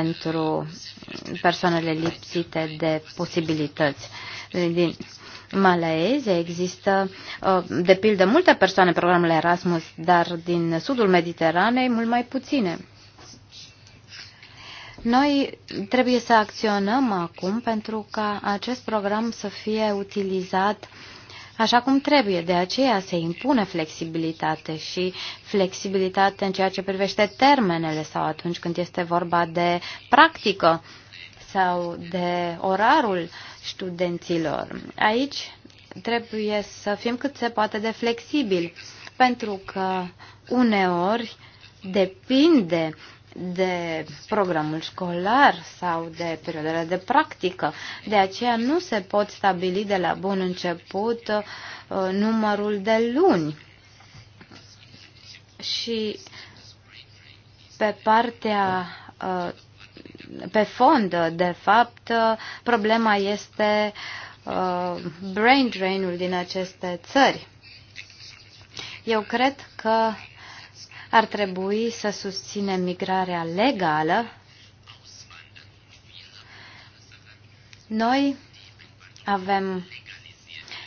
pentru persoanele lipsite de posibilități. Din Malaezia există, uh, de pildă, multe persoane în programul Erasmus, dar din sudul Mediteranei mult mai puține. Noi trebuie să acționăm acum pentru ca acest program să fie utilizat uh, așa cum trebuie. De aceea se impune flexibilitate și flexibilitate în ceea ce privește termenele sau atunci când este vorba de practică sau de orarul studenților. Aici trebuie să fim cât se poate de flexibili, pentru că uneori depinde de programul școlar sau de perioadele de practică. De aceea nu se pot stabili de la bun început uh, numărul de luni. Și pe partea uh, pe fond, de fapt, uh, problema este brain drain-ul din aceste țări. Eu cred că ar trebui să susținem migrarea legală. Noi avem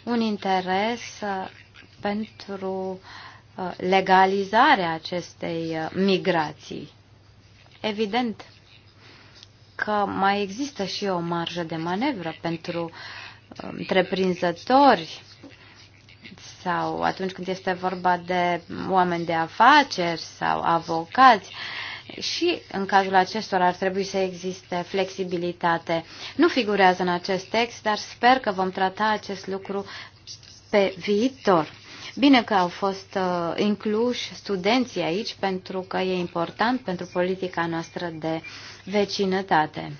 un interes uh, pentru uh, legalizarea acestei uh, migrații. Evident că mai există și o marjă de manevră pentru întreprinzători sau atunci când este vorba de oameni de afaceri sau avocați. Și în cazul acestora ar trebui să existe flexibilitate. Nu figurează în acest text, dar sper că vom trata acest lucru pe viitor. Bine că au fost uh, incluși studenții aici pentru că e important pentru politica noastră de vecinătate.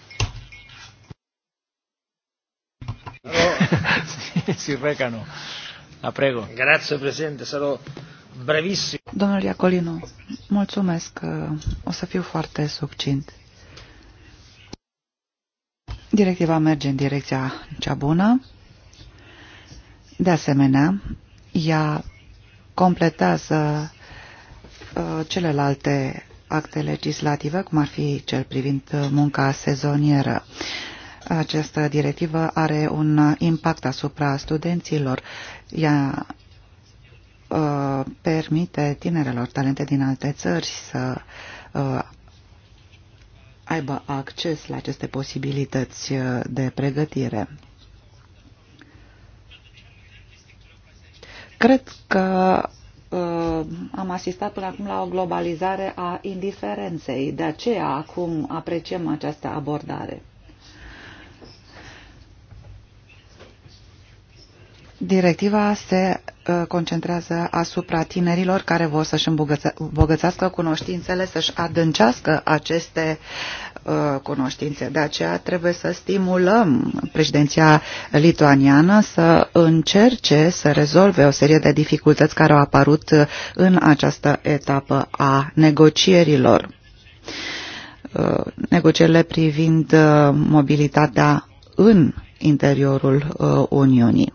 Si recano. La prego. Grazie, Sarò brevissimo. Domnul Iacolino, mulțumesc. O să fiu foarte succint. Directiva merge în direcția cea bună. De asemenea, ea completează uh, celelalte acte legislative, cum ar fi cel privind munca sezonieră. Această directivă are un impact asupra studenților. Ea uh, permite tinerelor talente din alte țări să uh, aibă acces la aceste posibilități uh, de pregătire. Cred că uh, am asistat până acum la o globalizare a indiferenței, de aceea acum apreciem această abordare. Directiva se uh, concentrează asupra tinerilor care vor să-și îmbogățească cunoștințele, să-și adâncească aceste uh, cunoștințe. De aceea trebuie să stimulăm președinția lituaniană să încerce să rezolve o serie de dificultăți care au apărut în această etapă a negocierilor. Uh, negocierile privind mobilitatea în interiorul Uniunii.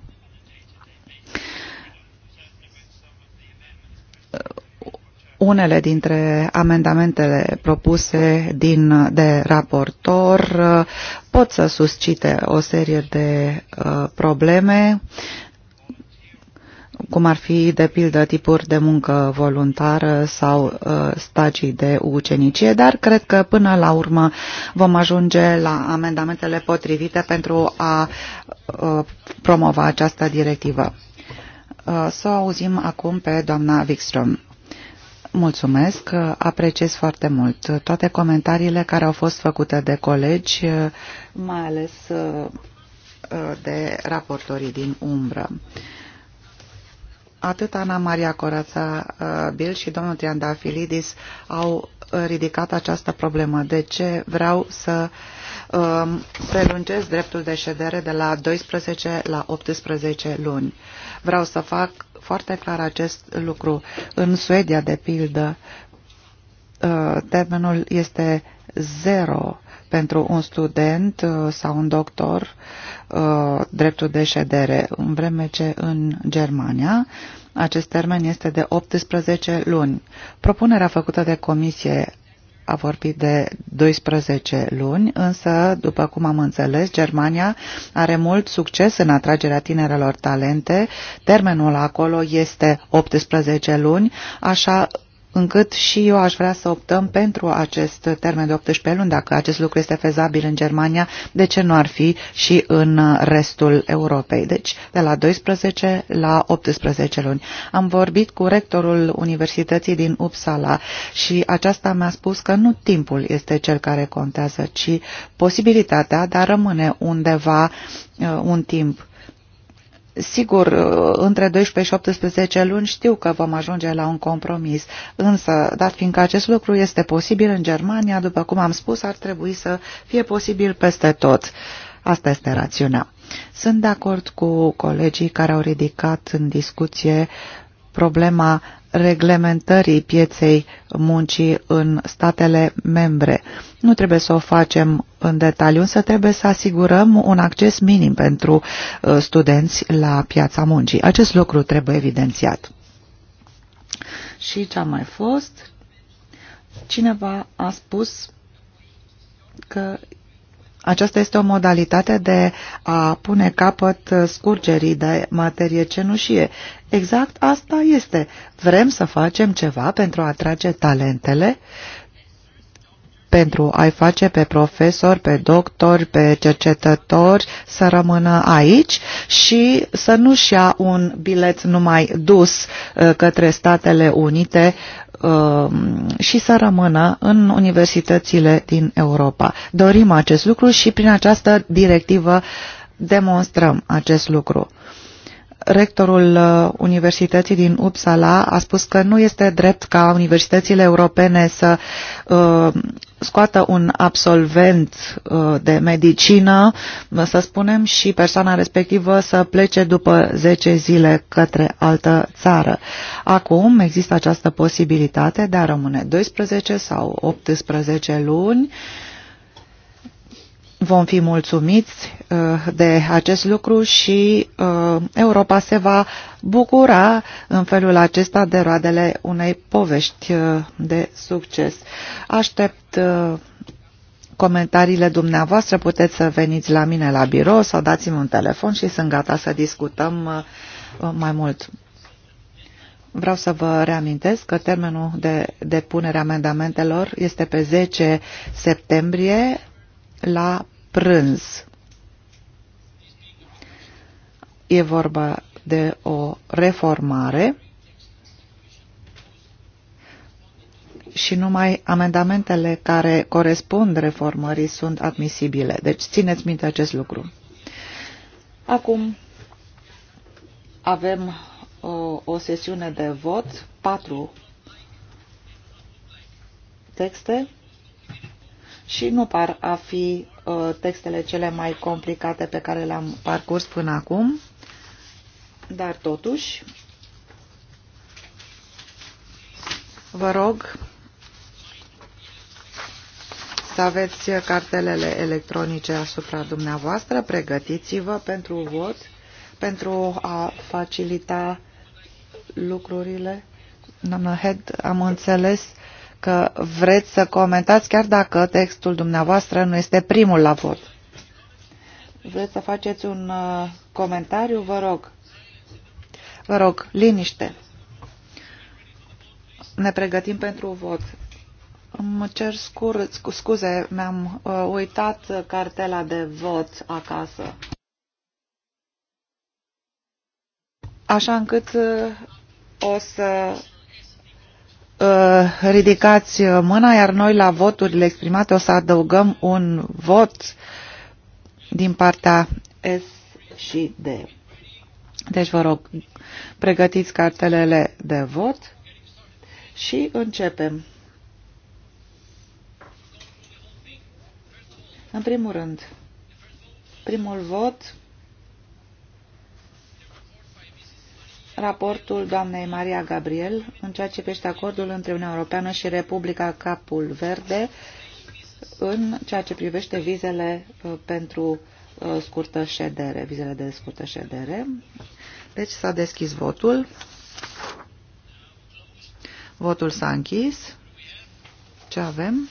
Unele dintre amendamentele propuse din, de raportor uh, pot să suscite o serie de uh, probleme, cum ar fi, de pildă, tipuri de muncă voluntară sau uh, stagii de ucenicie, dar cred că până la urmă vom ajunge la amendamentele potrivite pentru a uh, promova această directivă. Uh, să o auzim acum pe doamna Wikström. Mulțumesc, apreciez foarte mult toate comentariile care au fost făcute de colegi, mai ales de raportorii din umbră. Atât Ana Maria Corața Bil și domnul Triandafilidis au ridicat această problemă, de ce vreau să um, prelungesc dreptul de ședere de la 12 la 18 luni. Vreau să fac foarte clar acest lucru. În Suedia, de pildă, uh, termenul este zero pentru un student uh, sau un doctor uh, dreptul de ședere, în vreme ce în Germania acest termen este de 18 luni. Propunerea făcută de comisie a vorbit de 12 luni, însă, după cum am înțeles, Germania are mult succes în atragerea tinerelor talente. Termenul acolo este 18 luni, așa încât și eu aș vrea să optăm pentru acest termen de 18 luni. Dacă acest lucru este fezabil în Germania, de ce nu ar fi și în restul Europei? Deci, de la 12 la 18 luni. Am vorbit cu rectorul Universității din Uppsala și aceasta mi-a spus că nu timpul este cel care contează, ci posibilitatea de a rămâne undeva uh, un timp Sigur, între 12 și 18 luni știu că vom ajunge la un compromis, însă, dat fiindcă acest lucru este posibil în Germania, după cum am spus, ar trebui să fie posibil peste tot. Asta este rațiunea. Sunt de acord cu colegii care au ridicat în discuție problema reglementării pieței muncii în statele membre. Nu trebuie să o facem în detaliu, însă trebuie să asigurăm un acces minim pentru uh, studenți la piața muncii. Acest lucru trebuie evidențiat. Și ce a mai fost? Cineva a spus că aceasta este o modalitate de a pune capăt scurgerii de materie cenușie. Exact asta este. Vrem să facem ceva pentru a atrage talentele pentru a-i face pe profesori, pe doctori, pe cercetători să rămână aici și să nu-și ia un bilet numai dus uh, către Statele Unite um, și să rămână în universitățile din Europa. Dorim acest lucru și prin această directivă demonstrăm acest lucru rectorul uh, Universității din Uppsala a spus că nu este drept ca universitățile europene să uh, scoată un absolvent uh, de medicină, să spunem, și persoana respectivă să plece după 10 zile către altă țară. Acum există această posibilitate de a rămâne 12 sau 18 luni vom fi mulțumiți uh, de acest lucru și uh, Europa se va bucura în felul acesta de roadele unei povești uh, de succes. Aștept comentariile dumneavoastră, puteți să veniți la mine la birou sau dați-mi un telefon și sunt gata să discutăm mai mult. Vreau să vă reamintesc că termenul de depunere amendamentelor este pe 10 septembrie la prânz. E vorba de o reformare și numai amendamentele care corespund reformării sunt admisibile. Deci țineți minte acest lucru. Acum avem o, o sesiune de vot, patru texte și nu par a fi uh, textele cele mai complicate pe care le-am parcurs până acum, dar totuși vă rog să aveți cartelele electronice asupra dumneavoastră, pregătiți-vă pentru vot, pentru a facilita lucrurile. Doamna Head, am înțeles că vreți să comentați chiar dacă textul dumneavoastră nu este primul la vot. Vreți să faceți un uh, comentariu? Vă rog. Vă rog, liniște. Ne pregătim pentru vot. Îmi cer scur, scuze, mi-am uh, uitat cartela de vot acasă. Așa încât uh, o să Uh, ridicați mâna, iar noi la voturile exprimate o să adăugăm un vot din partea S și D. Deci vă rog, pregătiți cartelele de vot și începem. În primul rând, primul vot raportul doamnei Maria Gabriel în ceea ce privește acordul între Uniunea Europeană și Republica Capul Verde în ceea ce privește vizele uh, pentru uh, scurtă ședere, vizele de scurtă ședere. Deci s-a deschis votul. Votul s-a închis. Ce avem?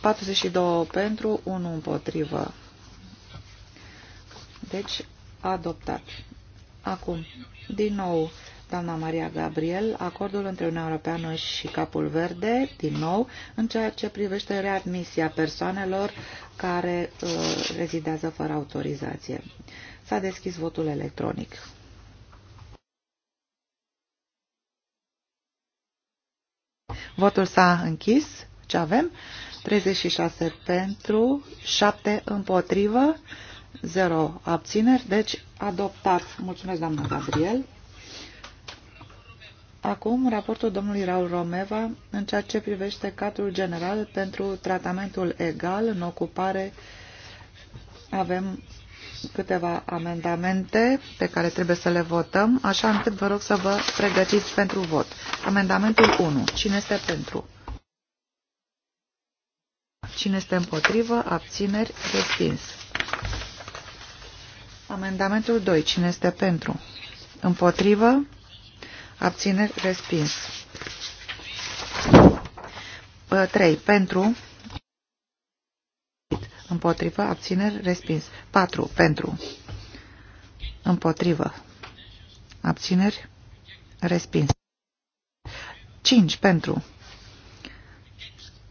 42 pentru, 1 împotrivă. Deci adoptat. Acum, din nou, doamna Maria Gabriel, acordul între Uniunea Europeană și Capul Verde, din nou, în ceea ce privește readmisia persoanelor care uh, rezidează fără autorizație. S-a deschis votul electronic. Votul s-a închis. Ce avem? 36 pentru, 7 împotrivă. 0 abțineri, deci adoptat. Mulțumesc, doamna Gabriel. Acum, raportul domnului Raul Romeva în ceea ce privește cadrul general pentru tratamentul egal în ocupare. Avem câteva amendamente pe care trebuie să le votăm, așa încât vă rog să vă pregătiți pentru vot. Amendamentul 1. Cine este pentru? Cine este împotrivă? Abțineri? Respins. Amendamentul 2. Cine este pentru? Împotrivă? Abțineri? Respins. 3. Pentru? Împotrivă? Abțineri? Respins. 4. Pentru? Împotrivă? Abțineri? Respins. 5. Pentru?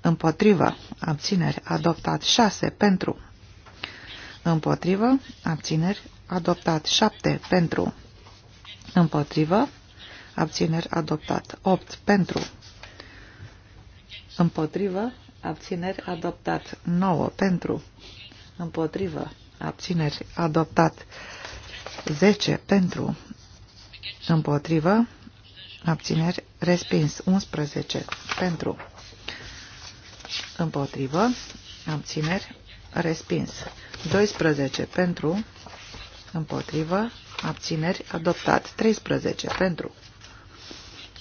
Împotrivă? Abțineri? Adoptat. 6. Pentru? Împotrivă. Abțineri. Adoptat. 7 pentru. Împotrivă. Abțineri. Adoptat. 8 pentru. Împotrivă. Abțineri. Adoptat. 9 pentru. Împotrivă. Abțineri. Adoptat. 10 pentru. Împotrivă. Abțineri. Respins. 11 pentru. Împotrivă. Abțineri. Respins. 12 pentru, împotrivă, abțineri, adoptat. 13 pentru,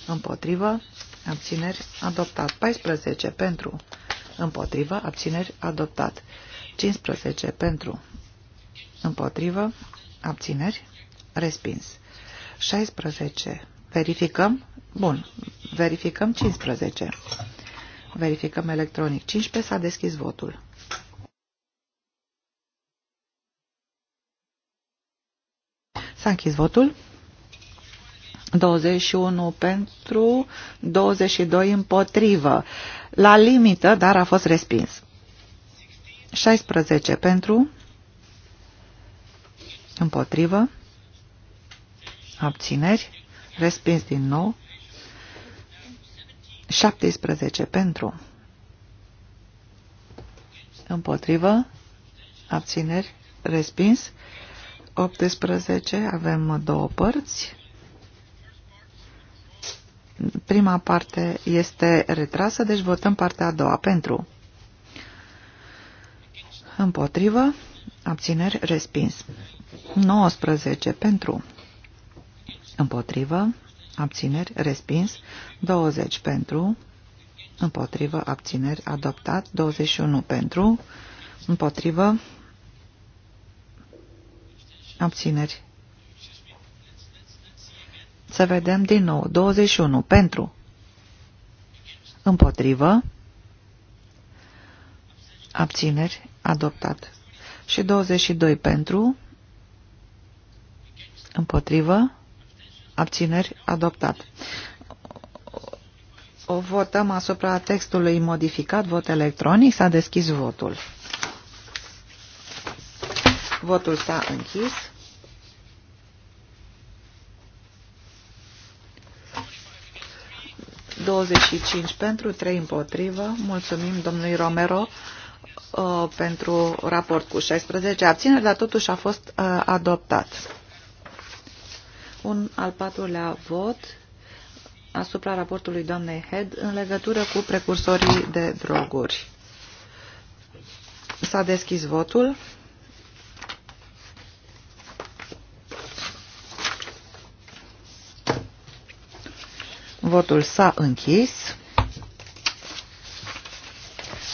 împotrivă, abțineri, adoptat. 14 pentru, împotrivă, abțineri, adoptat. 15 pentru, împotrivă, abțineri, respins. 16. Verificăm? Bun. Verificăm 15. Verificăm electronic. 15 s-a deschis votul. S-a închis votul. 21 pentru, 22 împotrivă. La limită, dar a fost respins. 16 pentru, împotrivă, abțineri, respins din nou. 17 pentru, împotrivă, abțineri, respins. 18 avem două părți. Prima parte este retrasă, deci votăm partea a doua pentru. Împotrivă, abțineri, respins. 19 pentru. Împotrivă, abțineri, respins. 20 pentru. Împotrivă, abțineri, adoptat. 21 pentru. Împotrivă, Abțineri. Să vedem din nou. 21. Pentru. Împotrivă. Abțineri. Adoptat. Și 22 pentru. Împotrivă. Abțineri. Adoptat. O votăm asupra textului modificat. Vot electronic. S-a deschis votul. Votul s-a închis. ...25 pentru, 3 împotrivă. Mulțumim domnului Romero uh, pentru raport cu 16 Abținere, dar totuși a fost uh, adoptat. Un al patrulea vot asupra raportului doamnei Head în legătură cu precursorii de droguri. S-a deschis votul. Votul s-a închis.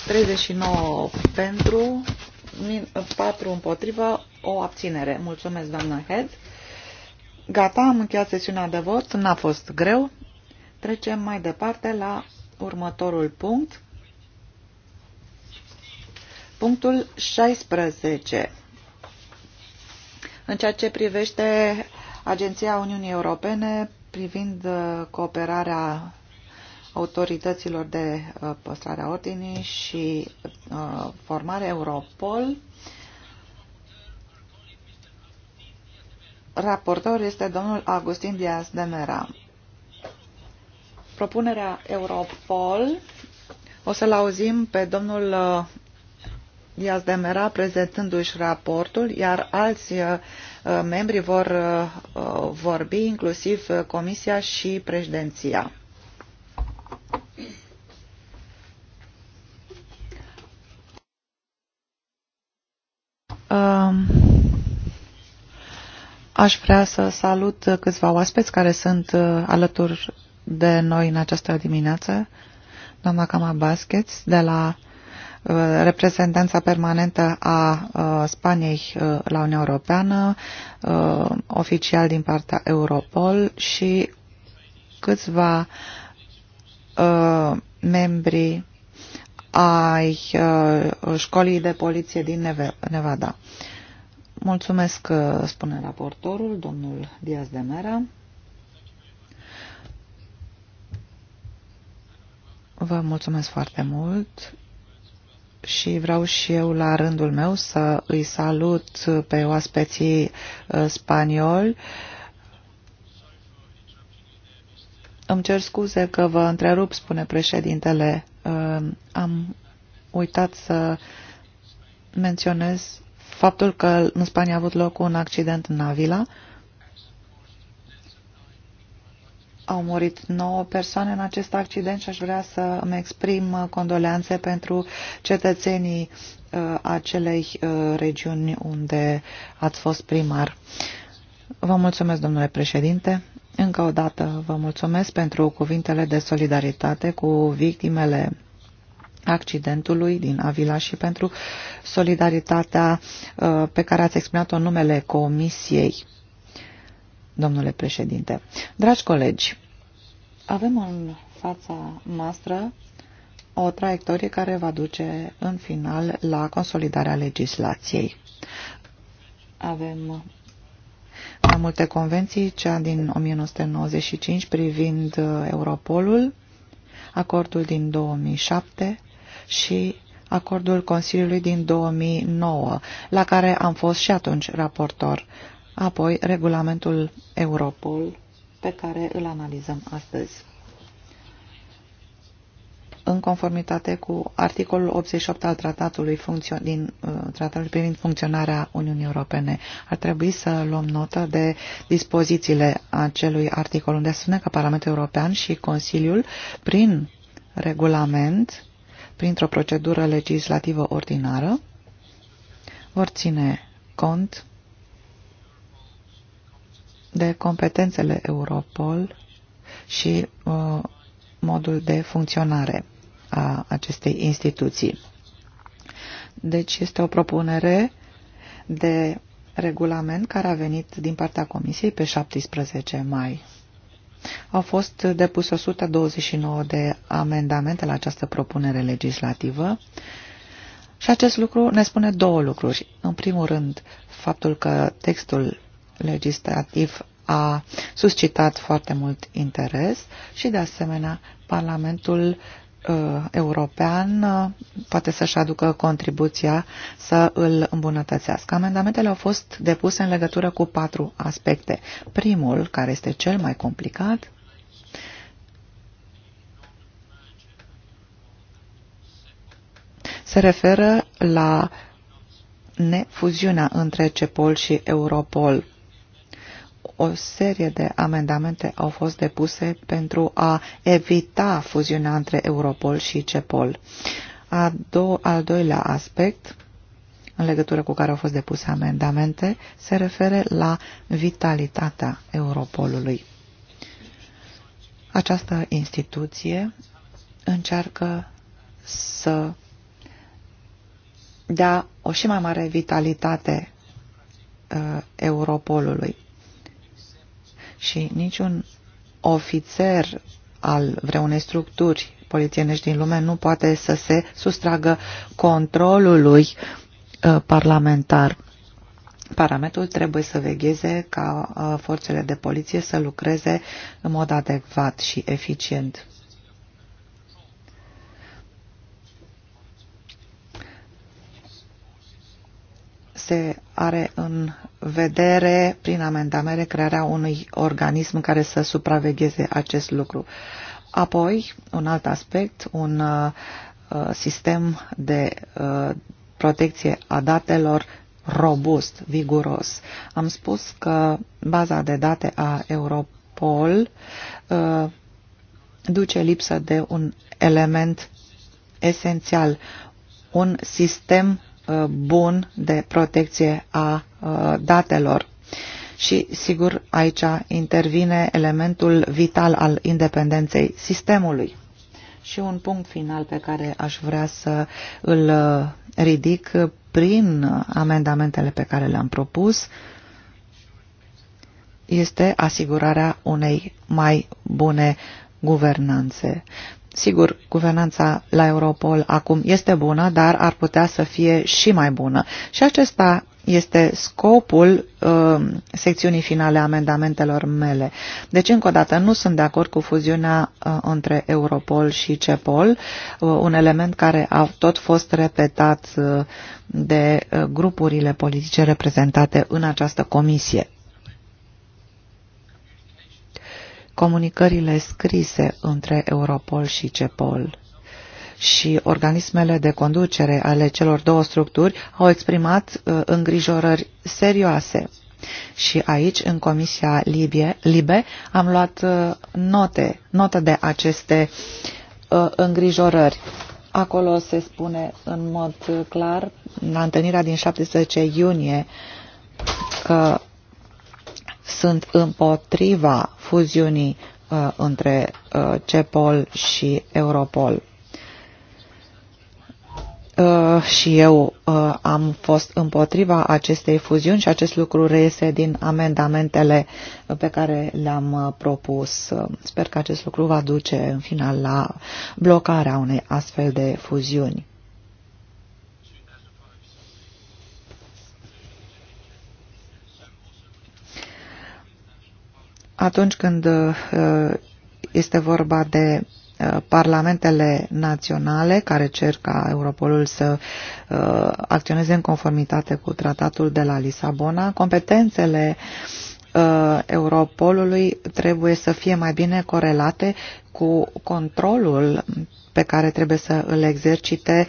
39 pentru, 4 împotrivă, o abținere. Mulțumesc, doamna Head. Gata, am încheiat sesiunea de vot, n-a fost greu. Trecem mai departe la următorul punct. Punctul 16. În ceea ce privește Agenția Uniunii Europene privind uh, cooperarea autorităților de uh, păstrare a ordinii și uh, formarea Europol. Raportor este domnul Agustin Diaz de Mera. Propunerea Europol o să-l auzim pe domnul Diaz de Mera prezentându-și raportul, iar alți Uh, membrii vor uh, vorbi, inclusiv uh, Comisia și președinția. Um, aș vrea să salut câțiva oaspeți care sunt alături de noi în această dimineață. Doamna Cama Baschets de la reprezentanța permanentă a Spaniei la Uniunea Europeană, oficial din partea Europol și câțiva membri ai școlii de poliție din Nevada. Mulțumesc, spune raportorul, domnul Diaz de Mera. Vă mulțumesc foarte mult și vreau și eu la rândul meu să îi salut pe oaspeții uh, spanioli. Îmi cer scuze că vă întrerup, spune președintele. Uh, am uitat să menționez faptul că în Spania a avut loc un accident în Avila. Au murit nouă persoane în acest accident și aș vrea să îmi exprim uh, condoleanțe pentru cetățenii uh, acelei uh, regiuni unde ați fost primar. Vă mulțumesc, domnule președinte. Încă o dată vă mulțumesc pentru cuvintele de solidaritate cu victimele accidentului din Avila și pentru solidaritatea pe care ați exprimat-o numele Comisiei domnule președinte. Dragi colegi, avem în fața noastră o traiectorie care va duce în final la consolidarea legislației. Avem mai multe convenții, cea din 1995 privind uh, Europolul, acordul din 2007 și acordul Consiliului din 2009, la care am fost și atunci raportor apoi regulamentul Europol pe care îl analizăm astăzi. În conformitate cu articolul 88 al tratatului din uh, tratatul privind funcționarea Uniunii Europene, ar trebui să luăm notă de dispozițiile acelui articol unde spune că Parlamentul European și Consiliul, prin regulament, printr-o procedură legislativă ordinară, vor ține cont de competențele Europol și uh, modul de funcționare a acestei instituții. Deci este o propunere de regulament care a venit din partea Comisiei pe 17 mai. Au fost depuse 129 de amendamente la această propunere legislativă și acest lucru ne spune două lucruri. În primul rând, faptul că textul legislativ a suscitat foarte mult interes și, de asemenea, Parlamentul uh, european uh, poate să-și aducă contribuția să îl îmbunătățească. Amendamentele au fost depuse în legătură cu patru aspecte. Primul, care este cel mai complicat, se referă la nefuziunea între CEPOL și Europol o serie de amendamente au fost depuse pentru a evita fuziunea între Europol și CEPOL. A do al doilea aspect în legătură cu care au fost depuse amendamente se referă la vitalitatea Europolului. Această instituție încearcă să dea o și mai mare vitalitate uh, Europolului și niciun ofițer al vreunei structuri polițienești din lume nu poate să se sustragă controlului uh, parlamentar. Parametrul trebuie să vegheze ca uh, forțele de poliție să lucreze în mod adecvat și eficient. se are în vedere prin amendamere crearea unui organism care să supravegheze acest lucru. Apoi, un alt aspect, un uh, sistem de uh, protecție a datelor robust, viguros. Am spus că baza de date a Europol uh, duce lipsă de un element esențial, un sistem Uh, bun de protecție a uh, datelor. Și, sigur, aici intervine elementul vital al independenței sistemului. Și un punct final pe care aș vrea să îl uh, ridic prin amendamentele pe care le-am propus este asigurarea unei mai bune guvernanțe. Sigur, guvernanța la Europol acum este bună, dar ar putea să fie și mai bună. Și acesta este scopul uh, secțiunii finale a amendamentelor mele. Deci, încă o dată, nu sunt de acord cu fuziunea uh, între Europol și CEPOL, uh, un element care a tot fost repetat uh, de uh, grupurile politice reprezentate în această comisie. comunicările scrise între Europol și CEPOL și organismele de conducere ale celor două structuri au exprimat uh, îngrijorări serioase. Și aici, în Comisia Libie, Libe, am luat uh, note, notă de aceste uh, îngrijorări. Acolo se spune în mod clar, la întâlnirea din 17 iunie, că sunt împotriva fuziunii uh, între uh, CEPOL și Europol. Uh, și eu uh, am fost împotriva acestei fuziuni și acest lucru reiese din amendamentele pe care le-am uh, propus. Sper că acest lucru va duce în final la blocarea unei astfel de fuziuni. atunci când uh, este vorba de uh, parlamentele naționale care cer ca Europolul să uh, acționeze în conformitate cu tratatul de la Lisabona, competențele Europolului trebuie să fie mai bine corelate cu controlul pe care trebuie să îl exercite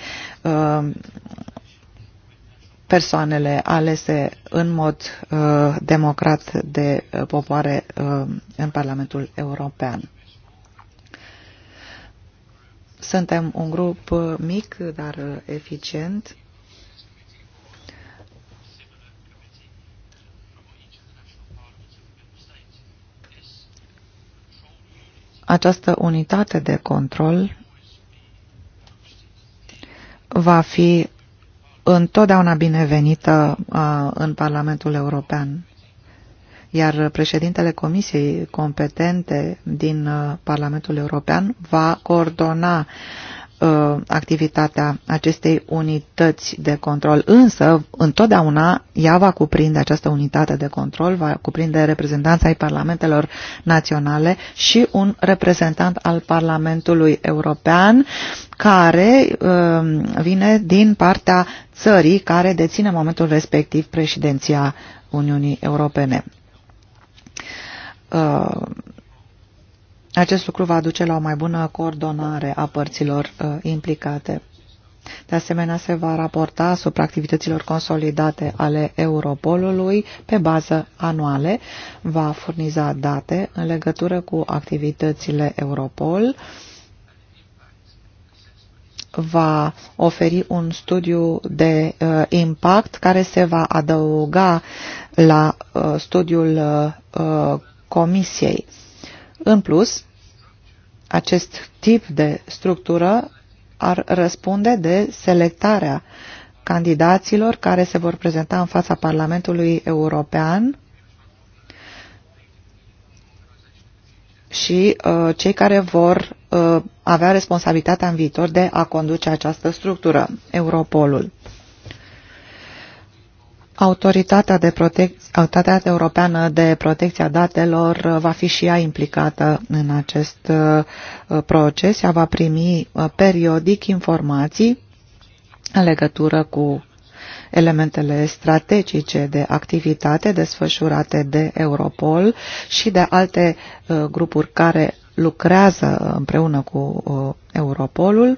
persoanele alese în mod uh, democrat de uh, popoare uh, în Parlamentul European. Suntem un grup uh, mic, dar uh, eficient. Această unitate de control va fi întotdeauna binevenită uh, în Parlamentul European. Iar președintele Comisiei competente din uh, Parlamentul European va coordona Uh, activitatea acestei unități de control, însă întotdeauna ea va cuprinde această unitate de control, va cuprinde reprezentanța ai parlamentelor naționale și un reprezentant al Parlamentului European care um, vine din partea țării care deține în momentul respectiv președinția Uniunii Europene uh, acest lucru va duce la o mai bună coordonare a părților uh, implicate. De asemenea, se va raporta asupra activităților consolidate ale Europolului pe bază anuale, va furniza date în legătură cu activitățile Europol, va oferi un studiu de uh, impact care se va adăuga la uh, studiul uh, uh Comisiei. În plus, acest tip de structură ar răspunde de selectarea candidaților care se vor prezenta în fața Parlamentului European și uh, cei care vor uh, avea responsabilitatea în viitor de a conduce această structură, Europolul. Autoritatea, de protec... Autoritatea Europeană de Protecție a Datelor uh, va fi și ea implicată în acest uh, proces. Ea va primi uh, periodic informații în legătură cu elementele strategice de activitate desfășurate de Europol și de alte grupuri care lucrează împreună cu Europolul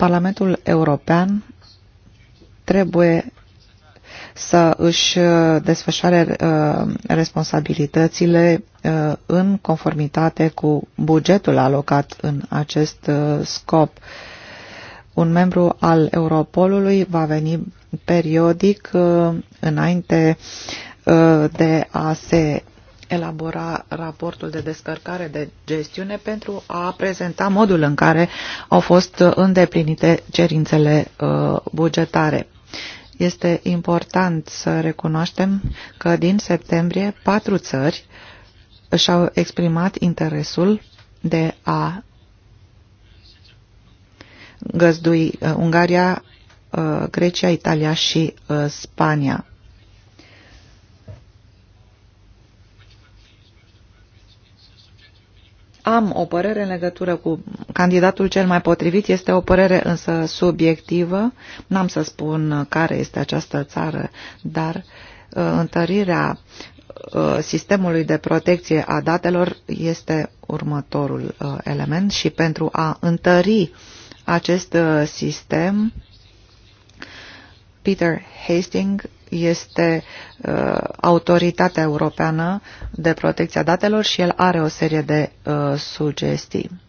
Parlamentul European trebuie să își uh, desfășoare uh, responsabilitățile uh, în conformitate cu bugetul alocat în acest scop. Un membru al Europolului va veni periodic înainte de a se elabora raportul de descărcare de gestiune pentru a prezenta modul în care au fost îndeplinite cerințele uh, bugetare. Este important să recunoaștem că din septembrie patru țări și-au exprimat interesul de a găzdui uh, Ungaria, uh, Grecia, Italia și Spania. Am o părere în legătură cu candidatul cel mai potrivit, este o părere însă subiectivă. N-am să spun care este această țară, dar uh, întărirea uh, sistemului de protecție a datelor este următorul uh, element și pentru a întări acest uh, sistem, Peter Hastings este uh, Autoritatea Europeană de Protecția Datelor și el are o serie de uh, sugestii.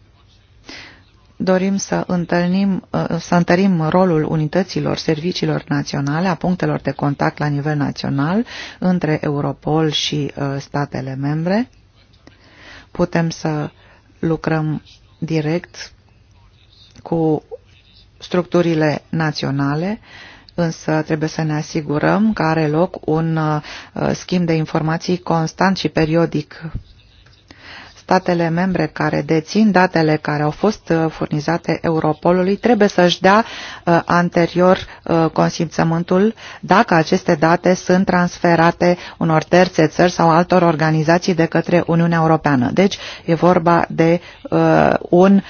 Dorim să, întâlnim, uh, să întărim rolul unităților serviciilor naționale, a punctelor de contact la nivel național între Europol și uh, statele membre. Putem să lucrăm direct cu structurile naționale uh, însă trebuie să ne asigurăm că are loc un uh, schimb de informații constant și periodic. Statele membre care dețin datele care au fost uh, furnizate Europolului trebuie să-și dea uh, anterior consimțământul dacă aceste date sunt transferate unor terțe țări sau altor organizații de către Uniunea Europeană. Deci e vorba de un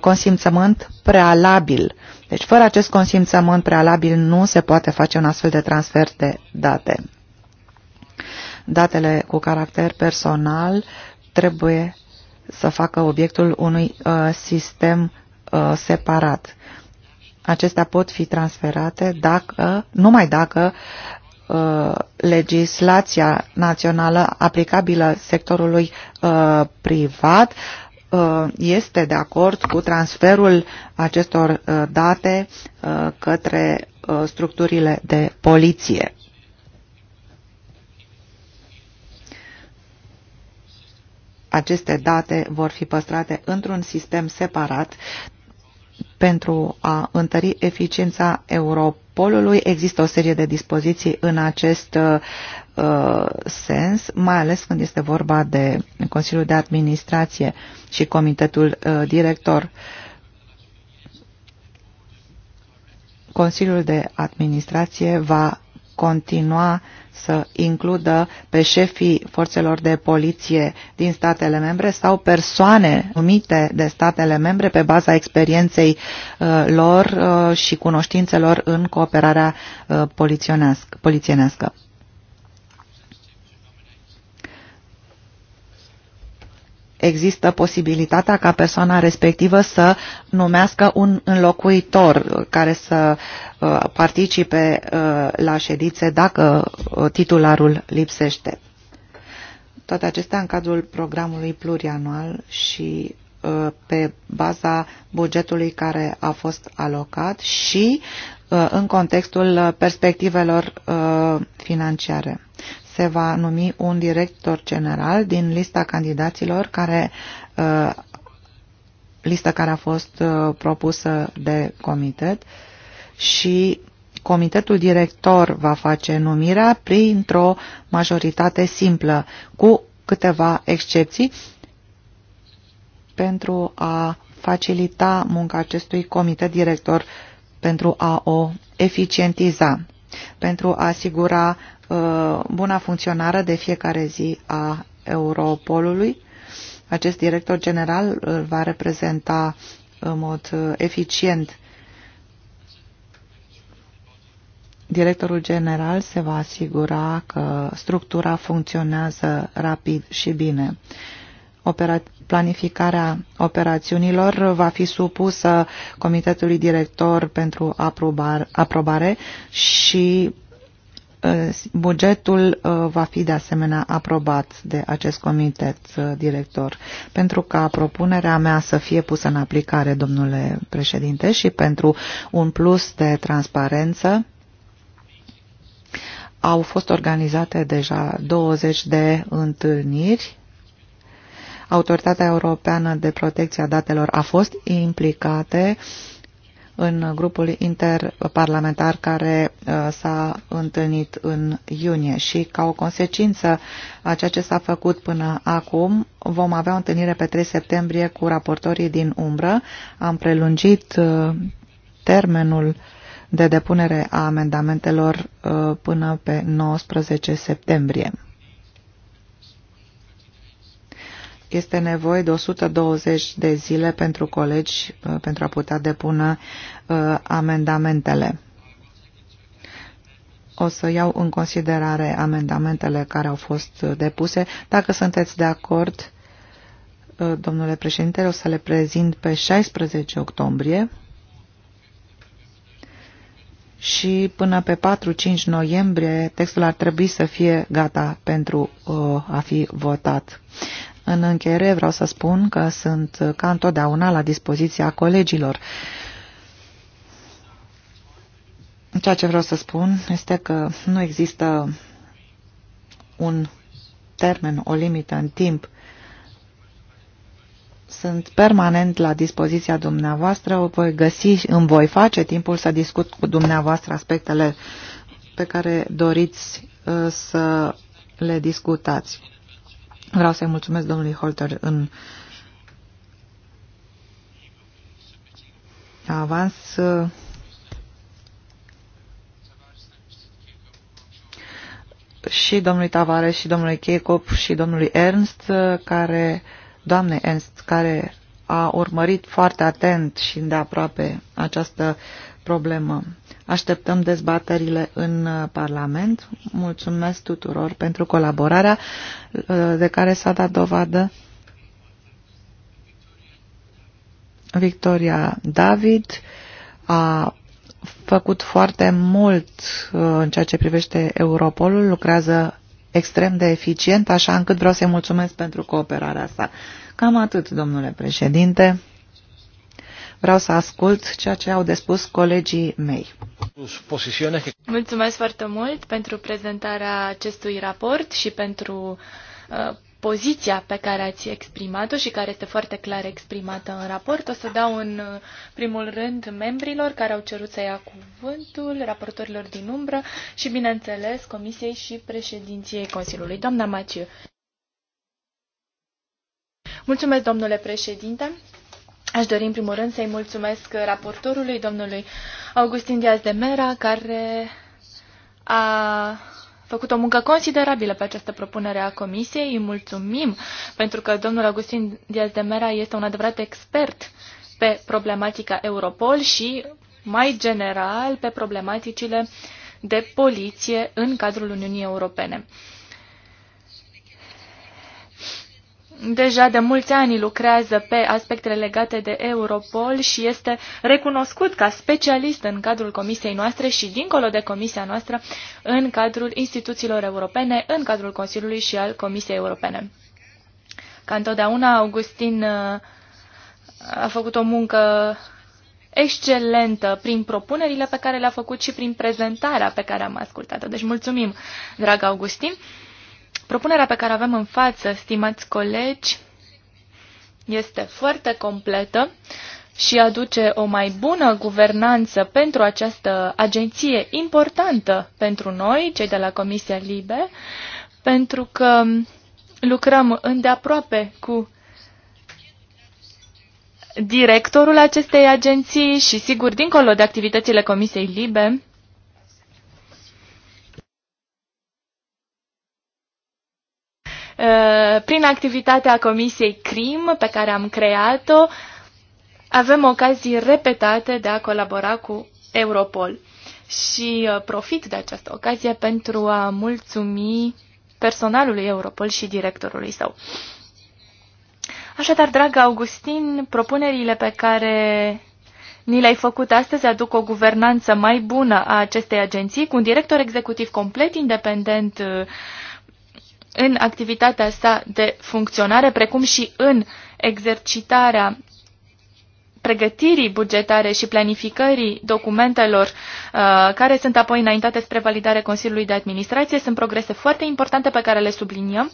consimțământ prealabil deci, fără acest consimțământ prealabil, nu se poate face un astfel de transfer de date. Datele cu caracter personal trebuie să facă obiectul unui uh, sistem uh, separat. Acestea pot fi transferate dacă, numai dacă uh, legislația națională aplicabilă sectorului uh, privat Uh, este de acord cu transferul acestor uh, date uh, către structurile de poliție. Aceste date vor fi păstrate într-un sistem separat pentru a întări eficiența Europei. Polului Există o serie de dispoziții în acest uh, sens, mai ales când este vorba de Consiliul de Administrație și Comitetul uh, Director. Consiliul de Administrație va continua uh, să includă pe șefii forțelor de poliție din statele membre sau persoane numite de statele membre pe baza experienței uh, lor uh, și cunoștințelor în cooperarea uh, polițienească. există posibilitatea ca persoana respectivă să numească un înlocuitor care să uh, participe uh, la ședințe dacă uh, titularul lipsește. Toate acestea în cadrul programului plurianual și pe baza bugetului care a fost alocat și în contextul perspectivelor financiare se va numi un director general din lista candidaților care uh, lista care a fost uh, propusă de comitet și comitetul director va face numirea printr-o majoritate simplă, cu câteva excepții, pentru a facilita munca acestui comitet director, pentru a o eficientiza pentru a asigura uh, buna funcționare de fiecare zi a Europolului. Acest director general îl uh, va reprezenta în mod uh, eficient. Directorul general se va asigura că structura funcționează rapid și bine. Opera planificarea operațiunilor va fi supusă Comitetului Director pentru aprobar, aprobare și uh, bugetul uh, va fi de asemenea aprobat de acest comitet uh, director. Pentru ca propunerea mea să fie pusă în aplicare, domnule președinte, și pentru un plus de transparență, au fost organizate deja 20 de întâlniri Autoritatea Europeană de Protecție a Datelor a fost implicate în grupul interparlamentar care uh, s-a întâlnit în iunie și ca o consecință a ceea ce s-a făcut până acum vom avea o întâlnire pe 3 septembrie cu raportorii din umbră. Am prelungit uh, termenul de depunere a amendamentelor uh, până pe 19 septembrie. este nevoie de 120 de zile pentru colegi uh, pentru a putea depune uh, amendamentele. O să iau în considerare amendamentele care au fost uh, depuse. Dacă sunteți de acord, domnule președinte, o să le prezint pe 16 octombrie și până pe 4-5 noiembrie textul ar trebui să fie gata pentru uh, a fi votat. În încheiere vreau să spun că sunt ca întotdeauna la dispoziția colegilor. Ceea ce vreau să spun este că nu există un termen, o limită în timp. Sunt permanent la dispoziția dumneavoastră, o voi găsi, îmi voi face timpul să discut cu dumneavoastră aspectele pe care doriți uh, să le discutați. Vreau să-i mulțumesc domnului Holter în avans și domnului Tavare și domnului Checop și domnului Ernst, care, doamne Ernst, care a urmărit foarte atent și îndeaproape această problemă. Așteptăm dezbaterile în uh, Parlament. Mulțumesc tuturor pentru colaborarea uh, de care s-a dat dovadă. Victoria David a făcut foarte mult uh, în ceea ce privește Europolul, lucrează extrem de eficient, așa încât vreau să-i mulțumesc pentru cooperarea asta. Cam atât, domnule președinte. Vreau să ascult ceea ce au de spus colegii mei. Mulțumesc foarte mult pentru prezentarea acestui raport și pentru uh, poziția pe care ați exprimat-o și care este foarte clar exprimată în raport. O să dau în uh, primul rând membrilor care au cerut să ia cuvântul, raportorilor din umbră și, bineînțeles, Comisiei și președinției Consiliului. Doamna Maciu. Mulțumesc, domnule președinte. Aș dori în primul rând să-i mulțumesc raportorului, domnului Augustin Diaz de Mera, care a făcut o muncă considerabilă pe această propunere a Comisiei. Îi mulțumim pentru că domnul Augustin Diaz de Mera este un adevărat expert pe problematica Europol și, mai general, pe problematicile de poliție în cadrul Uniunii Europene. deja de mulți ani lucrează pe aspectele legate de Europol și este recunoscut ca specialist în cadrul comisiei noastre și dincolo de comisia noastră în cadrul instituțiilor europene, în cadrul Consiliului și al Comisiei Europene. Ca întotdeauna, Augustin uh, a făcut o muncă excelentă prin propunerile pe care le-a făcut și prin prezentarea pe care am ascultat-o. Deci mulțumim, drag Augustin! Propunerea pe care avem în față, stimați colegi, este foarte completă și aduce o mai bună guvernanță pentru această agenție importantă pentru noi, cei de la Comisia Libe, pentru că lucrăm îndeaproape cu directorul acestei agenții și, sigur, dincolo de activitățile Comisiei Libe, Uh, prin activitatea Comisiei CRIM pe care am creat-o, avem ocazii repetate de a colabora cu Europol. Și uh, profit de această ocazie pentru a mulțumi personalului Europol și directorului său. Așadar, dragă Augustin, propunerile pe care ni le-ai făcut astăzi aduc o guvernanță mai bună a acestei agenții, cu un director executiv complet independent uh, în activitatea sa de funcționare, precum și în exercitarea pregătirii bugetare și planificării documentelor uh, care sunt apoi înaintate spre validare Consiliului de Administrație sunt progrese foarte importante pe care le subliniem.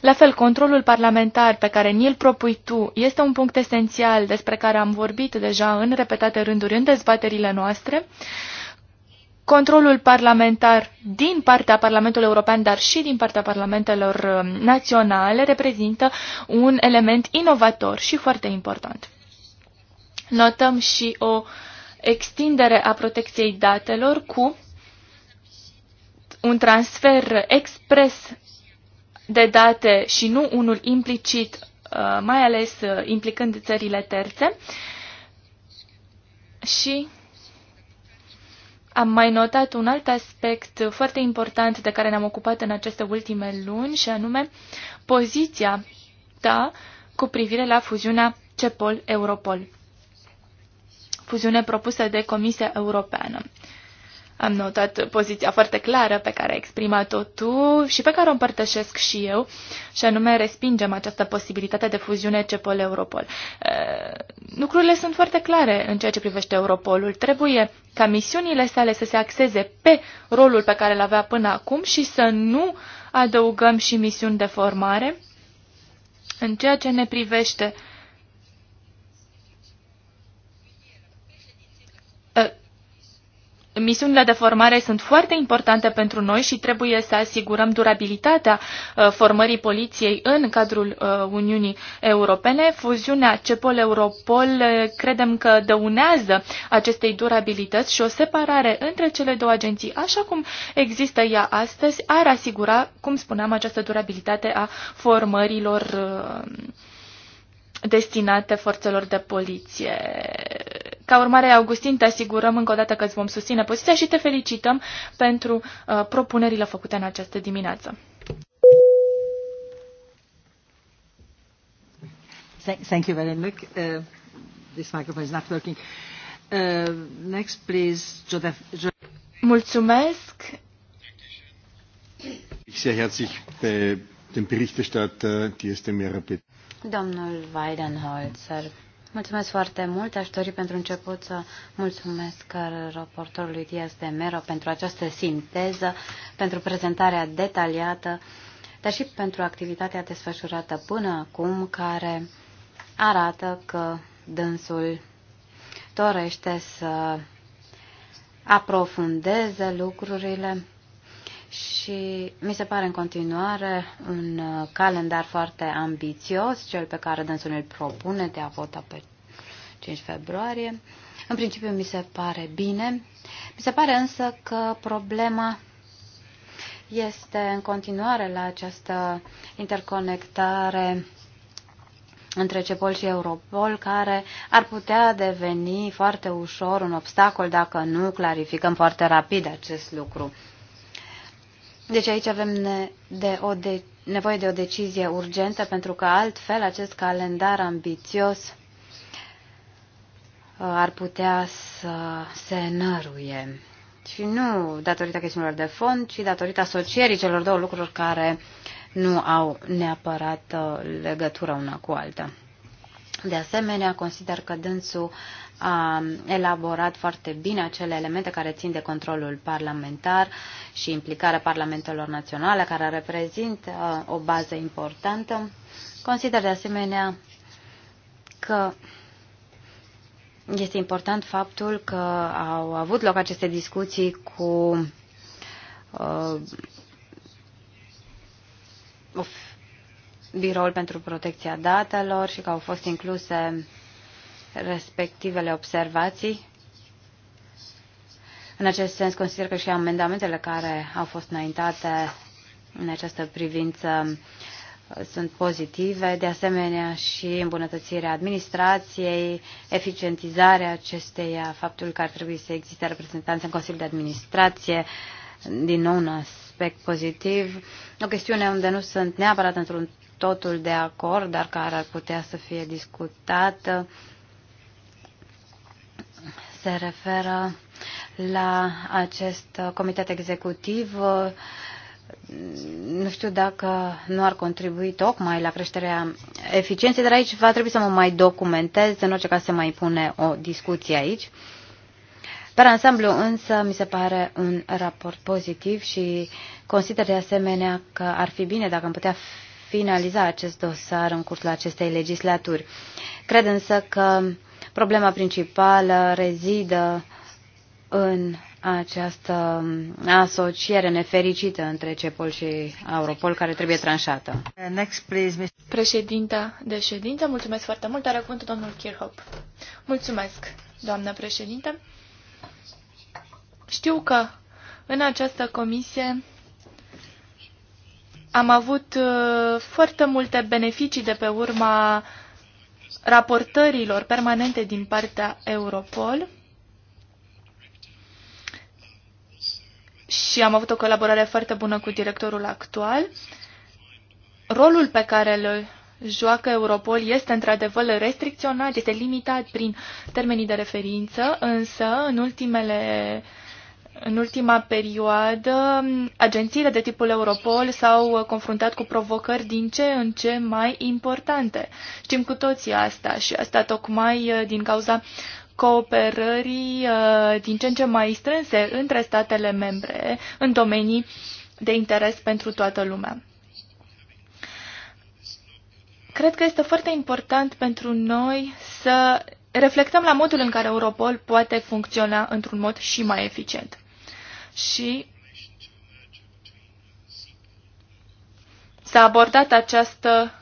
La fel, controlul parlamentar pe care ni-l propui tu este un punct esențial despre care am vorbit deja în repetate rânduri în dezbaterile noastre. Uh, controlul parlamentar din partea Parlamentului European, dar și din partea parlamentelor um, naționale, reprezintă un element inovator și foarte important. Notăm și o extindere a protecției datelor cu un transfer expres de date și nu unul implicit, uh, mai ales uh, implicând țările terțe. Și am mai notat un alt aspect foarte important de care ne-am ocupat în aceste ultime luni și anume poziția ta cu privire la fuziunea CEPOL-Europol, fuziune propusă de Comisia Europeană. Am notat poziția foarte clară pe care ai exprimat-o tu și pe care o împărtășesc și eu, și anume respingem această posibilitate de fuziune CEPOL-Europol. Lucrurile sunt foarte clare în ceea ce privește Europolul. Trebuie ca misiunile sale să se axeze pe rolul pe care îl avea până acum și să nu adăugăm și misiuni de formare. În ceea ce ne privește, uh, Misiunile de formare sunt foarte importante pentru noi și trebuie să asigurăm durabilitatea uh, formării poliției în cadrul uh, Uniunii Europene. Fuziunea CEPOL-Europol uh, credem că dăunează acestei durabilități și o separare între cele două agenții, așa cum există ea astăzi, ar asigura, cum spuneam, această durabilitate a formărilor destinate forțelor de poliție ca urmare, Augustin, te asigurăm încă o dată că îți vom susține poziția și te felicităm pentru uh, propunerile făcute în această dimineață. Thank you very much. Uh, this microphone is not working. Uh, next, please, Jodef. Mulțumesc. sehr herzlich bei äh, dem Berichterstatter, die Esther Domnul Weidenholzer, Mulțumesc foarte mult. Aș dori pentru început să mulțumesc raportorului Diaz de Mero pentru această sinteză, pentru prezentarea detaliată, dar și pentru activitatea desfășurată până acum, care arată că dânsul dorește să aprofundeze lucrurile și mi se pare în continuare un uh, calendar foarte ambițios, cel pe care dânsul îl propune de a vota pe 5 februarie. În principiu mi se pare bine. Mi se pare însă că problema este în continuare la această interconectare între CEPOL și Europol, care ar putea deveni foarte ușor un obstacol dacă nu clarificăm foarte rapid acest lucru. Deci aici avem ne, de o de, nevoie de o decizie urgentă pentru că altfel acest calendar ambițios uh, ar putea să se năruie. Și nu datorită chestiunilor de fond, ci datorită asocierii celor două lucruri care nu au neapărat uh, legătură una cu alta. De asemenea, consider că dânsul a elaborat foarte bine acele elemente care țin de controlul parlamentar și implicarea parlamentelor naționale, care reprezintă uh, o bază importantă. Consider de asemenea că este important faptul că au avut loc aceste discuții cu uh, biroul pentru protecția datelor și că au fost incluse respectivele observații. În acest sens, consider că și amendamentele care au fost înaintate în această privință sunt pozitive, de asemenea și îmbunătățirea administrației, eficientizarea acesteia, faptul că ar trebui să existe reprezentanți în Consiliul de Administrație, din nou un aspect pozitiv, o chestiune unde nu sunt neapărat într-un totul de acord, dar care ar putea să fie discutată se referă la acest comitet executiv. Nu știu dacă nu ar contribui tocmai la creșterea eficienței, dar aici va trebui să mă mai documentez, în orice caz se mai pune o discuție aici. Per ansamblu însă mi se pare un raport pozitiv și consider de asemenea că ar fi bine dacă am putea finaliza acest dosar în cursul acestei legislaturi. Cred însă că Problema principală rezidă în această asociere nefericită între CEPOL și Europol, care trebuie tranșată. Next, please, Președinta de ședință, mulțumesc foarte mult, are cuvântul domnul Kirchhoff. Mulțumesc, doamnă președinte. Știu că în această comisie am avut uh, foarte multe beneficii de pe urma uh, raportărilor permanente din partea Europol și am avut o colaborare foarte bună cu directorul actual. Rolul pe care îl joacă Europol este într-adevăr restricționat, este limitat prin termenii de referință, însă în ultimele uh, în ultima perioadă, agențiile de tipul Europol s-au confruntat cu provocări din ce în ce mai importante. Știm cu toții asta și asta tocmai uh, din cauza cooperării uh, din ce în ce mai strânse între statele membre în domenii de interes pentru toată lumea. Cred că este foarte important pentru noi să reflectăm la modul în care Europol poate funcționa într-un mod și mai eficient și s-a abordat această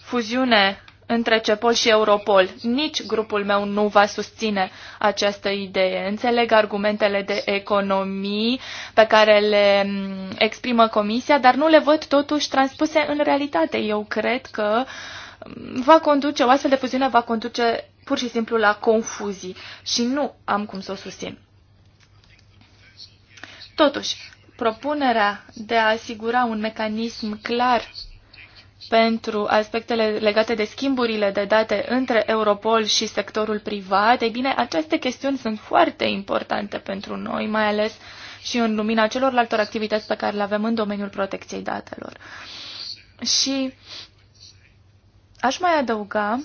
fuziune între CEPOL și Europol. Nici grupul meu nu va susține această idee. Înțeleg argumentele de economii pe care le mm, exprimă Comisia, dar nu le văd totuși transpuse în realitate. Eu cred că mm, va conduce, o astfel de fuziune va conduce pur și simplu la confuzii și nu am cum să o susțin. Totuși, propunerea de a asigura un mecanism clar pentru aspectele legate de schimburile de date între Europol și sectorul privat, ei bine, aceste chestiuni sunt foarte importante pentru noi, mai ales și în lumina celorlalte activități pe care le avem în domeniul protecției datelor. Și aș mai adăuga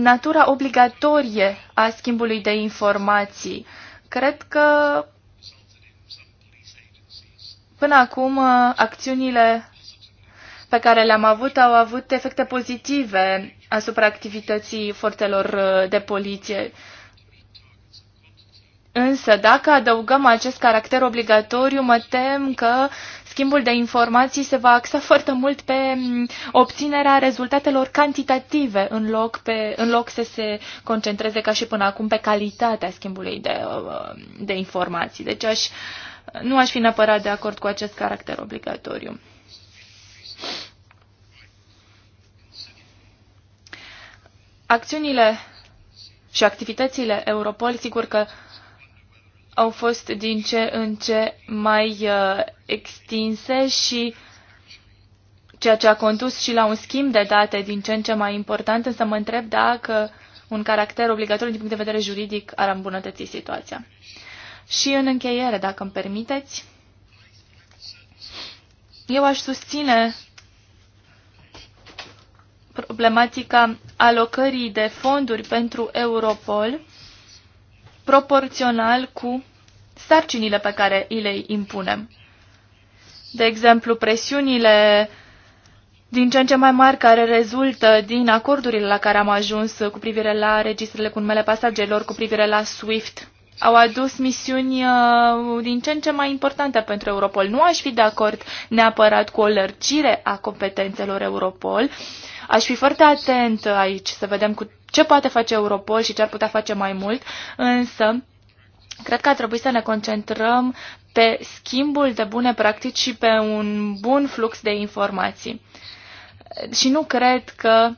natura obligatorie a schimbului de informații. Cred că până acum uh, acțiunile pe care le-am avut au avut efecte pozitive asupra activității forțelor uh, de poliție. Însă, dacă adăugăm acest caracter obligatoriu, mă tem că schimbul de informații se va axa foarte mult pe mm, obținerea rezultatelor cantitative în loc, pe, în loc să se concentreze ca și până acum pe calitatea schimbului de, uh, uh, de informații. Deci aș, nu aș fi neapărat de acord cu acest caracter obligatoriu. Acțiunile și activitățile Europol, sigur că uh, au fost din ce în ce mai uh, extinse și ceea ce a condus și la un schimb de date din ce în ce mai important, însă mă întreb dacă un caracter obligatoriu din punct de vedere juridic ar îmbunătăți situația. Și în încheiere, dacă îmi permiteți, eu aș susține problematica alocării de fonduri pentru Europol proporțional cu sarcinile pe care îi le impunem. De exemplu, presiunile din ce în ce mai mari care rezultă din acordurile la care am ajuns cu privire la registrele cu numele pasagerilor, cu privire la SWIFT, au adus misiuni uh, din ce în ce mai importante pentru Europol. Nu aș fi de acord neapărat cu o lărgire a competențelor Europol. Aș fi foarte atent aici să vedem cu ce poate face Europol și ce ar putea face mai mult, însă cred că ar trebui să ne concentrăm pe schimbul de bune practici și pe un bun flux de informații. Și nu cred că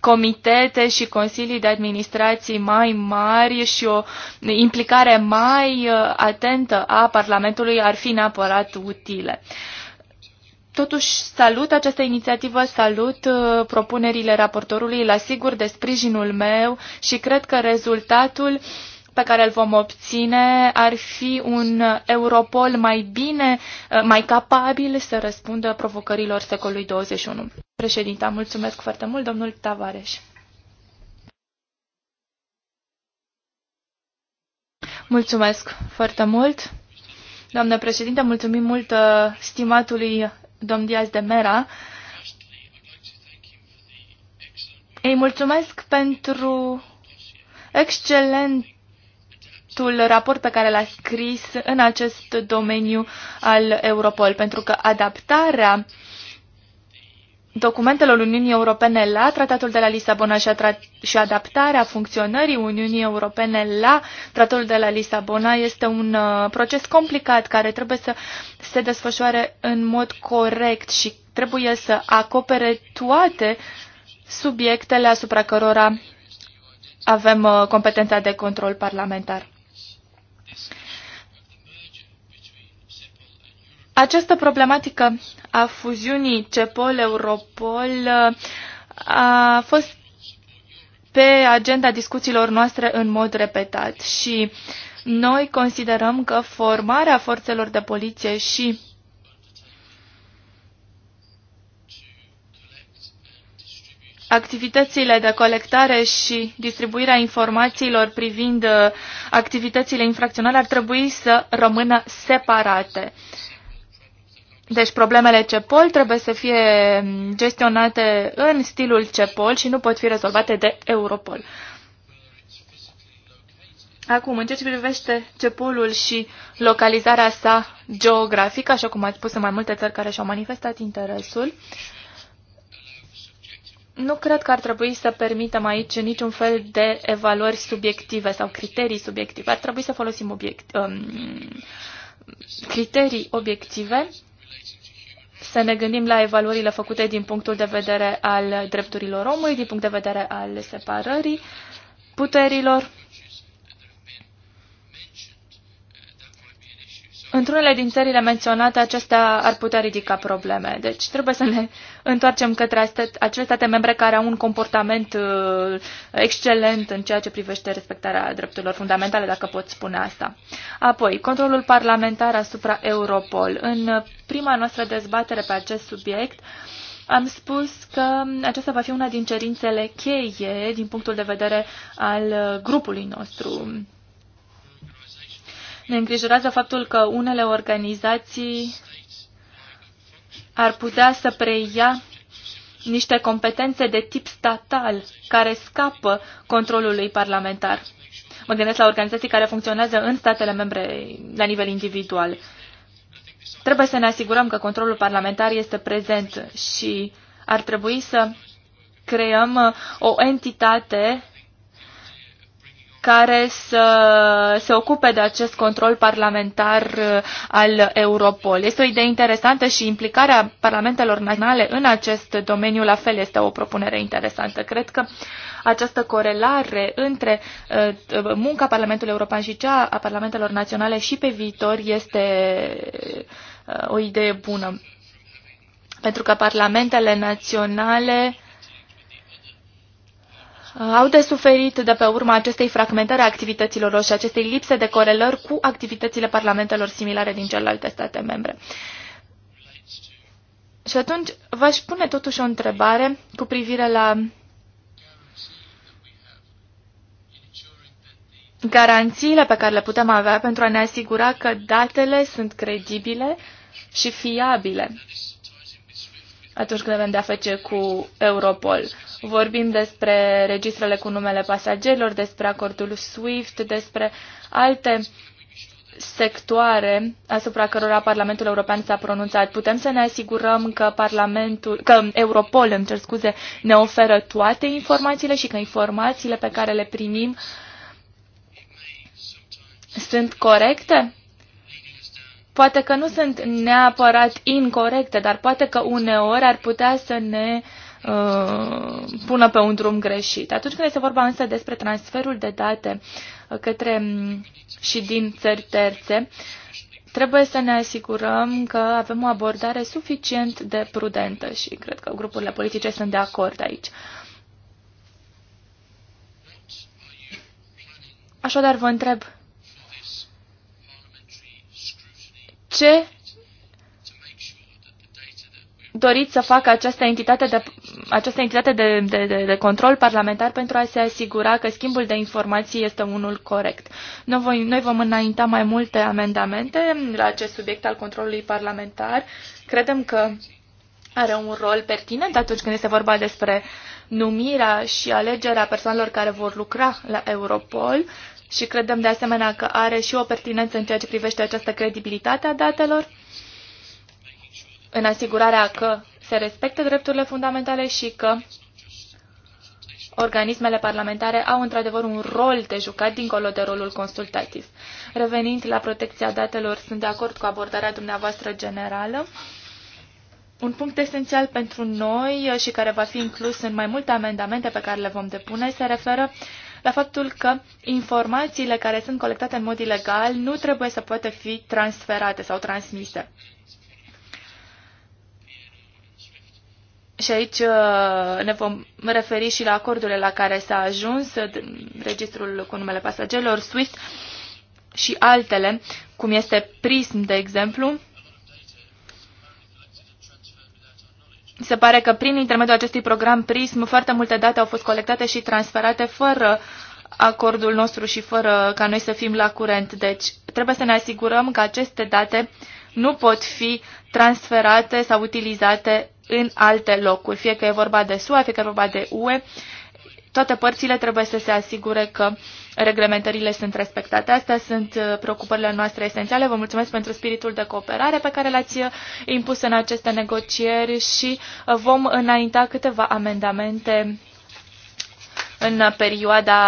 comitete și consilii de administrații mai mari și o implicare mai uh, atentă a Parlamentului ar fi neapărat utile. Totuși salut această inițiativă, salut uh, propunerile raportorului, îl asigur de sprijinul meu și cred că rezultatul pe care îl vom obține ar fi un Europol mai bine, uh, mai capabil să răspundă provocărilor secolului 21. Președinta, mulțumesc foarte mult, domnul Tavares. Mulțumesc foarte mult. Doamnă președinte, mulțumim mult uh, stimatului domn Diaz de Mera. Îi mulțumesc pentru excelentul raport pe care l-a scris în acest domeniu al Europol, pentru că adaptarea uh, documentelor Uniunii Europene la Tratatul de la Lisabona și, și adaptarea funcționării Uniunii Europene la Tratatul de la Lisabona este un uh, proces complicat care trebuie să se desfășoare în mod corect și trebuie să acopere toate subiectele asupra cărora avem uh, competența de control parlamentar. Această problematică a fuziunii CEPOL-Europol uh, a fost pe agenda discuțiilor noastre în mod repetat și noi considerăm că formarea forțelor de poliție și activitățile de colectare și distribuirea informațiilor privind uh, activitățile infracționale ar trebui să rămână separate. Deci problemele CEPOL trebuie să fie gestionate în stilul CEPOL și nu pot fi rezolvate de Europol. Acum, în ceea ce privește CEPOL-ul și localizarea sa geografică, așa cum ați spus în mai multe țări care și-au manifestat interesul, nu cred că ar trebui să permitem aici niciun fel de evaluări subiective sau criterii subiective. Ar trebui să folosim obiect, um, criterii obiective să ne gândim la evaluările făcute din punctul de vedere al drepturilor omului, din punct de vedere al separării puterilor Într-unele din țările menționate, acestea ar putea ridica probleme. Deci trebuie să ne întoarcem către acele state membre care au un comportament uh, excelent în ceea ce privește respectarea drepturilor fundamentale, dacă pot spune asta. Apoi, controlul parlamentar asupra Europol. În prima noastră dezbatere pe acest subiect, am spus că aceasta va fi una din cerințele cheie din punctul de vedere al uh, grupului nostru ne îngrijorează faptul că unele organizații ar putea să preia niște competențe de tip statal care scapă controlului parlamentar. Mă gândesc la organizații care funcționează în statele membre la nivel individual. Trebuie să ne asigurăm că controlul parlamentar este prezent și ar trebui să creăm uh, o entitate care să se ocupe de acest control parlamentar uh, al Europol. Este o idee interesantă și implicarea parlamentelor naționale în acest domeniu la fel este o propunere interesantă. Cred că această corelare între uh, munca Parlamentului European și cea a parlamentelor naționale și pe viitor este uh, o idee bună. Pentru că parlamentele naționale au de suferit de pe urma acestei fragmentări a activităților lor și acestei lipse de corelări cu activitățile parlamentelor similare din celelalte state membre. Și atunci v-aș pune totuși o întrebare cu privire la garanțiile pe care le putem avea pentru a ne asigura că datele sunt credibile și fiabile atunci când avem de-a face cu Europol. Vorbim despre registrele cu numele pasagerilor, despre acordul SWIFT, despre alte sectoare asupra cărora Parlamentul European s-a pronunțat. Putem să ne asigurăm că Parlamentul, că Europol, îmi cer scuze, ne oferă toate informațiile și că informațiile pe care le primim sunt corecte? Poate că nu sunt neapărat incorrecte, dar poate că uneori ar putea să ne uh, Uh, pună pe un drum greșit. Atunci când este vorba însă despre transferul de date uh, către mm, și din țări terțe, trebuie să ne asigurăm că avem o abordare suficient de prudentă și cred că grupurile politice sunt de acord aici. Așadar, vă întreb, ce dorit să facă această entitate de, această entitate de, de, de, de control parlamentar pentru a se asigura că schimbul de informații este unul corect. Noi, voi, noi vom înainta mai multe amendamente la acest subiect al controlului parlamentar. Credem că are un rol pertinent atunci când este vorba despre numirea și alegerea persoanelor care vor lucra la Europol și credem de asemenea că are și o pertinență în ceea ce privește această credibilitate a datelor în asigurarea că se respectă drepturile fundamentale și că organismele parlamentare au într-adevăr un rol de jucat dincolo de rolul consultativ. Revenind la protecția datelor, sunt de acord cu abordarea dumneavoastră generală. Un punct esențial pentru noi și care va fi inclus în mai multe amendamente pe care le vom depune se referă la faptul că informațiile care sunt colectate în mod ilegal nu trebuie să poată fi transferate sau transmise. și aici uh, ne vom referi și la acordurile la care s-a ajuns, uh, registrul cu numele pasagerilor, SWIFT și altele, cum este PRISM, de exemplu. Se pare că prin intermediul acestui program PRISM foarte multe date au fost colectate și transferate fără acordul nostru și fără ca noi să fim la curent. Deci trebuie să ne asigurăm că aceste date nu pot fi transferate sau utilizate în alte locuri, fie că e vorba de SUA, fie că e vorba de UE, toate părțile trebuie să se asigure că reglementările sunt respectate. Astea sunt uh, preocupările noastre esențiale. Vă mulțumesc pentru spiritul de cooperare pe care l-ați uh, impus în aceste negocieri și uh, vom înainta câteva amendamente în perioada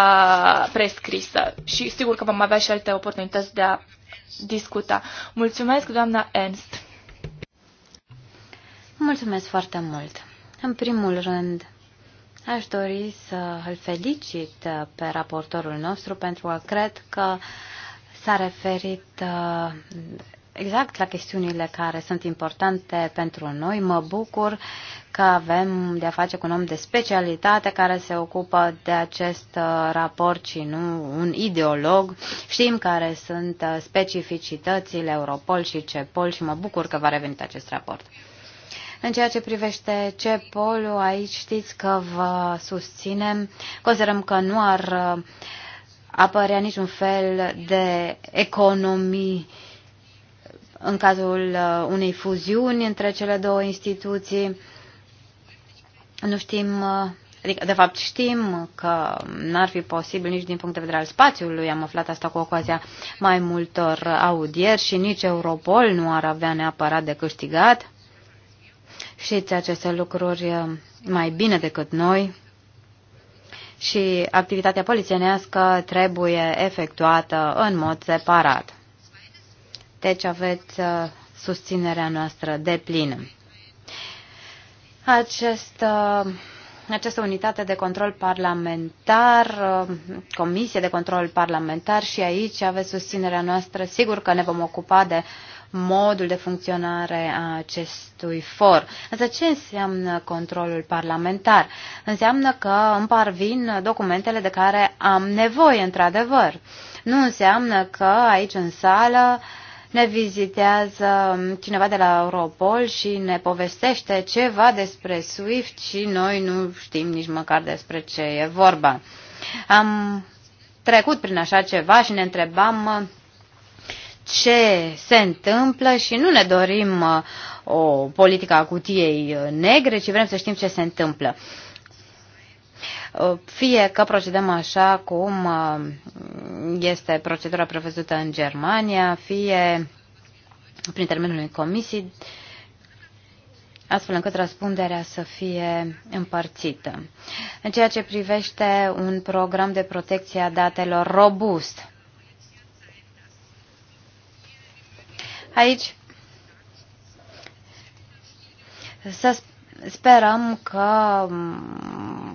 prescrisă. Și sigur că vom avea și alte oportunități de a discuta. Mulțumesc, doamna Ernst. Mulțumesc foarte mult! În primul rând, aș dori să îl felicit uh, pe raportorul nostru pentru că cred că s-a referit uh, exact la chestiunile care sunt importante pentru noi. Mă bucur că avem de-a face cu un om de specialitate care se ocupă de acest uh, raport și nu un ideolog. Știm care sunt specificitățile Europol și CEPOL și mă bucur că va reveni acest raport. În ceea ce privește ce polul, aici știți că vă susținem. Considerăm că nu ar uh, apărea niciun fel de economii în cazul uh, unei fuziuni între cele două instituții. Nu știm uh, Adică, de fapt, știm că n-ar fi posibil nici din punct de vedere al spațiului, am aflat asta cu ocazia mai multor audieri și nici Europol nu ar avea neapărat de câștigat. Știți aceste lucruri uh, mai bine decât noi și activitatea polițienească trebuie efectuată în mod separat. Deci aveți uh, susținerea noastră de plină. Acest, uh, această unitate de control parlamentar, comisie de control parlamentar și aici aveți susținerea noastră. Sigur că ne vom ocupa de modul de funcționare a acestui for. Însă ce înseamnă controlul parlamentar? Înseamnă că îmi parvin documentele de care am nevoie, într-adevăr. Nu înseamnă că aici în sală ne vizitează cineva de la Europol și ne povestește ceva despre SWIFT și noi nu știm nici măcar despre ce e vorba. Am trecut prin așa ceva și ne întrebam ce se întâmplă și nu ne dorim uh, o politică a cutiei uh, negre, ci vrem să știm ce se întâmplă. Uh, fie că procedăm așa cum este procedura prevăzută în Germania, fie prin termenul unei comisii, astfel încât răspunderea să fie împărțită. În ceea ce privește un program de protecție a datelor robust, Aici să sperăm că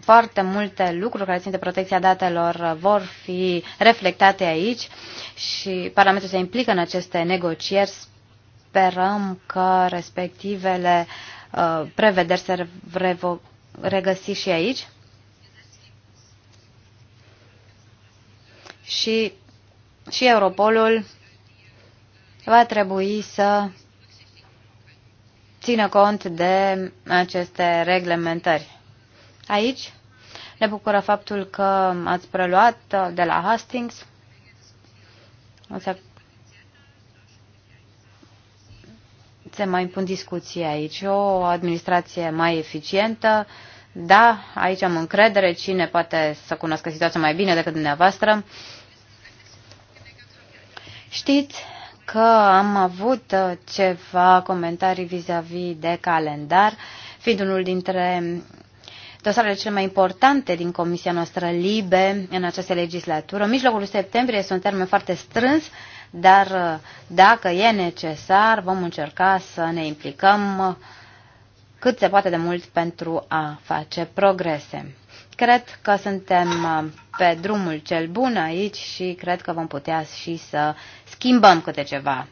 foarte multe lucruri care țin de protecția datelor vor fi reflectate aici și Parlamentul se implică în aceste negocieri. Sperăm că respectivele uh, prevederi se regăsi și aici. Și, și Europolul va trebui să țină cont de aceste reglementări. Aici ne bucură faptul că ați preluat de la Hastings se mai pun discuții aici. O administrație mai eficientă, da, aici am încredere, cine poate să cunoască situația mai bine decât dumneavoastră. Știți că am avut uh, ceva comentarii vis-a-vis -vis de calendar, fiind unul dintre dosarele cele mai importante din Comisia noastră LIBE în această legislatură. În mijlocul septembrie este un termen foarte strâns, dar uh, dacă e necesar, vom încerca să ne implicăm uh, cât se poate de mult pentru a face progrese. Cred că suntem uh, pe drumul cel bun aici și cred că vom putea și să schimbăm câte ceva.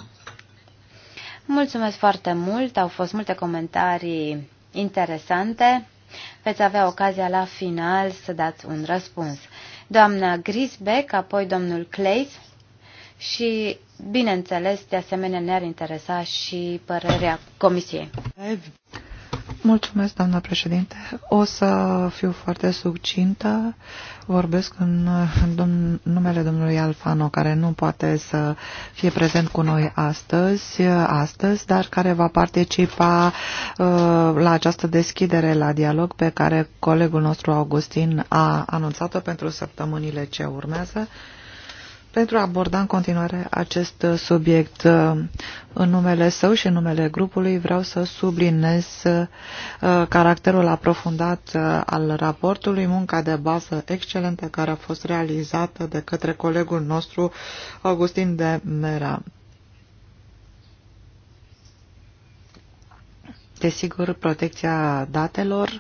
Mulțumesc foarte mult, au fost multe comentarii interesante. Veți avea ocazia la final să dați un răspuns. Doamna Grisbeck, apoi domnul Clays și, bineînțeles, de asemenea ne-ar interesa și părerea comisiei. Mulțumesc, doamna președinte. O să fiu foarte succintă. Vorbesc în, în numele domnului Alfano, care nu poate să fie prezent cu noi astăzi, astăzi dar care va participa uh, la această deschidere la dialog pe care colegul nostru Augustin a anunțat-o pentru săptămânile ce urmează pentru a aborda în continuare acest subiect uh, în numele său și în numele grupului, vreau să subliniez uh, caracterul aprofundat uh, al raportului, munca de bază excelentă care a fost realizată de către colegul nostru Augustin de Mera. Desigur, protecția datelor uh,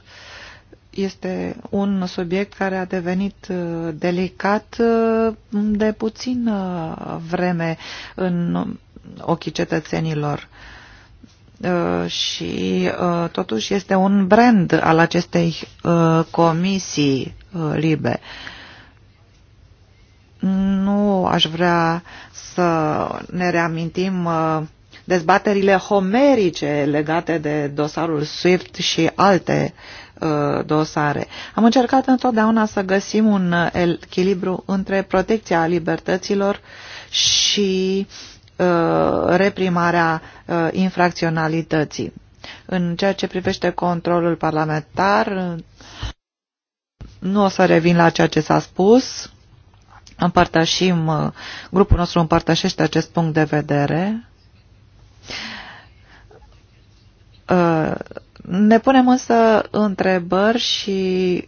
este un subiect care a devenit uh, delicat uh, de puțină uh, vreme în ochii cetățenilor și totuși este un brand al acestei comisii libe. Nu aș vrea să ne reamintim dezbaterile homerice legate de dosarul SWIFT și alte uh, Uh, dosare. Am încercat întotdeauna să găsim un uh, echilibru între protecția libertăților și uh, reprimarea infracționalității. În ceea ce privește controlul parlamentar, nu o să revin la ceea ce s-a spus. Împărtășim, grupul nostru împărtășește acest punct de vedere ne punem însă întrebări și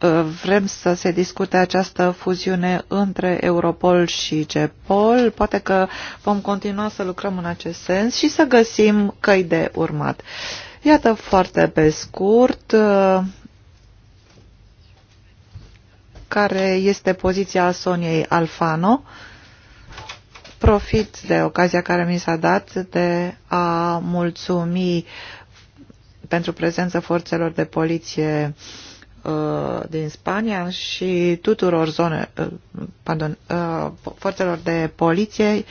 uh, vrem să se discute această fuziune între Europol și CEPOL. Poate că vom continua să lucrăm în acest sens și să găsim căi de urmat. Iată foarte pe scurt uh, care este poziția Soniei Alfano. Uh, Profit de ocazia care mi s-a dat de a mulțumi pentru prezența forțelor de poliție uh, din Spania și tuturor zone, uh, pardon, uh, forțelor de poliție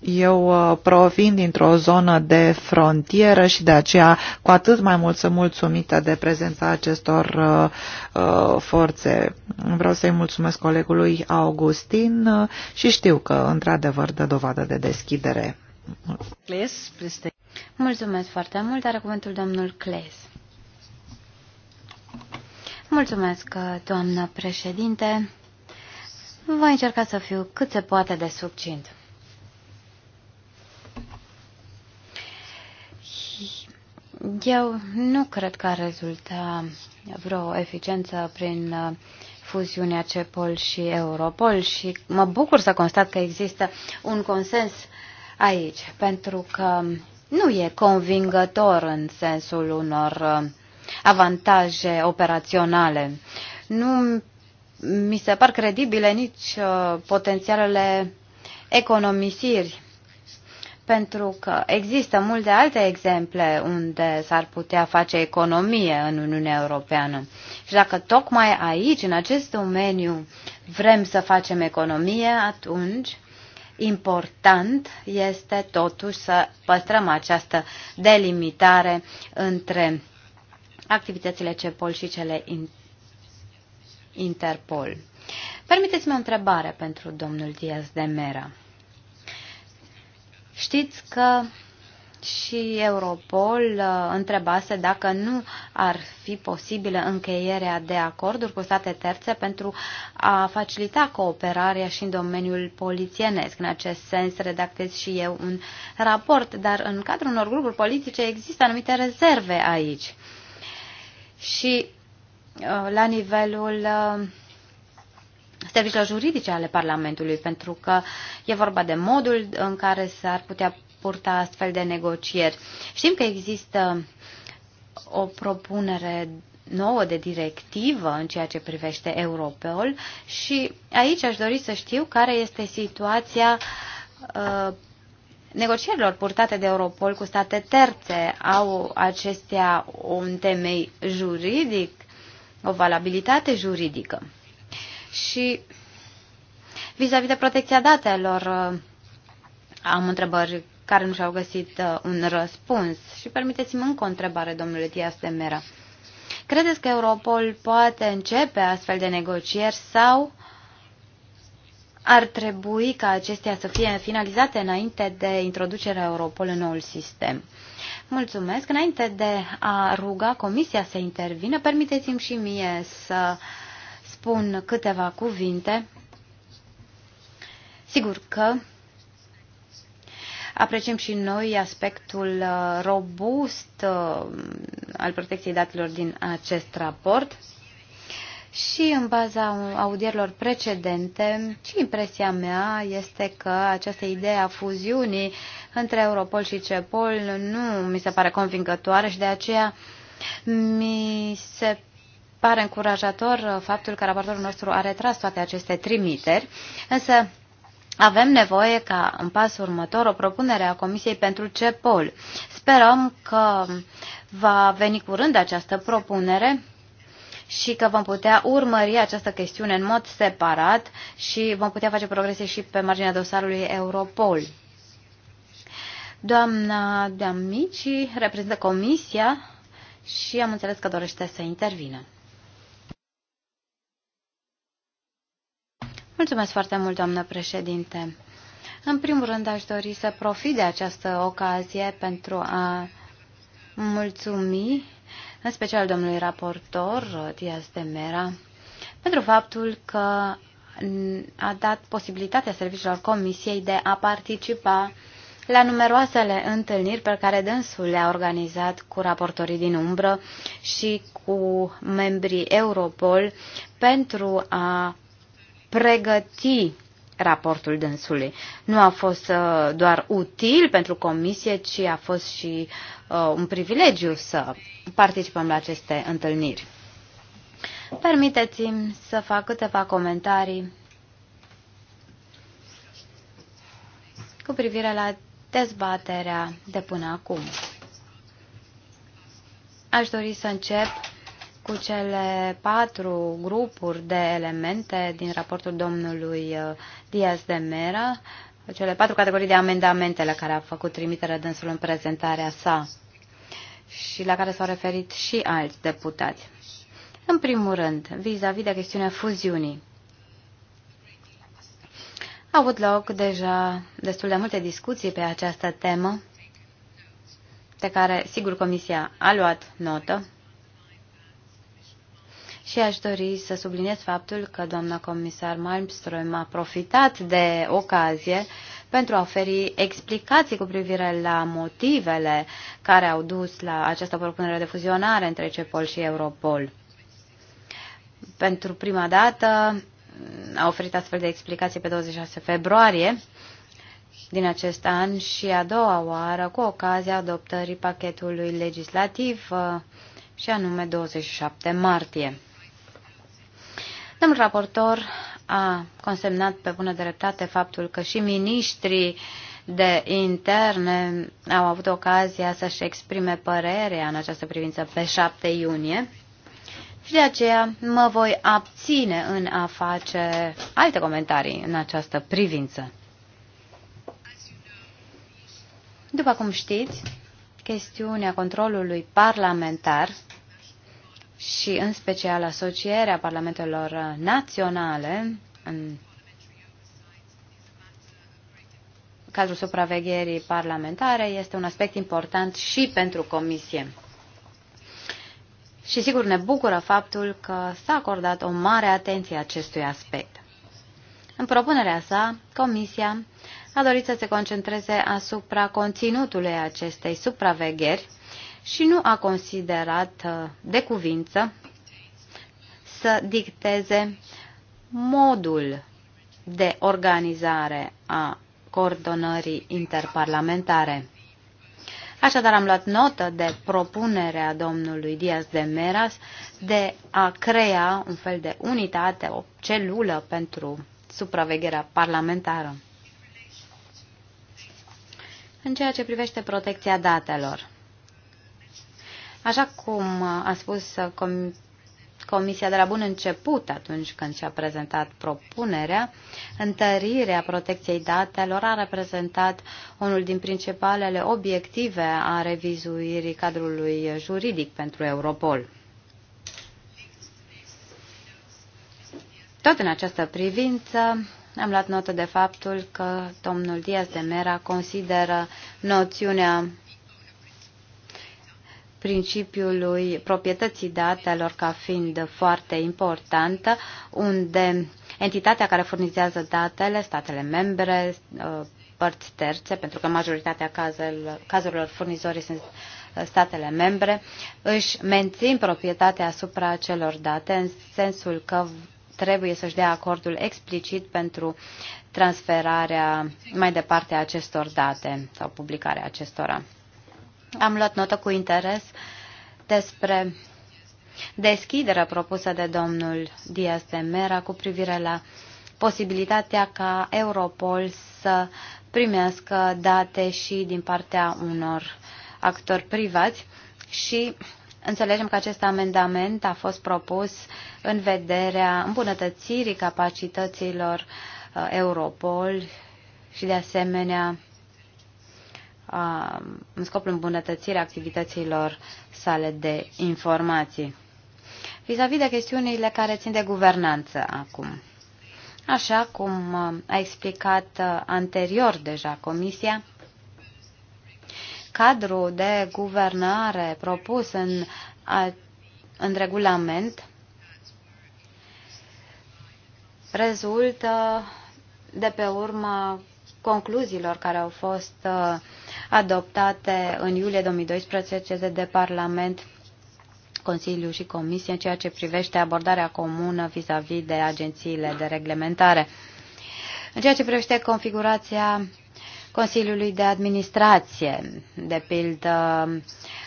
eu uh, provin dintr-o zonă de frontieră și de aceea cu atât mai mult sunt mulțumită de prezența acestor uh, uh, forțe. Vreau să-i mulțumesc colegului Augustin și știu că într-adevăr dă dovadă de deschidere. Mulțumesc foarte mult, are cuvântul domnul Cles. Mulțumesc, doamnă președinte. Voi încerca să fiu cât se poate de succint. Eu nu cred că ar rezulta vreo eficiență prin uh, fuziunea CEPOL și Europol și mă bucur să constat că există un consens aici, pentru că nu e convingător în sensul unor uh, avantaje operaționale. Nu mi se par credibile nici uh, potențialele economisiri pentru că există multe alte exemple unde s-ar putea face economie în Uniunea Europeană. Și dacă tocmai aici, în acest domeniu, vrem să facem economie, atunci important este totuși să păstrăm această delimitare între activitățile CEPOL și cele Interpol. Permiteți-mi o întrebare pentru domnul Diaz de Mera. Știți că și Europol uh, întrebase dacă nu ar fi posibilă încheierea de acorduri cu state terțe pentru a facilita cooperarea și în domeniul polițienesc. În acest sens redactez și eu un raport, dar în cadrul unor grupuri politice există anumite rezerve aici. Și uh, la nivelul uh, serviciilor juridice ale Parlamentului, pentru că e vorba de modul în care s-ar putea purta astfel de negocieri. Știm că există o propunere nouă de directivă în ceea ce privește Europol și aici aș dori să știu care este situația uh, negocierilor purtate de Europol cu state terțe. Au acestea un temei juridic, o valabilitate juridică? Și vis-a-vis -vis de protecția datelor, uh, am întrebări care nu și-au găsit uh, un răspuns. Și permiteți-mi încă o întrebare, domnule Tias de Mera. Credeți că Europol poate începe astfel de negocieri sau ar trebui ca acestea să fie finalizate înainte de introducerea Europol în noul sistem? Mulțumesc. Înainte de a ruga Comisia să intervină, permiteți-mi și mie să uh, spun câteva cuvinte, sigur că apreciem și noi aspectul uh, robust uh, al protecției datelor din acest raport și în baza audierilor precedente și impresia mea este că această idee a fuziunii între Europol și CEPOL nu mi se pare convingătoare și de aceea mi se pare încurajator uh, faptul că raportorul nostru a retras toate aceste trimiteri, însă avem nevoie ca în pasul următor o propunere a Comisiei pentru CEPOL. Sperăm că va veni curând această propunere și că vom putea urmări această chestiune în mod separat și vom putea face progrese și pe marginea dosarului Europol. Doamna Deamici reprezintă Comisia și am înțeles că dorește să intervină. Mulțumesc foarte mult, doamnă președinte. În primul rând, aș dori să profit de această ocazie pentru a mulțumi, în special domnului raportor Diaz de Mera, pentru faptul că a dat posibilitatea serviciilor Comisiei de a participa la numeroasele întâlniri pe care dânsul le-a organizat cu raportorii din umbră și cu membrii Europol pentru a pregăti raportul dânsului. Nu a fost uh, doar util pentru comisie, ci a fost și uh, un privilegiu să participăm la aceste întâlniri. Permiteți-mi să fac câteva comentarii cu privire la dezbaterea de până acum. Aș dori să încep cu cele patru grupuri de elemente din raportul domnului uh, Diaz de Mera, cele patru categorii de amendamente la care a făcut trimiterea dânsul în prezentarea sa și la care s-au referit și alți deputați. În primul rând, vis-a-vis -vis de chestiunea fuziunii. Au avut loc deja destul de multe discuții pe această temă, de care, sigur, Comisia a luat notă și aș dori să subliniez faptul că doamna comisar Malmström a profitat de ocazie pentru a oferi explicații cu privire la motivele care au dus la această propunere de fuzionare între CEPOL și Europol. Pentru prima dată a oferit astfel de explicații pe 26 februarie din acest an și a doua oară cu ocazia adoptării pachetului legislativ uh, și anume 27 martie. Domnul raportor a consemnat pe bună dreptate faptul că și miniștrii de interne au avut ocazia să-și exprime părerea în această privință pe 7 iunie și de aceea mă voi abține în a face alte comentarii în această privință. După cum știți, chestiunea controlului parlamentar și în special asocierea parlamentelor naționale în cadrul supravegherii parlamentare este un aspect important și pentru Comisie. Și sigur ne bucură faptul că s-a acordat o mare atenție acestui aspect. În propunerea sa, Comisia a dorit să se concentreze asupra conținutului acestei supravegheri și nu a considerat uh, de cuvință să dicteze modul de organizare a coordonării interparlamentare. Așadar, am luat notă de propunerea domnului Diaz de Meras de a crea un fel de unitate, o celulă pentru supravegherea parlamentară. În ceea ce privește protecția datelor, Așa cum a spus uh, com Comisia de la bun început atunci când și-a prezentat propunerea, întărirea protecției datelor a reprezentat unul din principalele obiective a revizuirii cadrului juridic pentru Europol. Tot în această privință, am luat notă de faptul că domnul Diaz de Mera consideră noțiunea principiului proprietății datelor ca fiind foarte importantă, unde entitatea care furnizează datele, statele membre, uh, părți terțe, pentru că majoritatea cazurilor, cazurilor furnizorii sunt uh, statele membre, își mențin proprietatea asupra celor date în sensul că trebuie să-și dea acordul explicit pentru transferarea mai departe a acestor date sau publicarea acestora. Am luat notă cu interes despre deschiderea propusă de domnul Diaz de Mera cu privire la posibilitatea ca Europol să primească date și din partea unor actori privați și înțelegem că acest amendament a fost propus în vederea îmbunătățirii capacităților uh, Europol și de asemenea în scopul îmbunătățirii activităților sale de informații. vis a -vis de chestiunile care țin de guvernanță acum. Așa cum a explicat anterior deja Comisia, cadrul de guvernare propus în, în regulament rezultă de pe urma concluziilor care au fost uh, adoptate în iulie 2012 de Parlament, Consiliu și Comisie în ceea ce privește abordarea comună vis-a-vis -vis de agențiile de reglementare. În ceea ce privește configurația Consiliului de Administrație, de pildă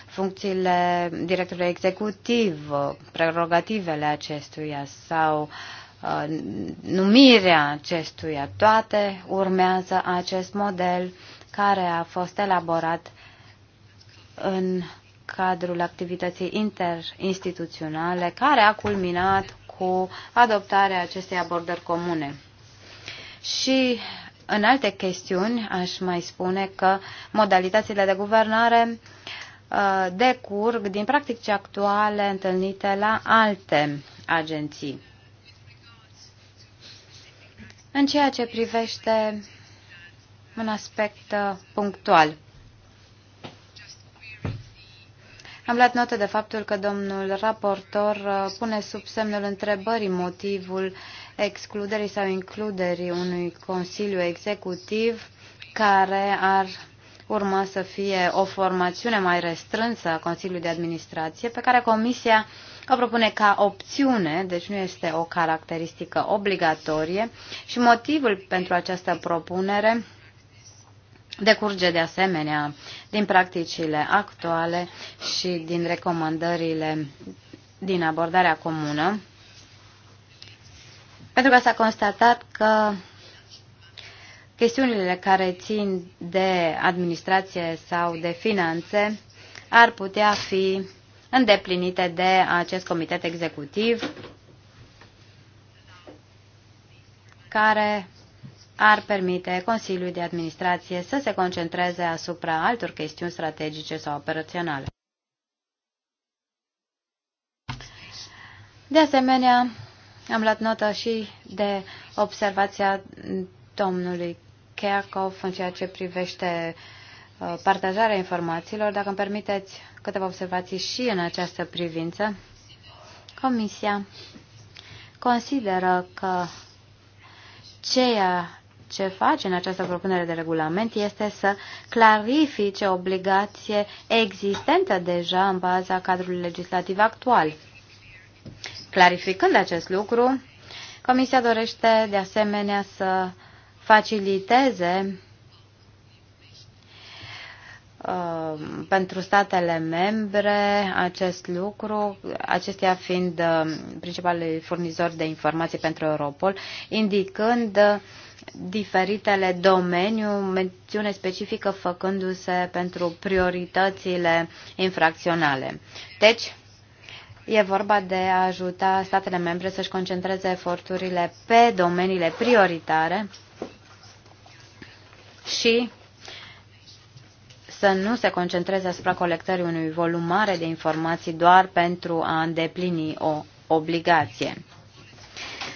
funcțiile directorului executiv, prerogativele acestuia sau uh, Uh, numirea acestuia. Toate urmează acest model care a fost elaborat în cadrul activității interinstituționale care a culminat cu adoptarea acestei abordări comune. Și în alte chestiuni aș mai spune că modalitățile de guvernare uh, decurg din practici actuale întâlnite la alte agenții. În ceea ce privește un aspect uh, punctual, am luat notă de faptul că domnul raportor uh, pune sub semnul întrebării motivul excluderii sau includerii unui Consiliu Executiv care ar urma să fie o formațiune mai restrânsă a Consiliului de Administrație, pe care Comisia o propune ca opțiune, deci nu este o caracteristică obligatorie și motivul pentru această propunere decurge de asemenea din practicile actuale și din recomandările din abordarea comună, pentru că s-a constatat că chestiunile care țin de administrație sau de finanțe ar putea fi îndeplinite de acest comitet executiv care ar permite Consiliului de Administrație să se concentreze asupra altor chestiuni strategice sau operaționale. De asemenea, am luat notă și de observația domnului Kerkov în ceea ce privește uh, Uh, partajarea informațiilor. Dacă îmi permiteți câteva observații și în această privință, Comisia consideră că ceea ce face în această propunere de regulament este să clarifice obligație existentă deja în baza cadrului legislativ actual. Clarificând acest lucru, Comisia dorește de asemenea să faciliteze Um, pentru statele membre acest lucru, acestea fiind um, principalii furnizori de informații pentru Europol, indicând diferitele domeniu, mențiune specifică făcându-se pentru prioritățile infracționale. Deci, E vorba de a ajuta statele membre să-și concentreze eforturile pe domeniile prioritare și să nu se concentreze asupra colectării unui volum mare de informații doar pentru a îndeplini o obligație.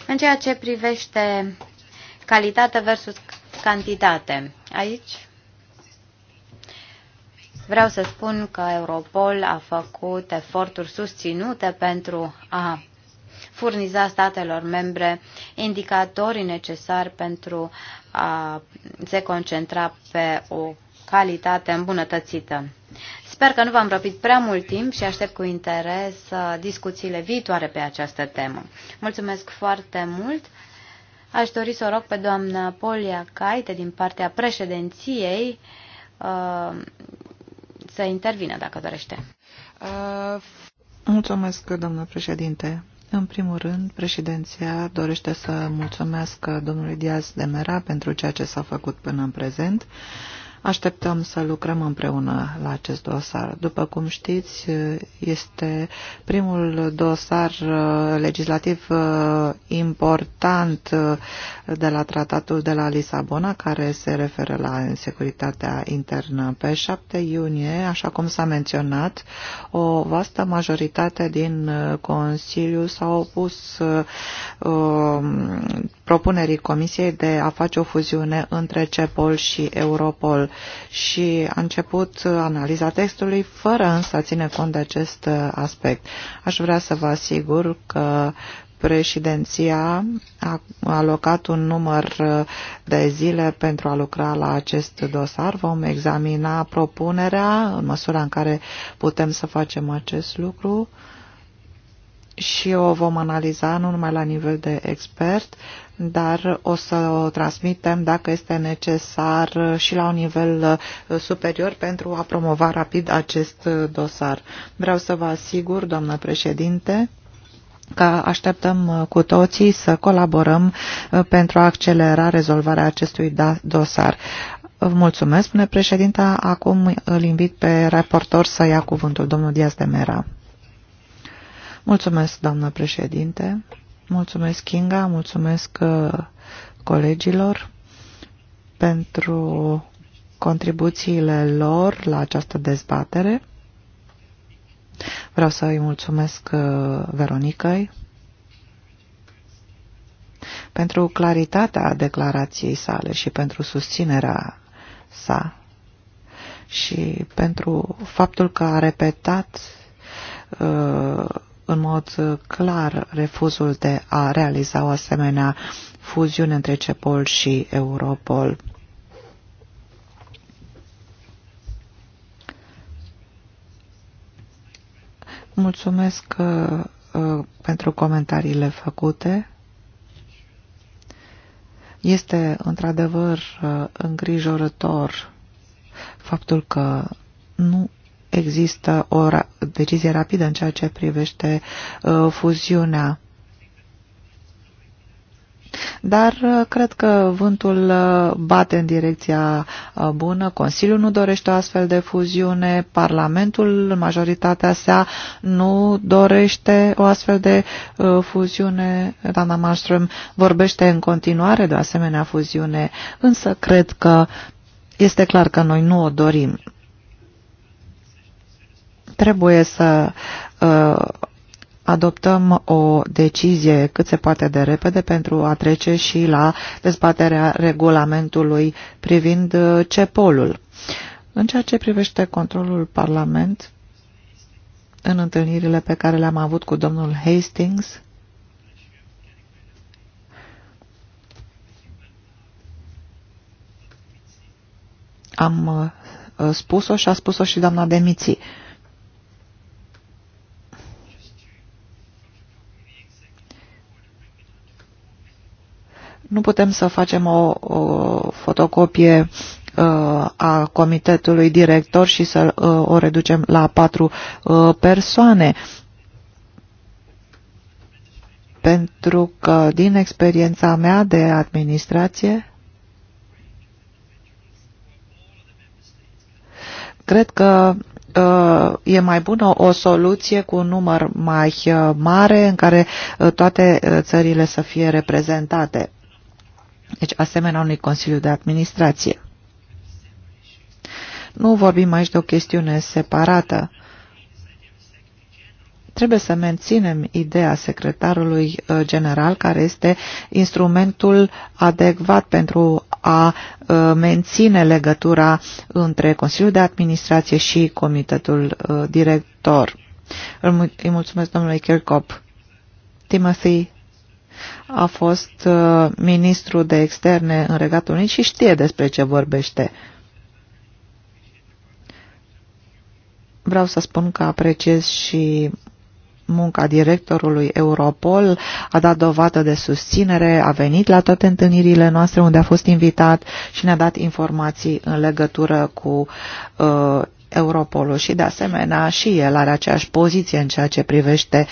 În ceea ce privește calitate versus cantitate, aici vreau să spun că Europol a făcut eforturi susținute pentru a furniza statelor membre indicatorii necesari pentru a se concentra pe o calitate îmbunătățită. Sper că nu v-am răpit prea mult timp și aștept cu interes uh, discuțiile viitoare pe această temă. Mulțumesc foarte mult! Aș dori să o rog pe doamna Polia Caite din partea președinției uh, să intervină dacă dorește. Uh, mulțumesc, doamnă președinte. În primul rând, președinția dorește să mulțumesc domnului Diaz de Mera pentru ceea ce s-a făcut până în prezent Așteptăm să lucrăm împreună la acest dosar. După cum știți, este primul dosar uh, legislativ uh, important uh, de la tratatul de la Lisabona, care se referă la securitatea internă. Pe 7 iunie, așa cum s-a menționat, o vastă majoritate din Consiliu s-a opus um, propunerii Comisiei de a face o fuziune între CEPOL și Europol și a început analiza textului fără însă a ține cont de acest aspect. Aș vrea să vă asigur că președinția a alocat un număr de zile pentru a lucra la acest dosar. Vom examina propunerea în măsura în care putem să facem acest lucru și o vom analiza nu numai la nivel de expert, dar o să o transmitem dacă este necesar și la un nivel uh, superior pentru a promova rapid acest uh, dosar. Vreau să vă asigur, doamnă președinte, că așteptăm uh, cu toții să colaborăm pentru a accelera rezolvarea acestui da, dosar. Mulțumesc, spune președinta. Acum îl invit pe raportor să ia cuvântul, domnul Diaz de Mera. Mulțumesc, doamnă președinte. Mulțumesc, Kinga, mulțumesc uh, colegilor pentru contribuțiile lor la această dezbatere. Vreau să îi mulțumesc uh, Veronicăi pentru claritatea declarației sale și pentru susținerea sa și pentru faptul că a repetat uh, în mod uh, clar refuzul de a realiza o asemenea fuziune între CEPOL și Europol. Mulțumesc uh, uh, pentru comentariile făcute. Este într-adevăr îngrijorător faptul că nu există o ra decizie rapidă în ceea ce privește uh, fuziunea. Dar uh, cred că vântul uh, bate în direcția uh, bună. Consiliul nu dorește o astfel de fuziune, Parlamentul, majoritatea sa, nu dorește o astfel de fuziune. Dana Malmström vorbește în continuare de o asemenea fuziune, însă cred că este clar că noi nu o dorim. Trebuie să uh, adoptăm o decizie cât se poate de repede pentru a trece și la dezbaterea regulamentului privind uh, CEPOL-ul. În ceea ce privește controlul Parlament, în întâlnirile pe care le-am avut cu domnul Hastings, am uh, spus-o și a spus-o și doamna Demiții Nu putem să facem o, o fotocopie uh, a comitetului director și să uh, o reducem la patru uh, persoane. Pentru că din experiența mea de administrație, cred că e mai bună o soluție cu un număr mai mare în care toate țările să fie reprezentate deci asemenea unui Consiliu de Administrație. Nu vorbim aici de o chestiune separată. Trebuie să menținem ideea secretarului uh, general, care este instrumentul adecvat pentru a uh, menține legătura între Consiliul de Administrație și Comitetul uh, Director. Îi mulțumesc domnului Kirkop. Timothy a fost uh, ministru de externe în Regatul Unit și știe despre ce vorbește. Vreau să spun că apreciez și munca directorului Europol, a dat dovadă de susținere, a venit la toate întâlnirile noastre unde a fost invitat și ne-a dat informații în legătură cu uh, Europolul și de asemenea și el are aceeași poziție în ceea ce privește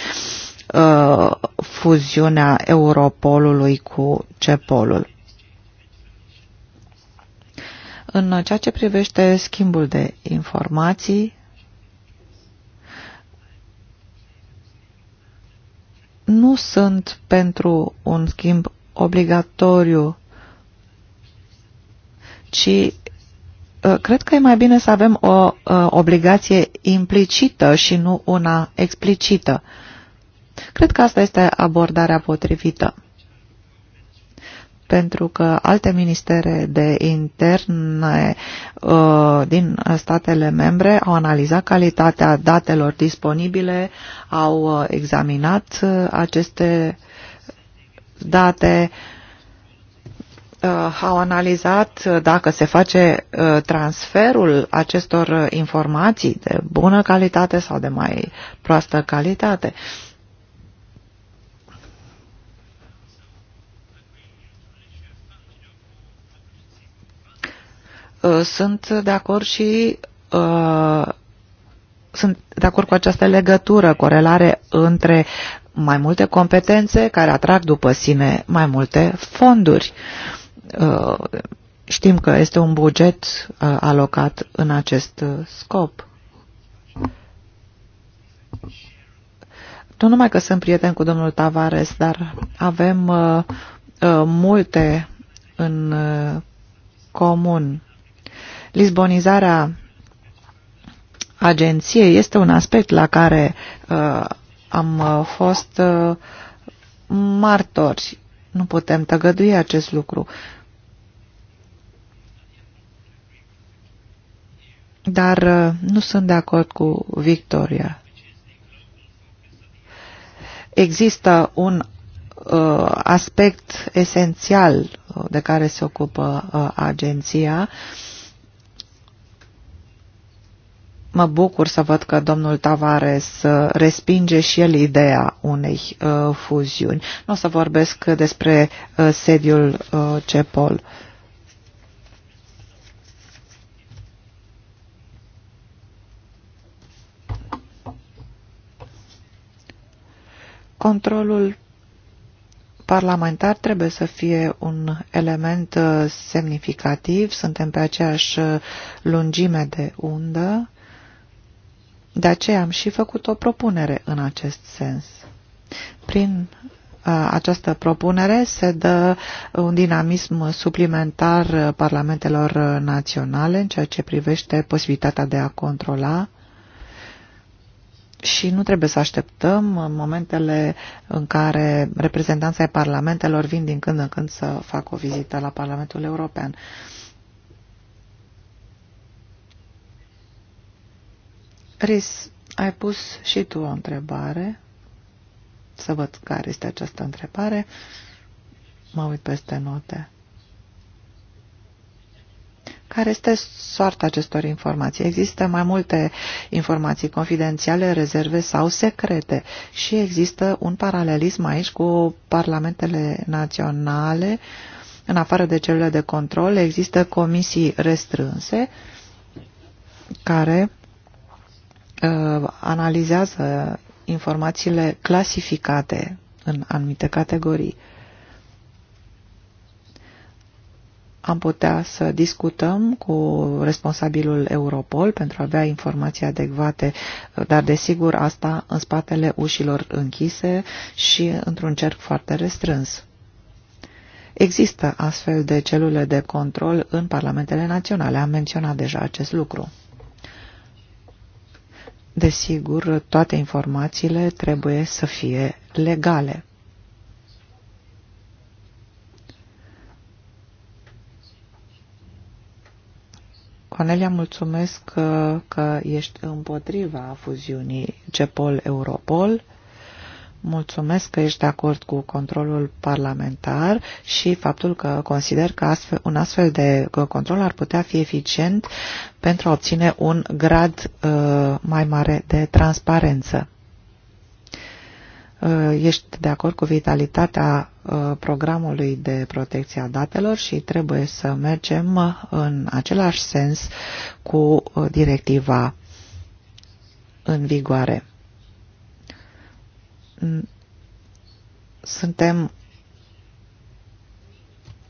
Uh, fuziunea Europolului cu CEPOLul. În ceea ce privește schimbul de informații, nu sunt pentru un schimb obligatoriu, ci uh, cred că e mai bine să avem o uh, obligație implicită și nu una explicită. Cred că asta este abordarea potrivită pentru că alte ministere de interne uh, din statele membre au analizat calitatea datelor disponibile, au uh, examinat uh, aceste date, au analizat dacă se face transferul acestor informații de bună calitate sau de mai proastă calitate. Uh, sunt de acord și uh, sunt de acord cu această legătură, corelare între mai multe competențe care atrag după sine mai multe fonduri. Uh, știm că este un buget alocat în acest scop. Nu numai că sunt prieten cu domnul Tavares, dar avem multe în comun. Lisbonizarea agenției este un aspect la care uh, am uh, fost uh, martori. Nu putem tăgădui acest lucru. Dar uh, nu sunt de acord cu Victoria. Există un uh, aspect esențial uh, de care se ocupă uh, agenția uh, Mă bucur să văd că domnul Tavares uh, respinge și el ideea unei uh, fuziuni. Nu o să vorbesc despre uh, sediul CEPOL. Controlul parlamentar trebuie să fie un element semnificativ. Suntem pe aceeași lungime de undă de aceea am și făcut o propunere în acest sens. Prin uh, această propunere se dă un dinamism suplimentar uh, parlamentelor uh, naționale în ceea ce privește posibilitatea de a controla și nu trebuie să așteptăm momentele în care reprezentanții parlamentelor vin din când în când să facă o vizită la Parlamentul European. Uh, Ris, ai pus și tu o întrebare. Să văd care este această întrebare. Mă uit peste note. Care este soarta acestor informații? Există mai multe informații confidențiale, rezerve sau secrete și există un paralelism aici cu parlamentele naționale. În afară de celule de control există comisii restrânse care Uh, analizează informațiile clasificate în anumite categorii. Am putea să discutăm cu responsabilul Europol pentru a avea informații adecvate, uh, dar desigur asta în spatele ușilor închise și într-un cerc foarte restrâns. Există astfel de celule de control în parlamentele naționale, am menționat deja acest lucru. Desigur, toate informațiile trebuie să fie legale. Cornelia, mulțumesc că, că ești împotriva fuziunii CEPOL-Europol Mulțumesc că ești de acord cu controlul parlamentar și faptul că consider că astfel, un astfel de control ar putea fi eficient pentru a obține un grad uh, mai mare de transparență. Uh, ești de acord cu vitalitatea uh, programului de protecție a datelor și trebuie să mergem în același sens cu uh, directiva în vigoare suntem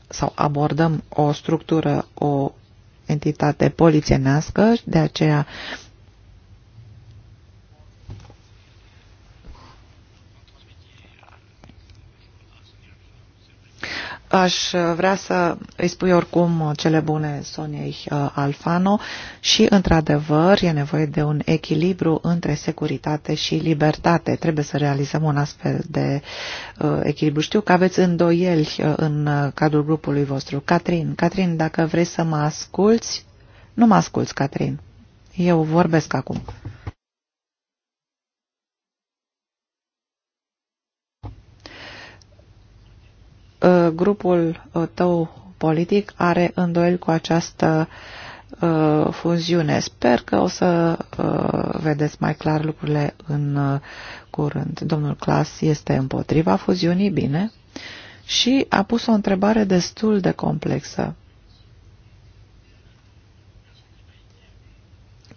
sau abordăm o structură, o entitate polițienească, de aceea aș vrea să îi spui oricum cele bune Soniei uh, Alfano și, într-adevăr, e nevoie de un echilibru între securitate și libertate. Trebuie să realizăm un astfel de uh, echilibru. Știu că aveți îndoieli uh, în cadrul grupului vostru. Catrin, Catrin, dacă vrei să mă asculți, nu mă asculți, Catrin. Eu vorbesc acum. Uh, grupul uh, tău politic are îndoieli cu această uh, fuziune. Sper că o să vedeți mai clar lucrurile în curând. Domnul Clas este împotriva fuziunii, bine, și a pus o întrebare destul de complexă.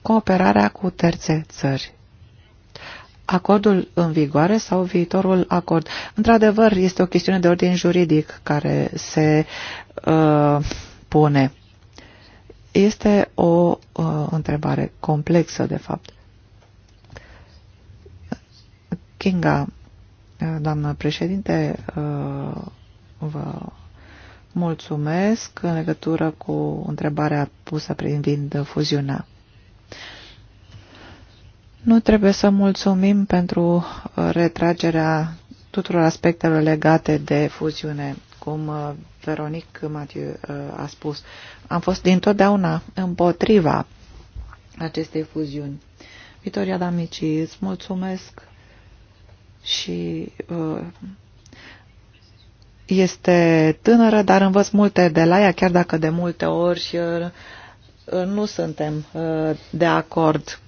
Cooperarea cu terțe țări acordul în vigoare sau viitorul acord. Într-adevăr, este o chestiune de ordin juridic care se uh, pune. Este o uh, întrebare complexă, de fapt. Kinga, uh, doamnă președinte, uh, vă mulțumesc în legătură cu întrebarea pusă privind fuziunea. Nu trebuie să mulțumim pentru uh, retragerea tuturor aspectelor legate de fuziune, cum uh, Veronic Matiu uh, a spus. Am fost dintotdeauna împotriva acestei fuziuni. Vitoria Damici, îți mulțumesc și este tânără, dar învăț multe de la ea, chiar dacă de multe ori nu suntem de acord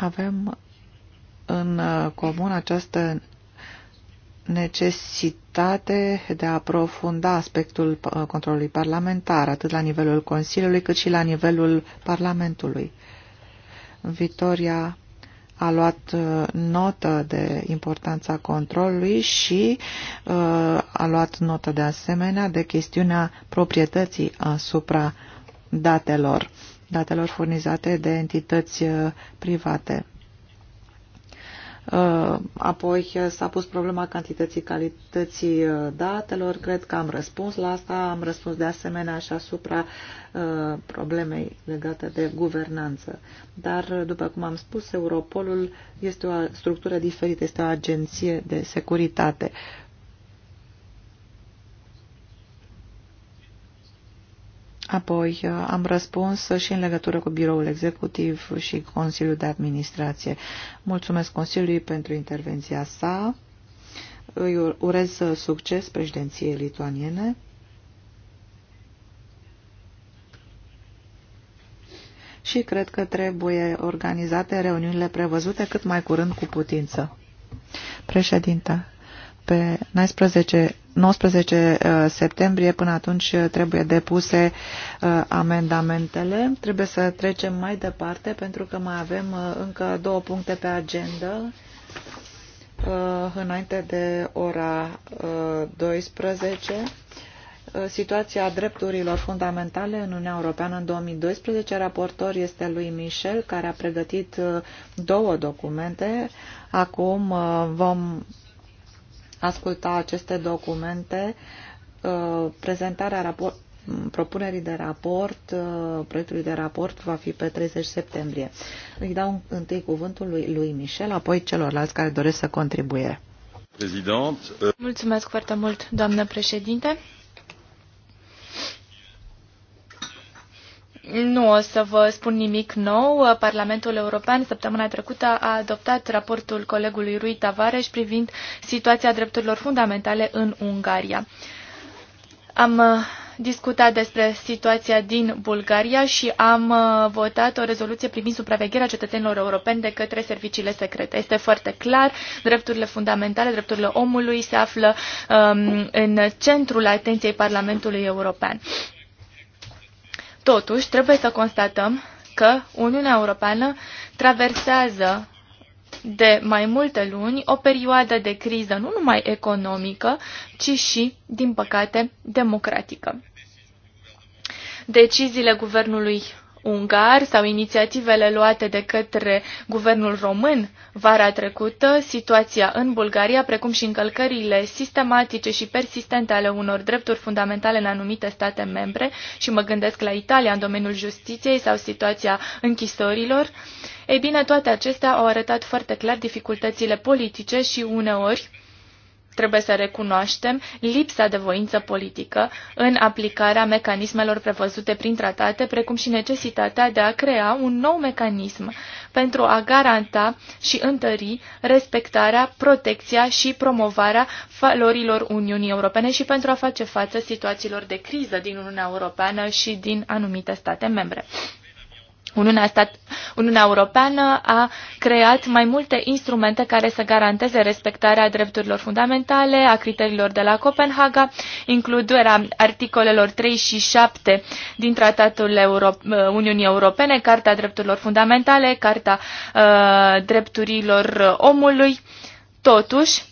Avem în comun această necesitate de a aprofunda aspectul uh, controlului parlamentar, atât la nivelul Consiliului, cât și la nivelul Parlamentului. Vitoria a luat uh, notă de importanța controlului și uh, a luat notă de asemenea de chestiunea proprietății asupra datelor datelor furnizate de entități uh, private. Uh, apoi uh, s-a pus problema cantității calității datelor. Cred că am răspuns la asta. Am răspuns de asemenea și asupra problemei legate de guvernanță. Dar, după cum am spus, Europolul este o structură diferită, este o agenție de securitate. Apoi uh, am răspuns și în legătură cu biroul executiv și Consiliul de Administrație. Mulțumesc Consiliului pentru intervenția sa. Îi urez succes președinției lituaniene. Și cred că trebuie organizate reuniunile prevăzute cât mai curând cu putință. Președinte, pe 19, 19 uh, septembrie. Până atunci uh, trebuie depuse uh, amendamentele. Trebuie să trecem mai departe pentru că mai avem încă două puncte pe agenda înainte de ora 12 situația drepturilor fundamentale în Uniunea Europeană în 2012. Raportor este lui Michel, care a pregătit două documente. Acum vom asculta aceste documente, uh, prezentarea rapor propunerii de raport, uh, proiectului de raport va fi pe 30 septembrie. Îi dau întâi cuvântul lui, lui Michel, apoi celorlalți care doresc să contribuie. Uh, Mulțumesc foarte mult, doamnă președinte. Nu o să vă spun nimic nou. Parlamentul European săptămâna trecută a adoptat raportul colegului Rui Tavares privind situația drepturilor fundamentale în Ungaria. Am uh, discutat despre situația din Bulgaria și am uh, votat o rezoluție privind supravegherea cetățenilor europeni de către serviciile secrete. Este foarte clar, drepturile fundamentale, drepturile omului se află um, în centrul atenției Parlamentului European. Totuși, trebuie să constatăm că Uniunea Europeană traversează de mai multe luni o perioadă de criză nu numai economică, ci și, din păcate, democratică. Deciziile guvernului ungar sau inițiativele luate de către guvernul român vara trecută, situația în Bulgaria, precum și încălcările sistematice și persistente ale unor drepturi fundamentale în anumite state membre, și mă gândesc la Italia în domeniul justiției sau situația închisorilor, ei bine, toate acestea au arătat foarte clar dificultățile politice și uneori trebuie să recunoaștem lipsa de voință politică în aplicarea mecanismelor prevăzute prin tratate, precum și necesitatea de a crea un nou mecanism pentru a garanta și întări respectarea, protecția și promovarea valorilor Uniunii Europene și pentru a face față situațiilor de criză din Uniunea Europeană și din anumite state membre. Uniunea, stat, Uniunea Europeană a creat mai multe instrumente care să garanteze respectarea drepturilor fundamentale, a criteriilor de la Copenhaga, includerea articolelor 3 și 7 din Tratatul Euro Uniunii Europene, Carta Drepturilor Fundamentale, Carta uh, Drepturilor Omului. Totuși,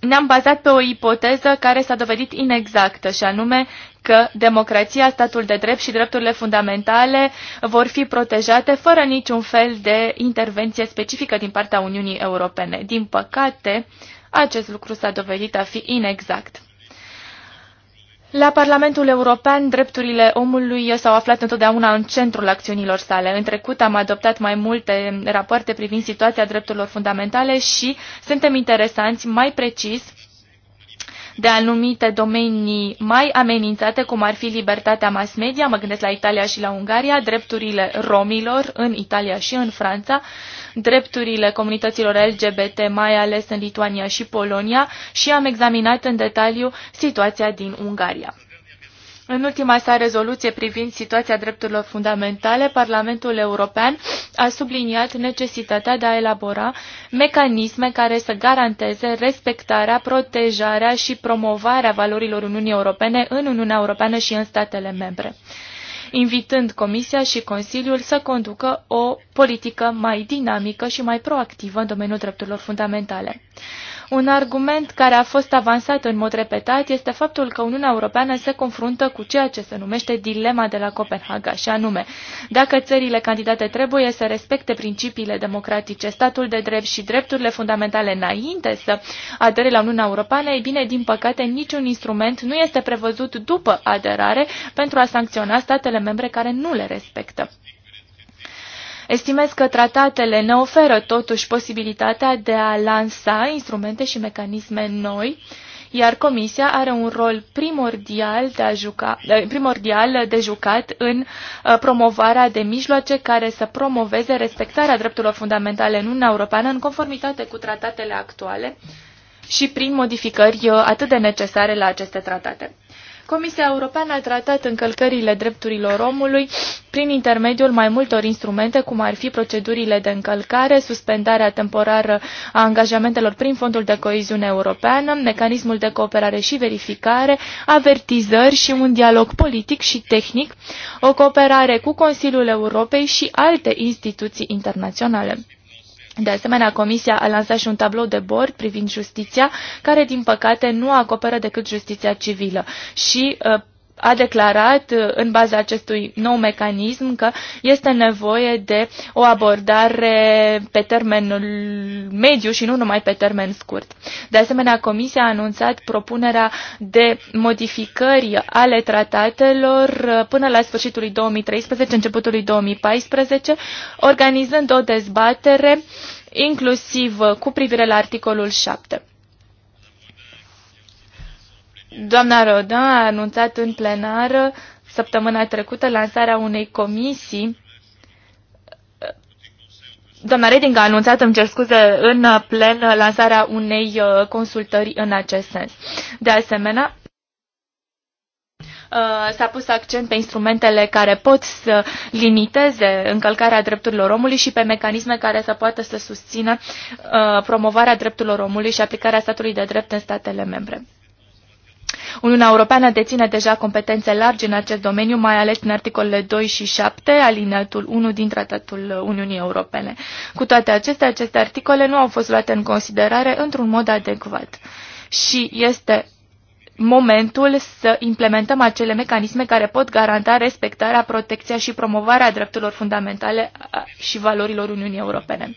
ne-am bazat pe o ipoteză care s-a dovedit inexactă, și anume că democrația, statul de drept și drepturile fundamentale vor fi protejate fără niciun fel de intervenție specifică din partea Uniunii Europene. Din păcate, acest lucru s-a dovedit a fi inexact. La Parlamentul European, drepturile omului s-au aflat întotdeauna în centrul acțiunilor sale. În trecut am adoptat mai multe rapoarte privind situația drepturilor fundamentale și suntem interesanți mai precis de anumite domenii mai amenințate, cum ar fi libertatea mass media, mă gândesc la Italia și la Ungaria, drepturile romilor în Italia și în Franța, drepturile comunităților LGBT, mai ales în Lituania și Polonia, și am examinat în detaliu situația din Ungaria. În ultima sa rezoluție privind situația drepturilor fundamentale, Parlamentul European a subliniat necesitatea de a elabora mecanisme care să garanteze respectarea, protejarea și promovarea valorilor Uniunii Europene în Uniunea Europeană și în statele membre invitând Comisia și Consiliul să conducă o politică mai dinamică și mai proactivă în domeniul drepturilor fundamentale. Un argument care a fost avansat în mod repetat este faptul că Uniunea Europeană se confruntă cu ceea ce se numește dilema de la Copenhaga, și anume, dacă țările candidate trebuie să respecte principiile democratice, statul de drept și drepturile fundamentale înainte să adere la Uniunea Europeană, ei bine, din păcate, niciun instrument nu este prevăzut după aderare pentru a sancționa statele membre care nu le respectă. Estimez că tratatele ne oferă totuși posibilitatea de a lansa instrumente și mecanisme noi, iar Comisia are un rol primordial de, a juca, eh, primordial de jucat în eh, promovarea de mijloace care să promoveze respectarea drepturilor fundamentale în Uniunea Europeană în conformitate cu tratatele actuale și prin modificări eh, atât de necesare la aceste tratate. Comisia Europeană a tratat încălcările drepturilor omului prin intermediul mai multor instrumente, cum ar fi procedurile de încălcare, suspendarea temporară a angajamentelor prin Fondul de Coeziune Europeană, mecanismul de cooperare și verificare, avertizări și un dialog politic și tehnic, o cooperare cu Consiliul Europei și alte instituții internaționale. De asemenea, Comisia a lansat și un tablou de bord privind justiția, care, din păcate, nu acoperă decât justiția civilă și uh, a declarat uh, în baza acestui nou mecanism că este nevoie de o abordare pe termen mediu și nu numai pe termen scurt. De asemenea, Comisia a anunțat propunerea de modificări ale tratatelor uh, până la sfârșitul 2013, începutul 2014, organizând o dezbatere inclusiv cu privire la articolul 7. Doamna Rodin a anunțat în plenară săptămâna trecută lansarea unei comisii. Doamna Reding a anunțat, îmi cer scuze, în plen lansarea unei uh, consultări în acest sens. De asemenea, uh, s-a pus accent pe instrumentele care pot să limiteze încălcarea drepturilor omului și pe mecanisme care să poată să susțină uh, promovarea drepturilor omului și aplicarea statului de drept în statele membre. Uniunea Europeană deține deja competențe largi în acest domeniu, mai ales în articolele 2 și 7, alineatul 1 din Tratatul Uniunii Europene. Cu toate acestea, aceste articole nu au fost luate în considerare într-un mod adecvat. Și este momentul să implementăm acele mecanisme care pot garanta respectarea, protecția și promovarea drepturilor fundamentale și valorilor Uniunii Europene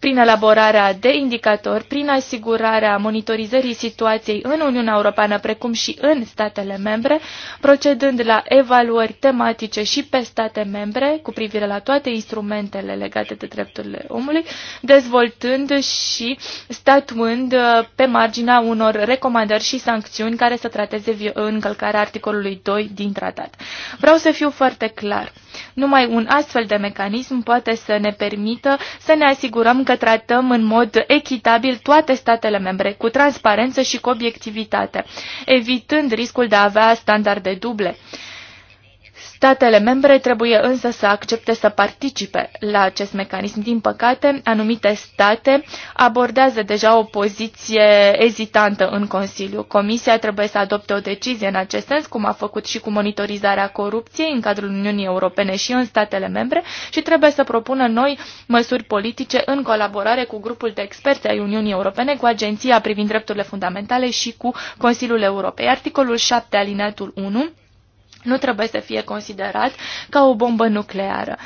prin elaborarea de indicatori, prin asigurarea monitorizării situației în Uniunea Europeană, precum și în statele membre, procedând la evaluări tematice și pe state membre cu privire la toate instrumentele legate de drepturile omului, dezvoltând și statuând uh, pe marginea unor recomandări și sancțiuni care să trateze încălcarea articolului 2 din tratat. Vreau să fiu foarte clar. Numai un astfel de mecanism poate să ne permită să ne asigurăm că tratăm în mod echitabil toate statele membre, cu transparență și cu obiectivitate, evitând riscul de a avea standarde duble. Statele membre trebuie însă să accepte să participe la acest mecanism. Din păcate, anumite state abordează deja o poziție ezitantă în Consiliu. Comisia trebuie să adopte o decizie în acest sens, cum a făcut și cu monitorizarea corupției în cadrul Uniunii Europene și în statele membre și trebuie să propună noi măsuri politice în colaborare cu grupul de experți ai Uniunii Europene, cu Agenția privind drepturile fundamentale și cu Consiliul Europei. Articolul 7 alineatul 1 nu trebuie să fie considerat ca o bombă nucleară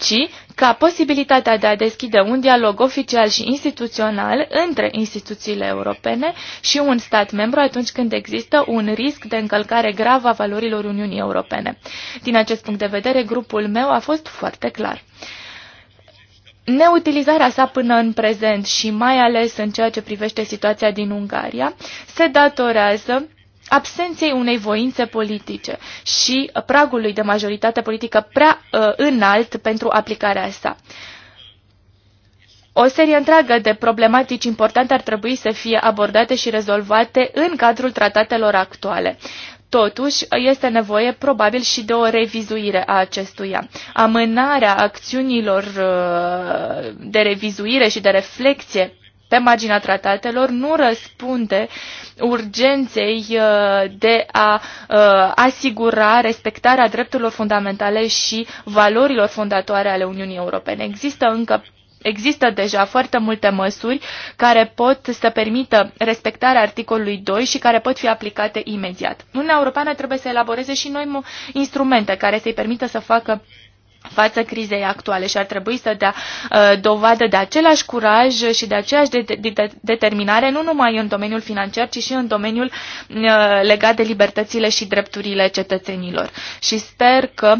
ci ca posibilitatea de a deschide un dialog oficial și instituțional între instituțiile europene și un stat membru atunci când există un risc de încălcare gravă a valorilor Uniunii Europene. Din acest punct de vedere, grupul meu a fost foarte clar. Neutilizarea sa până în prezent și mai ales în ceea ce privește situația din Ungaria se datorează absenței unei voințe politice și pragului de majoritate politică prea uh, înalt pentru aplicarea asta. O serie întreagă de problematici importante ar trebui să fie abordate și rezolvate în cadrul tratatelor actuale. Totuși, este nevoie probabil și de o revizuire a acestuia. Amânarea acțiunilor uh, de revizuire și de reflexie pe marginea tratatelor nu răspunde urgenței uh, de a uh, asigura respectarea drepturilor fundamentale și valorilor fondatoare ale Uniunii Europene. Există încă Există deja foarte multe măsuri care pot să permită respectarea articolului 2 și care pot fi aplicate imediat. Uniunea Europeană trebuie să elaboreze și noi instrumente care să-i permită să facă față crizei actuale și ar trebui să dea uh, dovadă de același curaj și de aceeași de- de- de- determinare, nu numai în domeniul financiar, ci și în domeniul uh, legat de libertățile și drepturile cetățenilor. Și sper că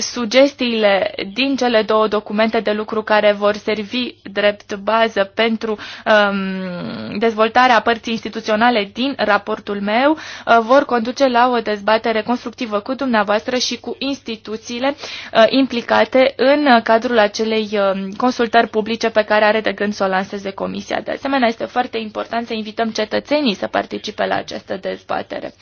sugestiile din cele două documente de lucru care vor servi drept bază pentru um, dezvoltarea părții instituționale din raportul meu uh, vor conduce la o dezbatere constructivă cu dumneavoastră și cu instituțiile uh, implicate în cadrul acelei uh, consultări publice pe care are de gând să o lanseze Comisia. De asemenea, este foarte important să invităm cetățenii să participe la această dezbatere.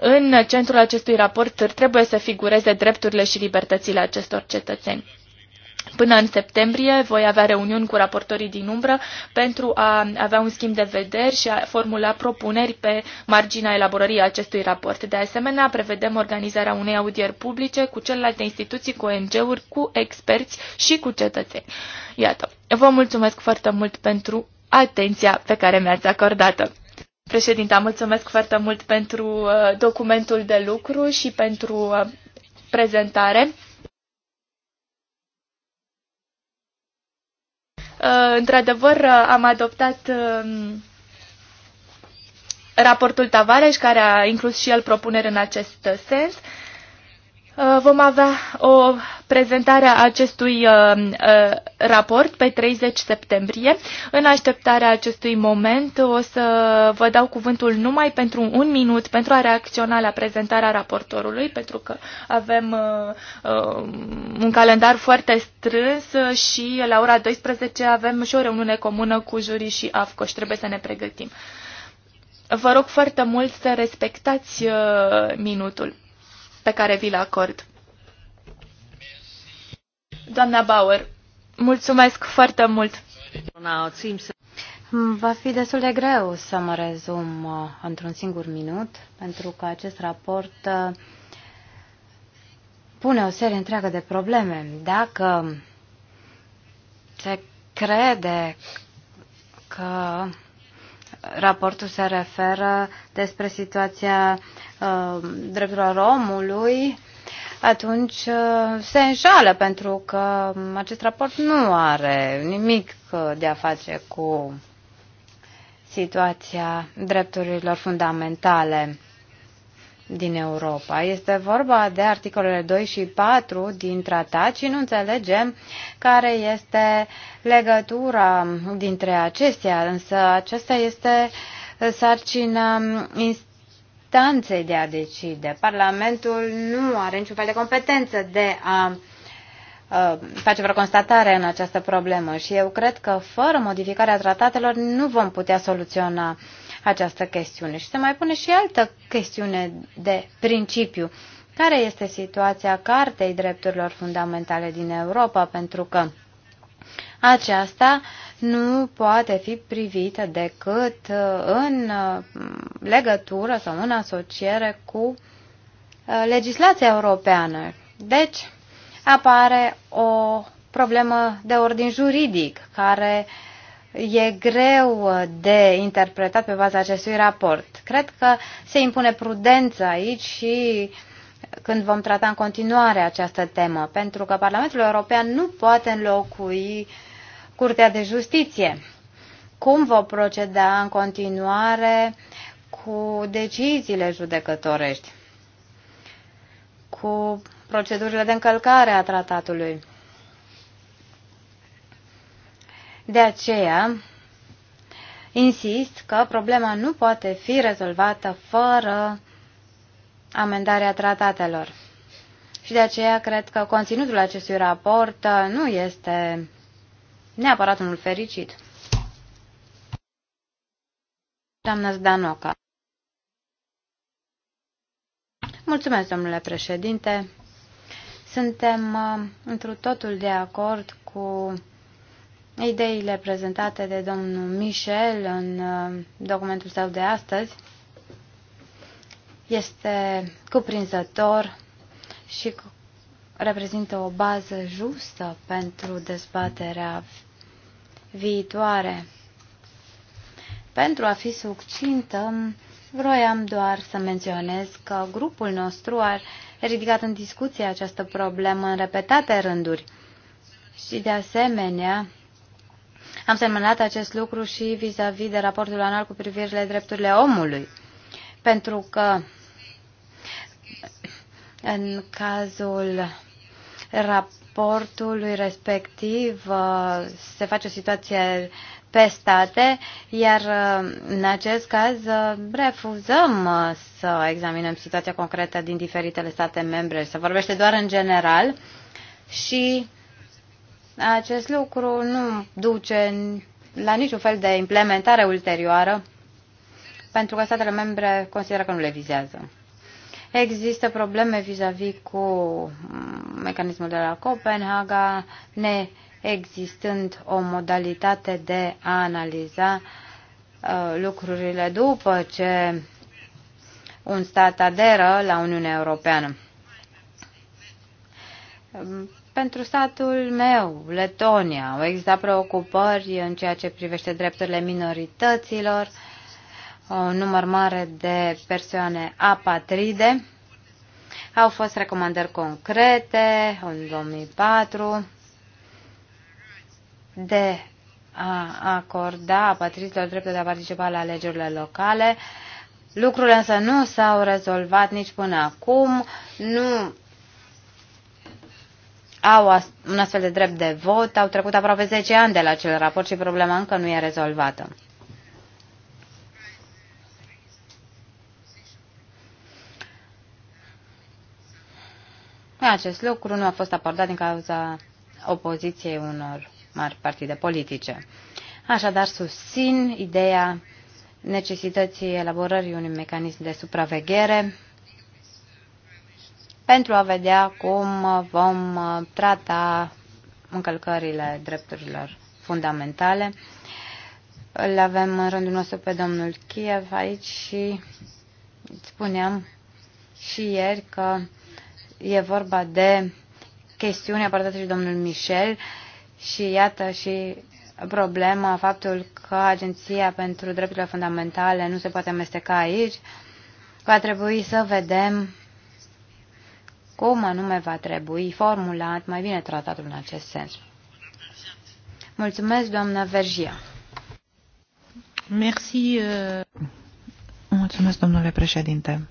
În centrul acestui raport trebuie să figureze drepturile și libertățile acestor cetățeni. Până în septembrie voi avea reuniuni cu raportorii din umbră pentru a avea un schimb de vederi și a formula propuneri pe marginea elaborării acestui raport. De asemenea, prevedem organizarea unei audieri publice cu celelalte instituții, cu ONG-uri, cu experți și cu cetățeni. Iată, vă mulțumesc foarte mult pentru atenția pe care mi-ați acordat-o. Președinta, mulțumesc foarte mult pentru uh, documentul de lucru și pentru uh, prezentare. Uh, într-adevăr, am adoptat um, raportul Tavares, care a inclus și el propuneri în acest sens. Uh, vom avea o prezentare a acestui uh, uh, raport pe 30 septembrie. În așteptarea acestui moment o să vă dau cuvântul numai pentru un minut pentru a reacționa la prezentarea raportorului, pentru că avem un calendar foarte strâns și la ora 12 avem și o reuniune comună cu jurii și AFCO și trebuie să ne pregătim. Vă rog foarte mult să respectați minutul pe care vi-l acord. Doamna Bauer, mulțumesc foarte mult! Va fi destul de greu să mă rezum uh, într-un singur minut, pentru că acest raport uh, pune o serie întreagă de probleme. Dacă se crede că Raportul se referă despre situația uh, drepturilor omului, atunci uh, se înșală pentru că acest raport nu are nimic uh, de a face cu situația drepturilor fundamentale din Europa. Este vorba de articolele 2 și 4 din tratat și nu înțelegem care este legătura dintre acestea, însă acesta este sarcina instanței de a decide. Parlamentul nu are niciun fel de competență de a uh, Uh, face vreo constatare în această problemă și eu cred că fără modificarea tratatelor nu vom putea soluționa această chestiune. Și se mai pune și altă chestiune de principiu. Care este situația Cartei Drepturilor Fundamentale din Europa? Pentru că aceasta nu poate fi privită decât uh, în uh, legătură sau în asociere cu legislația europeană. Deci, apare o problemă de ordin juridic care e greu de interpretat pe baza acestui raport. Cred că se impune prudență aici și când vom trata în continuare această temă, pentru că Parlamentul European nu poate înlocui Curtea de Justiție. Cum vom proceda în continuare cu deciziile judecătorești, cu procedurile de încălcare a tratatului. De aceea, insist că problema nu poate fi rezolvată fără amendarea tratatelor. Și de aceea cred că conținutul acestui raport uh, nu este neapărat unul fericit. Doamna Zdanoca. Mulțumesc, domnule președinte. Suntem uh, întru totul de acord cu ideile prezentate de domnul Michel în uh, documentul său de astăzi. Este cuprinzător și reprezintă o bază justă pentru dezbaterea viitoare. Pentru a fi succintă, vroiam doar să menționez că grupul nostru ar ridicat în discuție această problemă în repetate rânduri. Și de asemenea, am semnalat acest lucru și vis-a-vis -vis de raportul anual cu privire la drepturile omului, pentru că în cazul raportului respectiv uh, se face o situație pe state, iar uh, în acest caz uh, refuzăm uh, să examinăm situația concretă din diferitele state membre. Se vorbește doar în general și acest lucru nu duce la niciun fel de implementare ulterioară pentru că statele membre consideră că nu le vizează. Există probleme vis-a-vis -vis cu mm, mecanismul de la Copenhaga, ne existând o modalitate de a analiza uh, lucrurile după ce un stat aderă la Uniunea Europeană. Pentru statul meu, Letonia, au existat preocupări în ceea ce privește drepturile minorităților, un număr mare de persoane apatride. Au fost recomandări concrete în 2004 de a acorda patriților dreptul de a participa la alegerile locale. Lucrurile însă nu s-au rezolvat nici până acum, nu au un astfel de drept de vot, au trecut aproape 10 ani de la acel raport și problema încă nu e rezolvată. Acest lucru nu a fost abordat din cauza opoziției unor mari partide politice. Așadar, susțin ideea necesității elaborării unui mecanism de supraveghere pentru a vedea cum vom trata încălcările drepturilor fundamentale. Îl avem în rândul nostru pe domnul Kiev aici și spuneam și ieri că e vorba de chestiuni abordate și domnul Michel și iată și problema faptul că Agenția pentru Drepturile Fundamentale nu se poate amesteca aici. Va trebui să vedem cum anume va trebui formulat mai bine tratatul în acest sens. Mulțumesc, doamna Vergia. Merci. Uh, Mulțumesc, domnule președinte.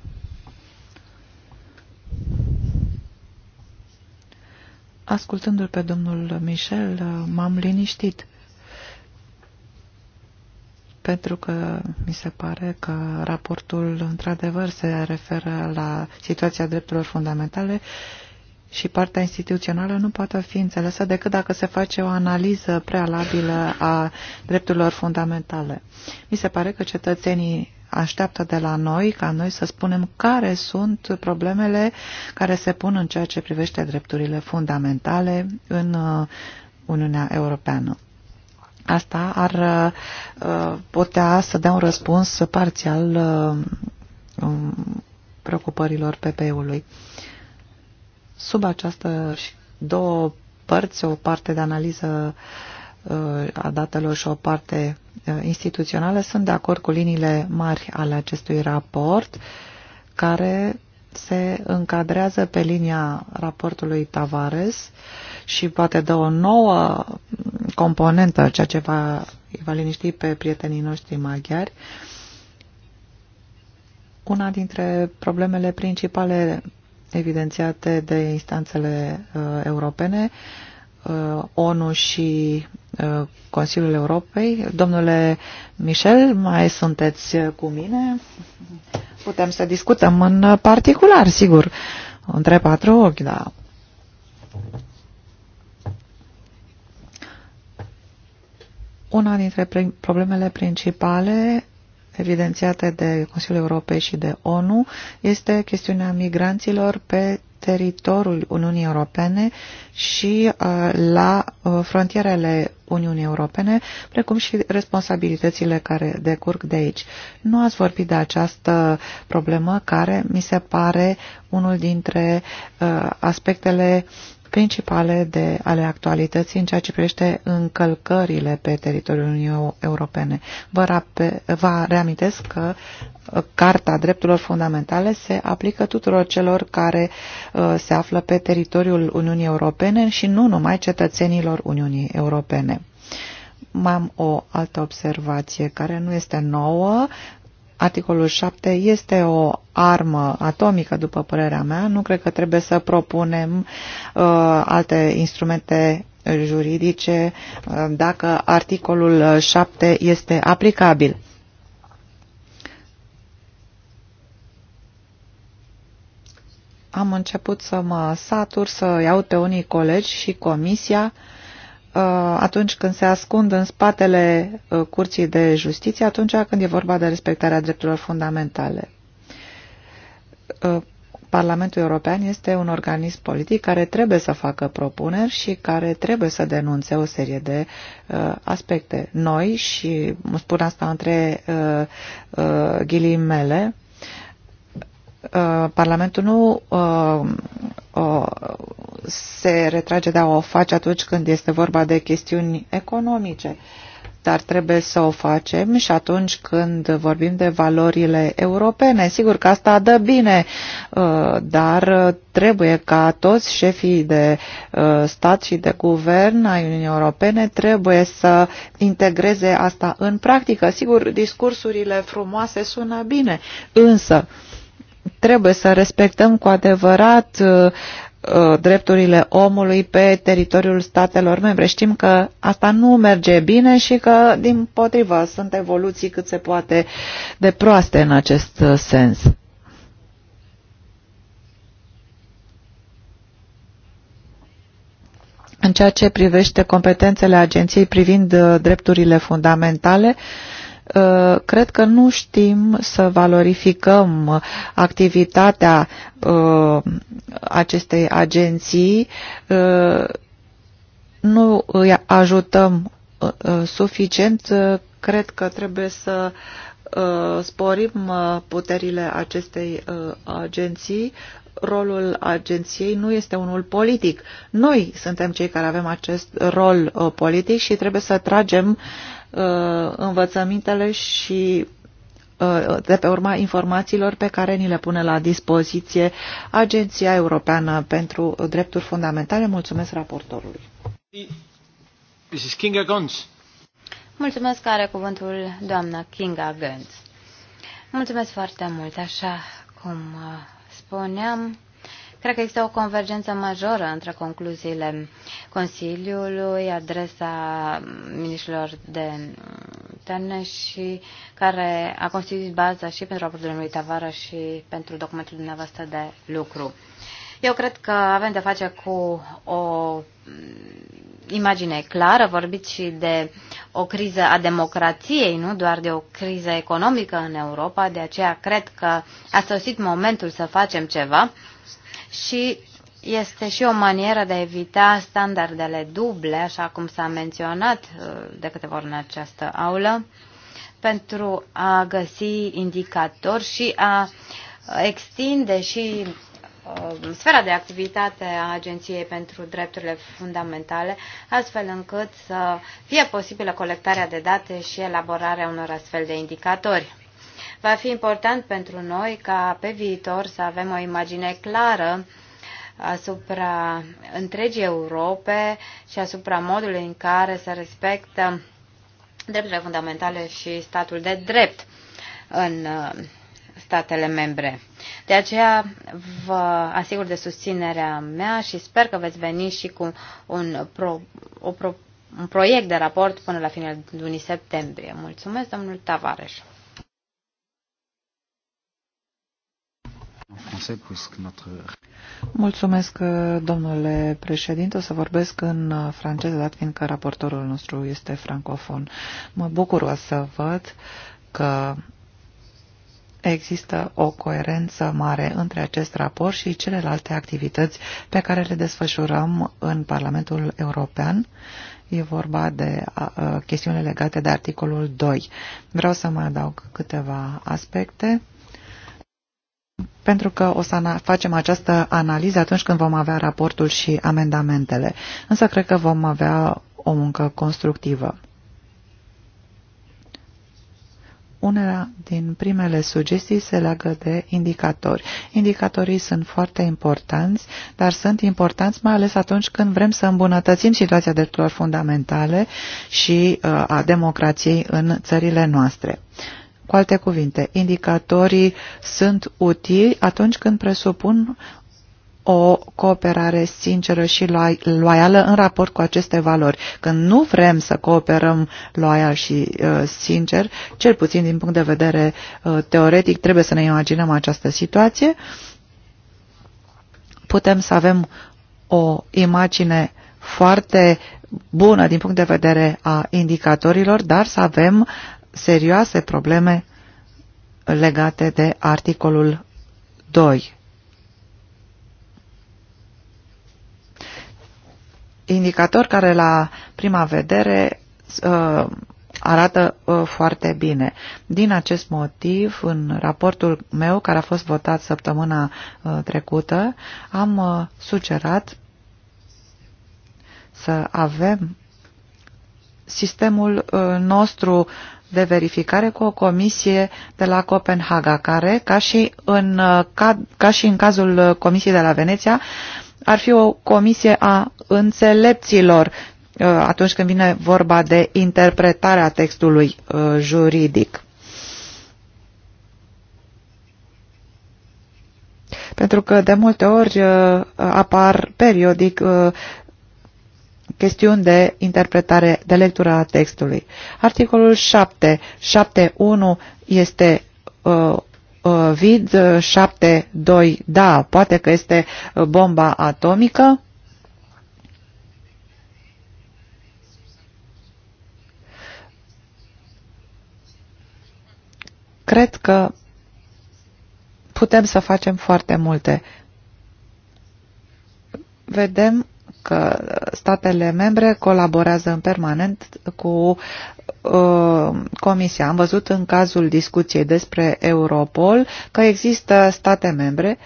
Ascultându-l pe domnul Michel, uh, m-am liniștit pentru că mi se pare că raportul într-adevăr se referă la situația drepturilor fundamentale și partea instituțională nu poate fi înțeleasă decât dacă se face o analiză prealabilă a drepturilor fundamentale. Mi se pare că cetățenii așteaptă de la noi ca noi să spunem care sunt problemele care se pun în ceea ce privește drepturile fundamentale în uh, Uniunea Europeană. Asta ar uh, putea să dea un răspuns parțial uh, um, preocupărilor PP-ului. Sub această două părți, o parte de analiză uh, Uh, a datelor și o parte uh, instituțională, sunt de acord cu liniile mari ale acestui raport, care se încadrează pe linia raportului Tavares și poate dă o nouă componentă, ceea ce va, va liniști pe prietenii noștri maghiari. Una dintre problemele principale evidențiate de instanțele uh, europene uh, Uh, ONU și uh, Consiliul Europei. Domnule Michel, mai sunteți cu mine? Putem să discutăm în particular, sigur, între patru ochi, da. Una dintre problemele principale evidențiate de Consiliul Europei și de ONU este chestiunea migranților pe teritoriul Uniunii Europene și uh, la uh, frontierele Uniunii Europene, precum și responsabilitățile care decurg de aici. Nu ați vorbit de această problemă care mi se pare unul dintre uh, aspectele principale de, ale actualității în ceea ce privește încălcările pe teritoriul Uniunii Europene. Vă, rape, vă reamintesc că uh, Carta Drepturilor Fundamentale se aplică tuturor celor care uh, se află pe teritoriul Uniunii Europene și nu numai cetățenilor Uniunii Europene. Mai am o altă observație care nu este nouă, Articolul 7 este o armă atomică, după părerea mea. Nu cred că trebuie să propunem uh, alte instrumente juridice uh, dacă articolul 7 este aplicabil. Am început să mă satur, să iau pe unii colegi și comisia uh, Uh, atunci când se ascund în spatele uh, Curții de Justiție, atunci când e vorba de respectarea drepturilor fundamentale. Uh, Parlamentul European este un organism politic care trebuie să facă propuneri și care trebuie să denunțe o serie de uh, aspecte. Noi, și spun asta între uh, uh, ghilimele, Uh, Parlamentul nu uh, uh, se retrage de a o face atunci când este vorba de chestiuni economice, dar trebuie să o facem și atunci când vorbim de valorile europene. Sigur că asta dă bine, dar trebuie ca toți șefii de stat și de guvern ai Uniunii Europene trebuie să integreze asta în practică. Sigur, discursurile frumoase sună bine, însă trebuie să respectăm cu adevărat uh, uh, drepturile omului pe teritoriul statelor membre. Știm că asta nu merge bine și că, din potriva, sunt evoluții cât se poate de proaste în acest uh, sens. În ceea ce privește competențele agenției privind drepturile fundamentale, uh, Uh, cred că nu știm să valorificăm activitatea uh, acestei agenții, uh, nu îi ajutăm suficient, cred că trebuie să sporim puterile acestei agenții, rolul agenției nu este unul politic. Noi suntem cei care avem acest rol uh, politic și trebuie să tragem uh, învățămintele și uh, de pe urma informațiilor pe care ni le pune la dispoziție Agenția Europeană pentru Drepturi Fundamentale. Mulțumesc raportorului. Mrs. Kinga Gons. Mulțumesc, are cuvântul doamna Kinga Gons. Mulțumesc foarte mult, așa cum uh, spuneam, cred că există o convergență majoră între concluziile Consiliului, adresa ministrilor de interne și care a constituit baza și pentru raportul lui Tavara și pentru documentul dumneavoastră de lucru. Eu cred că avem de face cu o imagine clară, vorbiți și de o criză a democrației, nu doar de o criză economică în Europa, de aceea cred că a sosit momentul să facem ceva și este și o manieră de a evita standardele duble, așa cum s-a menționat uh, de câteva ori în această aulă, pentru a găsi indicatori și a extinde și Uh, sfera de activitate a Agenției pentru Drepturile Fundamentale, astfel încât să fie posibilă colectarea de date și elaborarea unor astfel de indicatori. Va fi important pentru noi ca pe viitor să avem o imagine clară asupra întregii Europe și asupra modului în care se respectă drepturile fundamentale și statul de drept în uh, statele membre. De aceea vă asigur de susținerea mea și sper că veți veni și cu un, pro, o pro, un proiect de raport până la finele lunii septembrie. Mulțumesc, domnul Tavares. Mulțumesc, domnule președinte. O să vorbesc în franceză, dat fiindcă raportorul nostru este francofon. Mă bucur o să văd că există o coerență mare între acest raport și celelalte activități pe care le desfășurăm în Parlamentul European. E vorba de chestiune legate de articolul 2. Vreau să mai adaug câteva aspecte pentru că o să facem această analiză atunci când vom avea raportul și amendamentele. Însă cred că vom avea o muncă constructivă. Unele din primele sugestii se leagă de indicatori. Indicatorii sunt foarte importanți, dar sunt importanți mai ales atunci când vrem să îmbunătățim situația drepturilor fundamentale și uh, a democrației în țările noastre. Cu alte cuvinte, indicatorii sunt utili atunci când presupun o cooperare sinceră și loială în raport cu aceste valori. Când nu vrem să cooperăm loial și uh, sincer, cel puțin din punct de vedere uh, teoretic, trebuie să ne imaginăm această situație, putem să avem o imagine foarte bună din punct de vedere a indicatorilor, dar să avem serioase probleme legate de articolul 2 indicator care la prima vedere uh, arată uh, foarte bine. Din acest motiv, în raportul meu, care a fost votat săptămâna uh, trecută, am sugerat să avem sistemul uh, nostru de verificare cu o comisie de la Copenhaga, care, ca și în, uh, ca, ca și în cazul uh, comisiei de la Veneția, ar fi o comisie a înțelepților atunci când vine vorba de interpretarea textului juridic. Pentru că de multe ori apar periodic chestiuni de interpretare, de lectură a textului. Articolul 7, 7.1 este uh, uh, vid, 7.2 da, poate că este uh, bomba atomică. Cred că putem să facem foarte multe. Vedem că statele membre colaborează în permanent cu uh, Comisia. Am văzut în cazul discuției despre Europol că există state membre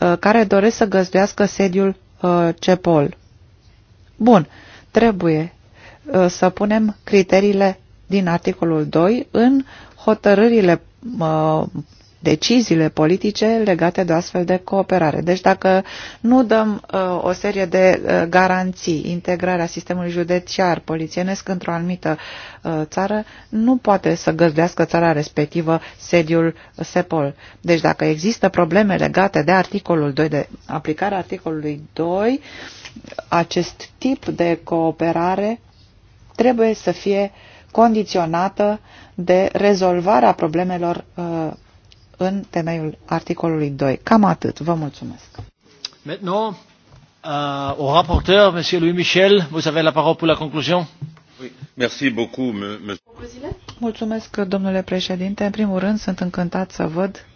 uh, care doresc să găzduiască sediul uh, CEPOL. Bun, trebuie să punem criteriile din articolul 2 în hotărârile deciziile politice legate de astfel de cooperare. Deci dacă nu dăm uh, o serie de uh, garanții, integrarea sistemului judeciar polițienesc într-o anumită uh, țară, nu poate să găzdească țara respectivă sediul SEPOL. Deci dacă există probleme legate de articolul 2, de aplicarea articolului 2, acest tip de cooperare trebuie să fie condiționată de rezolvarea problemelor uh, în temeiul articolului 2. Cam atât. Vă mulțumesc. Maintenant, euh, au rapporteur, Monsieur Louis Michel, vous avez la parole pour la conclusion. Mulțumesc, domnule președinte. În primul rând, sunt încântat să văd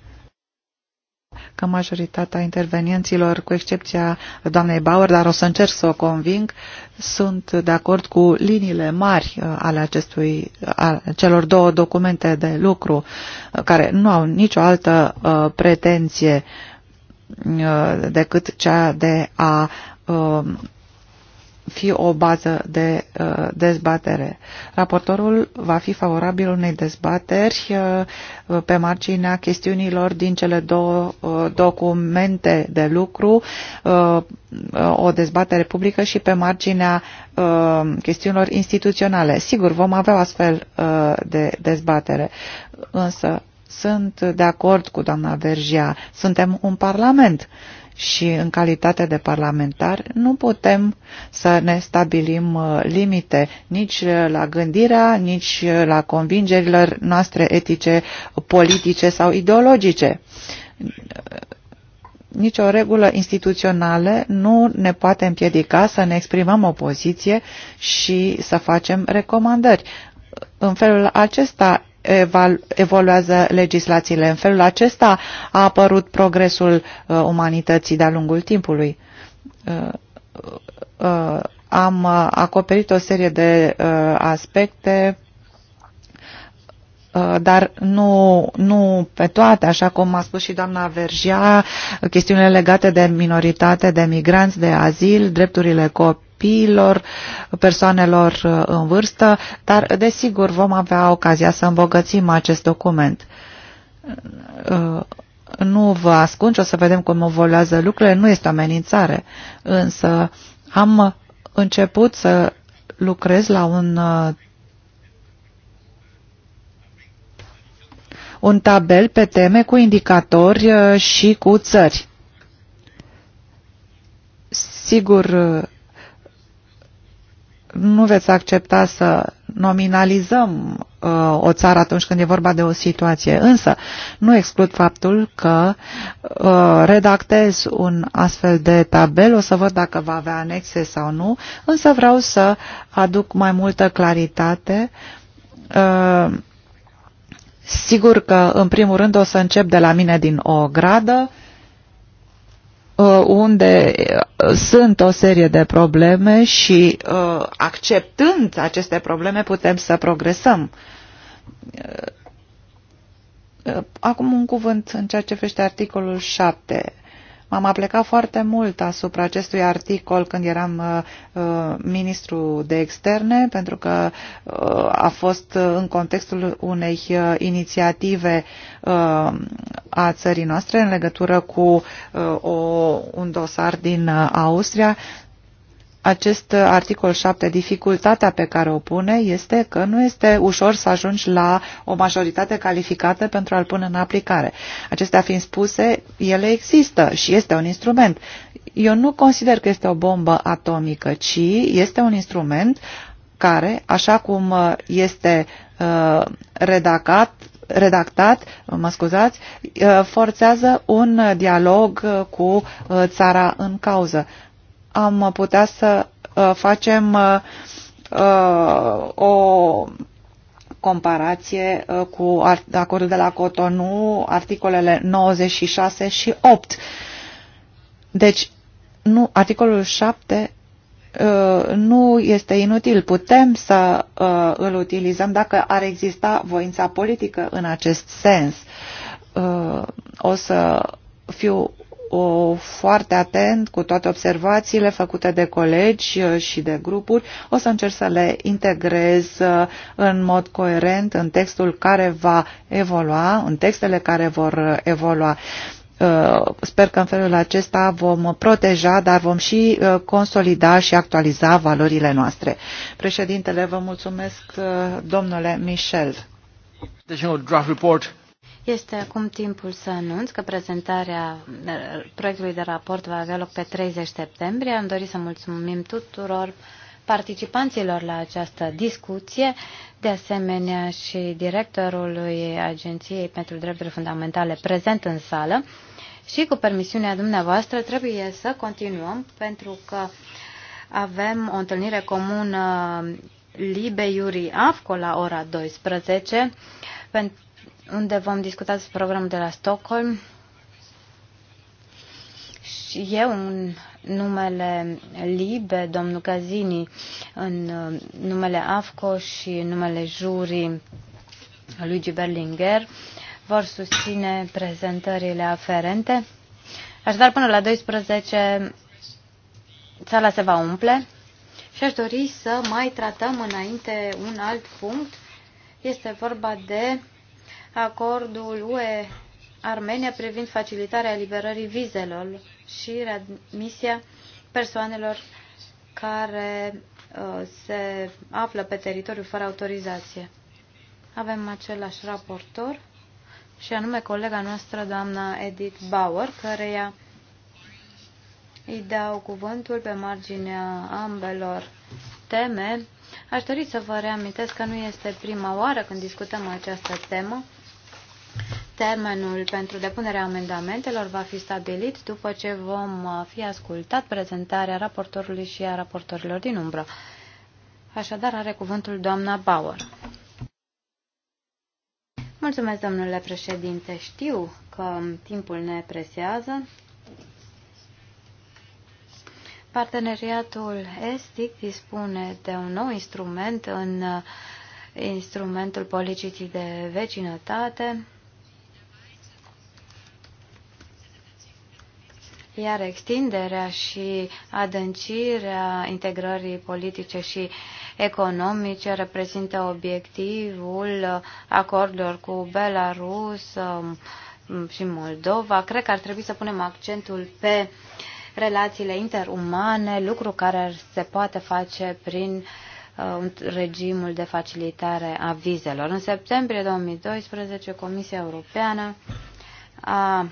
că majoritatea intervenienților, cu excepția doamnei Bauer, dar o să încerc să o conving, sunt de acord cu liniile mari uh, ale acestui, uh, a celor două documente de lucru, uh, care nu au nicio altă uh, pretenție uh, decât cea de a uh, fi o bază de uh, dezbatere. Raportorul va fi favorabil unei dezbateri uh, pe marginea chestiunilor din cele două uh, documente de lucru, uh, o dezbatere publică și pe marginea uh, chestiunilor instituționale. Sigur, vom avea astfel uh, de dezbatere, însă sunt de acord cu doamna Vergia. Suntem un parlament. Uh, și în calitate de parlamentar nu putem să ne stabilim uh, limite nici la gândirea, nici la convingerile noastre etice, politice sau ideologice. Nicio regulă instituțională nu ne poate împiedica să ne exprimăm o poziție și să facem recomandări. În felul acesta evoluează legislațiile. În felul acesta a apărut progresul uh, umanității de-a lungul timpului. Uh, uh, am uh, acoperit o serie de uh, aspecte, uh, dar nu, nu pe toate, așa cum a spus și doamna Vergea, chestiunile legate de minoritate, de migranți, de azil, drepturile copiilor, copiilor, persoanelor uh, în vârstă, dar desigur vom avea ocazia să îmbogățim acest document. Uh, nu vă ascund o să vedem cum evoluează lucrurile, nu este amenințare, însă am început să lucrez la un uh, un tabel pe teme cu indicatori și cu țări. Sigur, nu veți accepta să nominalizăm uh, o țară atunci când e vorba de o situație, însă nu exclud faptul că uh, redactez un astfel de tabel, o să văd dacă va avea anexe sau nu, însă vreau să aduc mai multă claritate. Uh, sigur că, în primul rând, o să încep de la mine din o gradă, uh, Uh, unde uh, sunt o serie de probleme și uh, acceptând aceste probleme putem să progresăm. Acum un cuvânt în ceea ce vește articolul 7. M-am aplecat foarte mult asupra acestui articol când eram uh, uh, ministru de externe, pentru că uh, a fost uh, în contextul unei uh, inițiative uh, a țării noastre în legătură cu uh, o, un dosar din uh, Austria acest articol 7, dificultatea pe care o pune este că nu este ușor să ajungi la o majoritate calificată pentru a-l pune în aplicare. Acestea fiind spuse, ele există și este un instrument. Eu nu consider că este o bombă atomică, ci este un instrument care, așa cum uh, este uh, redacat, redactat, mă scuzați, uh, forțează un dialog uh, cu țara în cauză am putea să uh, facem uh, uh, o comparație cu acordul de la Cotonou, articolele 96 și 8. Deci, nu, articolul 7 nu este inutil. Putem să îl utilizăm dacă ar exista voința politică în acest sens. O să fiu o, foarte atent cu toate observațiile făcute de colegi uh, și de grupuri. O să încerc să le integrez uh, în mod coerent în textul care va evolua, în textele care vor uh, evolua. Sper că în felul acesta vom proteja, dar vom și consolida și actualiza valorile noastre. Președintele, vă mulțumesc, domnule Michel. Deci, draft report este acum timpul să anunț că prezentarea proiectului de raport va avea loc pe 30 septembrie. Am dorit să mulțumim tuturor participanților la această discuție, de asemenea și directorului Agenției pentru Drepturi Fundamentale prezent în sală. Și cu permisiunea dumneavoastră trebuie să continuăm pentru că avem o întâlnire comună Libe Iuri Afco la ora 12 pentru unde vom discuta despre programul de la Stockholm. Și eu, în numele uh, Libe, domnul Cazini, în numele AFCO și în numele jurii Luigi Berlinger, vor susține prezentările aferente. Așadar, până la 12, sala se va umple și aș dori să mai tratăm înainte un alt punct. Este vorba de acordul UE Armenia privind facilitarea eliberării vizelor și readmisia persoanelor care uh, se află pe teritoriu fără autorizație. Avem același raportor și anume colega noastră, doamna Edith Bauer, căreia îi dau cuvântul pe marginea ambelor teme. Aș dori să vă reamintesc că nu este prima oară când discutăm această temă. Termenul pentru depunerea amendamentelor va fi stabilit după ce vom uh, fi ascultat prezentarea raportorului și a raportorilor din umbră. Așadar, are cuvântul doamna Bauer. Mulțumesc, domnule președinte. Știu că timpul ne presează. Parteneriatul estic dispune de un nou instrument în uh, instrumentul politicii de vecinătate, iar extinderea și adâncirea integrării politice și economice reprezintă obiectivul acordurilor cu Belarus um, um, și Moldova. Cred că ar trebui să punem accentul pe relațiile interumane, lucru care se poate face prin uh, regimul de facilitare a vizelor. În septembrie 2012, Comisia Europeană a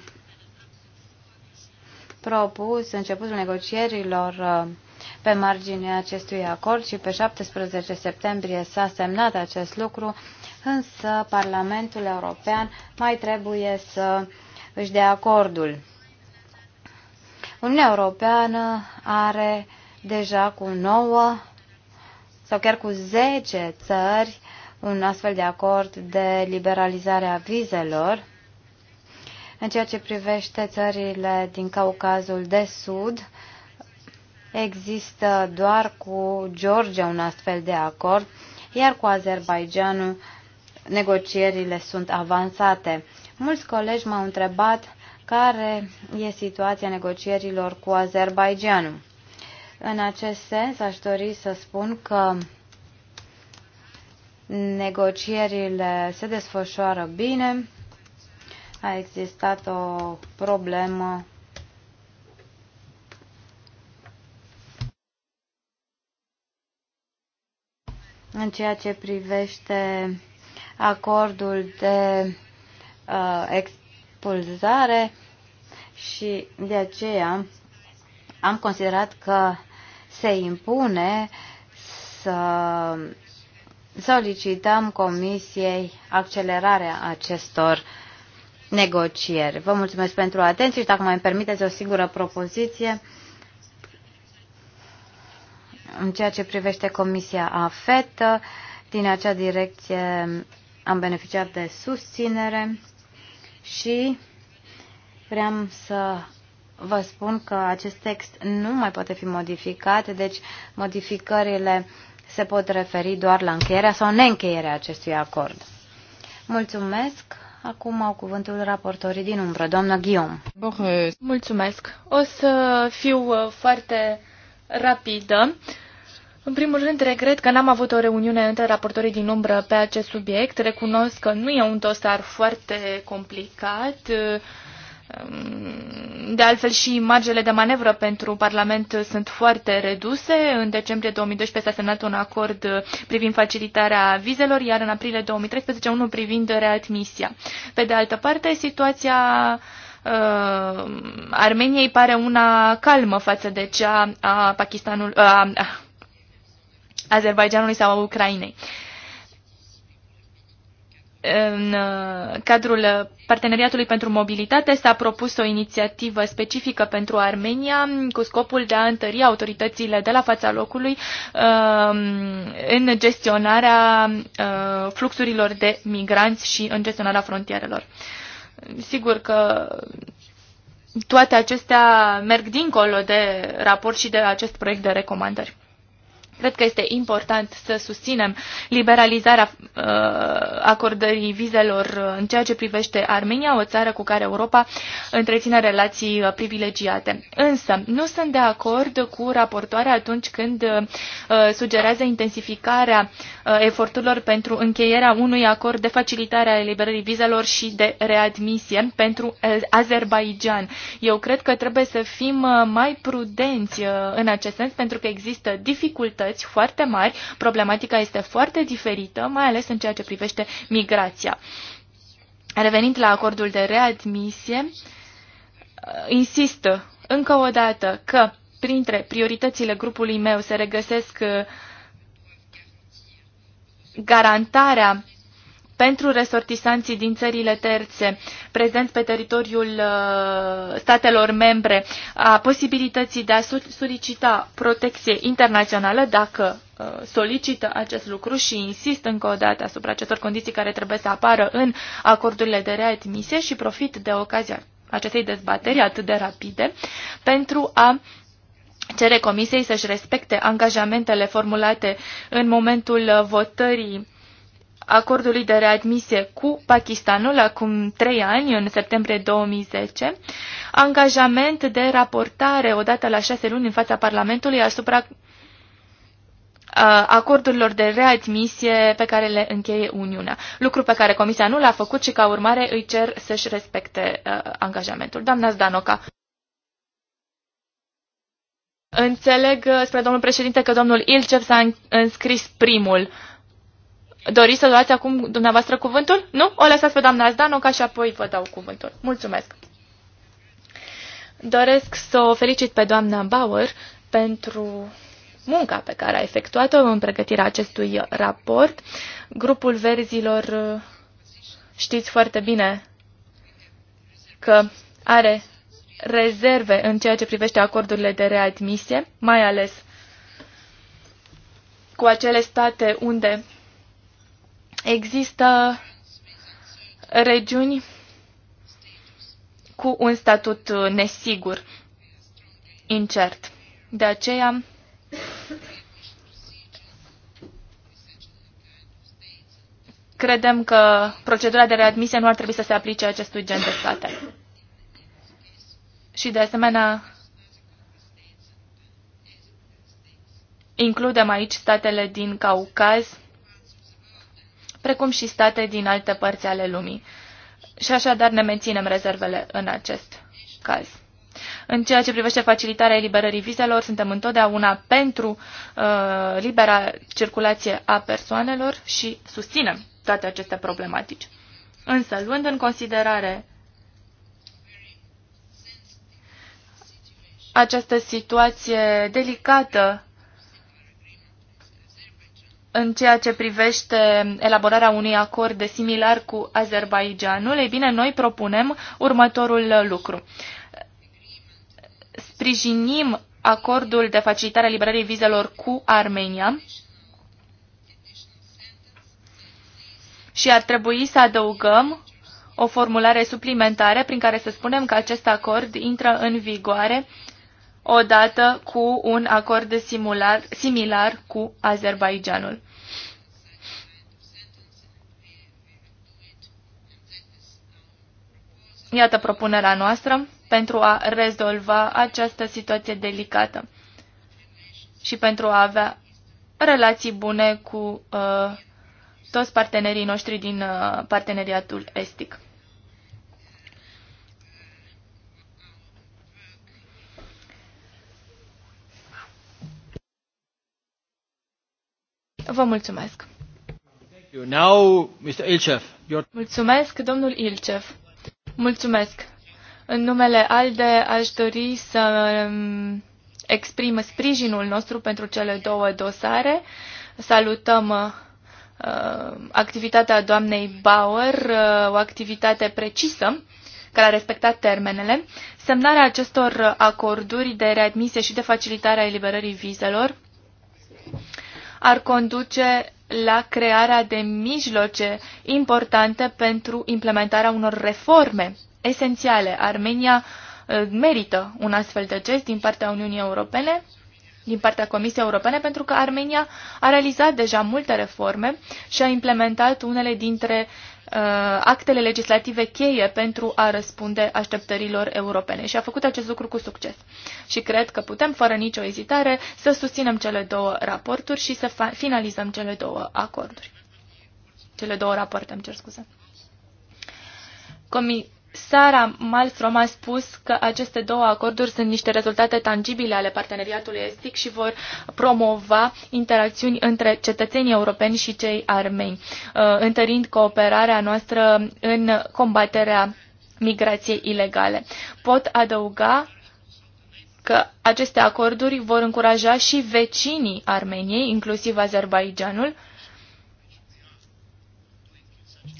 propus începutul negocierilor uh, pe marginea acestui acord și pe 17 septembrie s-a semnat acest lucru, însă Parlamentul European mai trebuie să își dea acordul. Uniunea Europeană are deja cu 9 sau chiar cu 10 țări un astfel de acord de liberalizare a vizelor în ceea ce privește țările din Caucazul de Sud, există doar cu Georgia un astfel de acord, iar cu Azerbaijanul negocierile sunt avansate. Mulți colegi m-au întrebat care e situația negocierilor cu Azerbaijanul. În acest sens, aș dori să spun că negocierile se desfășoară bine a existat o problemă în ceea ce privește acordul de uh, expulzare și de aceea am considerat că se impune să solicităm Comisiei accelerarea acestor negocieri. Vă mulțumesc pentru atenție și dacă mai îmi permiteți o singură propoziție în ceea ce privește Comisia AFET, din acea direcție am beneficiat de susținere și vreau să vă spun că acest text nu mai poate fi modificat, deci modificările se pot referi doar la încheierea sau neîncheierea acestui acord. Mulțumesc! Acum au cuvântul raportorii din umbră, doamna Guillaume. Mulțumesc. O să fiu uh, foarte rapidă. În primul rând, regret că n-am avut o reuniune între raportorii din umbră pe acest subiect. Recunosc că nu e un dosar foarte complicat. Uh, Ehm, de altfel și margele de manevră pentru Parlament sunt foarte reduse. În decembrie 2012 s-a semnat un acord privind facilitarea vizelor, iar în aprilie 2013 unul privind readmisia. Pe de altă parte, situația uh, Armeniei pare una calmă față de cea a Pakistanului, uh, a Azerbaijanului sau a Ucrainei. Uh, în uh, cadrul Parteneriatului pentru Mobilitate s-a propus o inițiativă specifică pentru Armenia cu scopul de a întări autoritățile de la fața locului uh, în gestionarea uh, fluxurilor de migranți și în gestionarea frontierelor. Sigur că toate acestea merg dincolo de raport și de acest proiect de recomandări. Cred că este important să susținem liberalizarea uh, acordării vizelor în ceea ce privește Armenia, o țară cu care Europa întreține relații uh, privilegiate. Însă, nu sunt de acord cu raportoarea atunci când uh, sugerează intensificarea uh, eforturilor pentru încheierea unui acord de facilitare a eliberării vizelor și de readmisie pentru uh, Azerbaijan. Eu cred că trebuie să fim uh, mai prudenți uh, în acest sens pentru că există dificultăți dificultăți foarte mari, problematica este foarte diferită, mai ales în ceea ce privește migrația. Revenind la acordul de readmisie, insist încă o dată că printre prioritățile grupului meu se regăsesc uh, garantarea pentru resortisanții din țările terțe prezenți pe teritoriul uh, statelor membre a posibilității de a solicita protecție internațională dacă uh, solicită acest lucru și insist încă o dată asupra acestor condiții care trebuie să apară în acordurile de readmisie și profit de ocazia acestei dezbateri atât de rapide pentru a cere Comisiei să-și respecte angajamentele formulate în momentul votării acordului de readmisie cu Pakistanul acum trei ani, în septembrie 2010, angajament de raportare odată la șase luni în fața Parlamentului asupra uh, acordurilor de readmisie pe care le încheie Uniunea. Lucru pe care Comisia nu l-a făcut și ca urmare îi cer să-și respecte uh, angajamentul. Doamna Zdanoca. Înțeleg uh, spre domnul președinte că domnul Ilcev s-a înscris primul. Doriți să luați acum dumneavoastră cuvântul? Nu? O lăsați pe doamna Zdanoca și apoi vă dau cuvântul. Mulțumesc! Doresc să o felicit pe doamna Bauer pentru munca pe care a efectuat-o în pregătirea acestui raport. Grupul verzilor știți foarte bine că are rezerve în ceea ce privește acordurile de readmisie, mai ales cu acele state unde Există regiuni cu un statut uh, nesigur, incert. De aceea credem că procedura de readmisie nu ar trebui să se aplice acestui gen de state. Și de asemenea, includem aici statele din Caucaz, precum și state din alte părți ale lumii. Și așadar ne menținem rezervele în acest caz. În ceea ce privește facilitarea eliberării vizelor, suntem întotdeauna pentru uh, libera circulație a persoanelor și susținem toate aceste problematici. Însă, luând în considerare această situație delicată în ceea ce privește elaborarea unui acord de similar cu Azerbaijanul, ei bine, noi propunem următorul lucru. Sprijinim acordul de facilitare a liberării vizelor cu Armenia și ar trebui să adăugăm o formulare suplimentară prin care să spunem că acest acord intră în vigoare odată cu un acord similar, similar cu Azerbaijanul. Iată propunerea noastră pentru a rezolva această situație delicată și pentru a avea relații bune cu uh, toți partenerii noștri din uh, parteneriatul estic. Vă mulțumesc. Now, Mr. Ilchev, Mulțumesc, domnul Ilchev. Mulțumesc. În numele ALDE aș dori să um, exprim sprijinul nostru pentru cele două dosare. Salutăm uh, activitatea doamnei Bauer, uh, o activitate precisă care a respectat termenele, semnarea acestor acorduri de readmisie și de facilitare a eliberării vizelor ar conduce la crearea de mijloace importante pentru implementarea unor reforme esențiale. Armenia eh, merită un astfel de gest din partea Uniunii Europene din partea Comisiei Europene, pentru că Armenia a realizat deja multe reforme și a implementat unele dintre uh, actele legislative cheie pentru a răspunde așteptărilor europene și a făcut acest lucru cu succes. Și cred că putem, fără nicio ezitare, să susținem cele două raporturi și să finalizăm cele două acorduri. Cele două rapoarte, îmi cer scuze. Sara Malmström a spus că aceste două acorduri sunt niște rezultate tangibile ale parteneriatului estic și vor promova interacțiuni între cetățenii europeni și cei armeni, uh, întărind cooperarea noastră în combaterea migrației ilegale. Pot adăuga că aceste acorduri vor încuraja și vecinii Armeniei, inclusiv Azerbaijanul,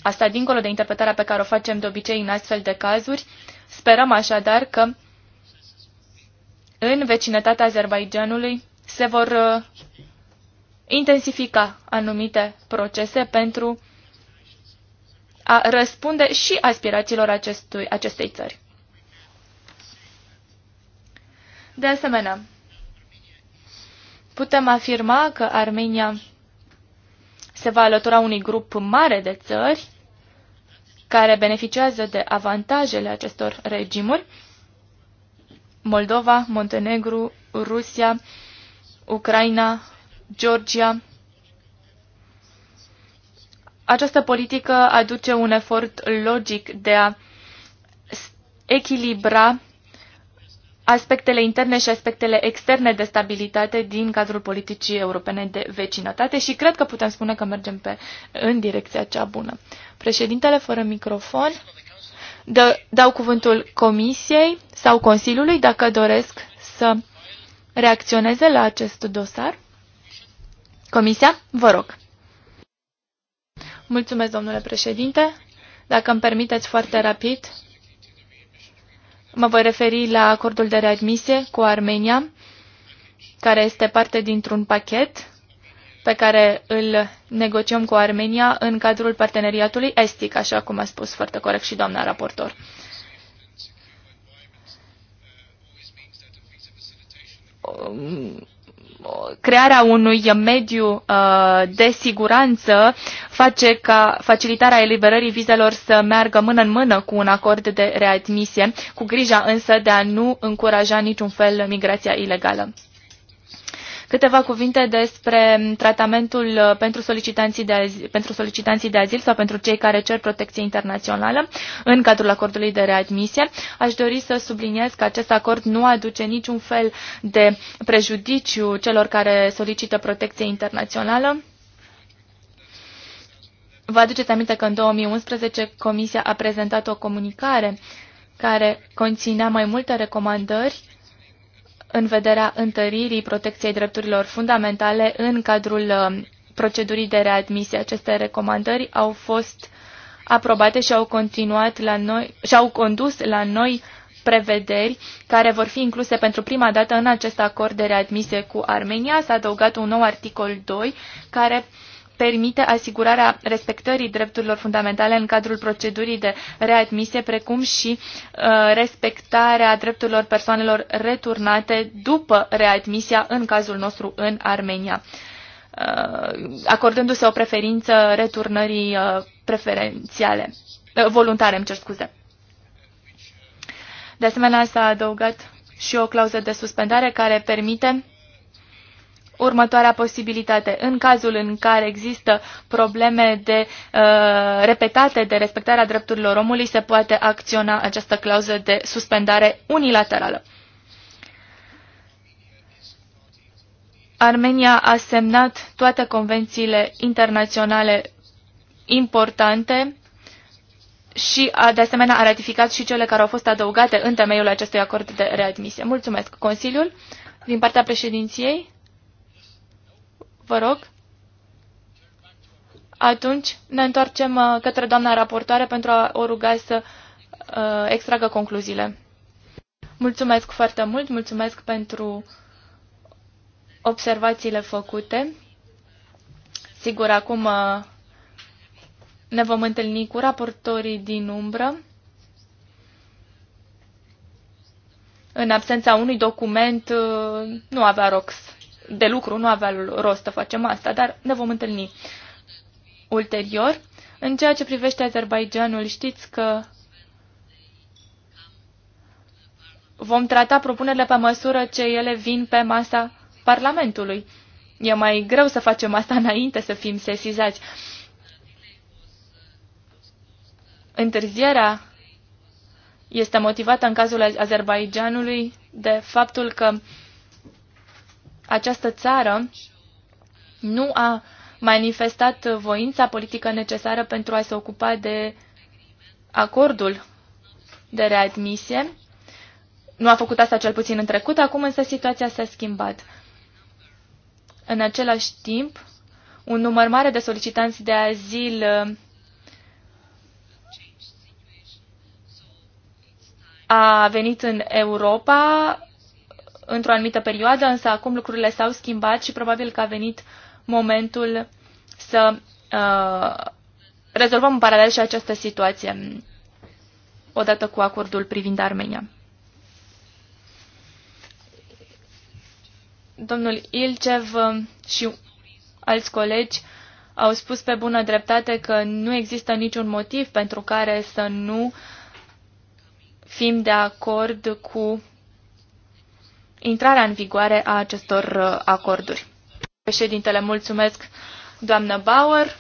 Asta dincolo de interpretarea pe care o facem de obicei în astfel de cazuri, sperăm așadar că în vecinătatea Azerbaijanului se vor uh, intensifica anumite procese pentru a răspunde și aspirațiilor acestui, acestei țări. De asemenea, putem afirma că Armenia se va alătura unui grup mare de țări care beneficiază de avantajele acestor regimuri. Moldova, Montenegru, Rusia, Ucraina, Georgia. Această politică aduce un efort logic de a echilibra aspectele interne și aspectele externe de stabilitate din cadrul politicii europene de vecinătate și cred că putem spune că mergem pe, în direcția cea bună. Președintele, fără microfon, dă, dau cuvântul Comisiei sau Consiliului dacă doresc să reacționeze la acest dosar. Comisia, vă rog. Mulțumesc, domnule președinte. Dacă îmi permiteți foarte rapid, Mă voi referi la acordul de readmisie cu Armenia, care este parte dintr-un pachet pe care îl negociem cu Armenia în cadrul parteneriatului estic, așa cum a spus foarte corect și doamna raportor crearea unui mediu uh, de siguranță face ca facilitarea eliberării vizelor să meargă mână în mână cu un acord de readmisie, cu grija însă de a nu încuraja niciun fel migrația ilegală. Câteva cuvinte despre tratamentul uh, pentru solicitanții, de azil, pentru solicitanții de azil sau pentru cei care cer protecție internațională în cadrul acordului de readmisie. Aș dori să subliniez că acest acord nu aduce niciun fel de prejudiciu celor care solicită protecție internațională. Vă aduceți aminte că în 2011 Comisia a prezentat o comunicare care conținea mai multe recomandări în vederea întăririi protecției drepturilor fundamentale în cadrul um, procedurii de readmisie. Aceste recomandări au fost aprobate și au continuat la noi și au condus la noi prevederi care vor fi incluse pentru prima dată în acest acord de readmisie cu Armenia. S-a adăugat un nou articol 2 care permite asigurarea respectării drepturilor fundamentale în cadrul procedurii de readmisie, precum și uh, respectarea drepturilor persoanelor returnate după readmisia, în cazul nostru, în Armenia uh, acordându-se o preferință returnării uh, preferențiale, voluntare, îmi cer scuze. De asemenea, s-a adăugat și o clauză de suspendare care permite următoarea posibilitate. În cazul în care există probleme de uh, repetate de respectarea drepturilor omului, se poate acționa această clauză de suspendare unilaterală. Armenia a semnat toate convențiile internaționale importante și a, de asemenea a ratificat și cele care au fost adăugate în temeiul acestui acord de readmisie. Mulțumesc. Consiliul, din partea președinției. Vă rog. Atunci ne întoarcem uh, către doamna raportoare pentru a o ruga să uh, extragă concluziile. Mulțumesc foarte mult, mulțumesc pentru observațiile făcute. Sigur, acum uh, ne vom întâlni cu raportorii din umbră. În absența unui document uh, nu avea rox de lucru, nu avea rost să facem asta, dar ne vom întâlni ulterior. În ceea ce privește Azerbaijanul, știți că vom trata propunerile pe măsură ce ele vin pe masa Parlamentului. E mai greu să facem asta înainte să fim sesizați. Întârzierea este motivată în cazul Azerbaijanului de faptul că această țară nu a manifestat voința politică necesară pentru a se ocupa de acordul de readmisie. Nu a făcut asta cel puțin în trecut, acum însă situația s-a schimbat. În același timp, un număr mare de solicitanți de azil uh, a venit în Europa, într-o anumită perioadă, însă acum lucrurile s-au schimbat și probabil că a venit momentul să uh, rezolvăm în paralel și această situație odată cu acordul privind Armenia. Domnul Ilcev și alți colegi au spus pe bună dreptate că nu există niciun motiv pentru care să nu fim de acord cu intrarea în vigoare a acestor uh, acorduri. Președintele, mulțumesc, doamnă Bauer.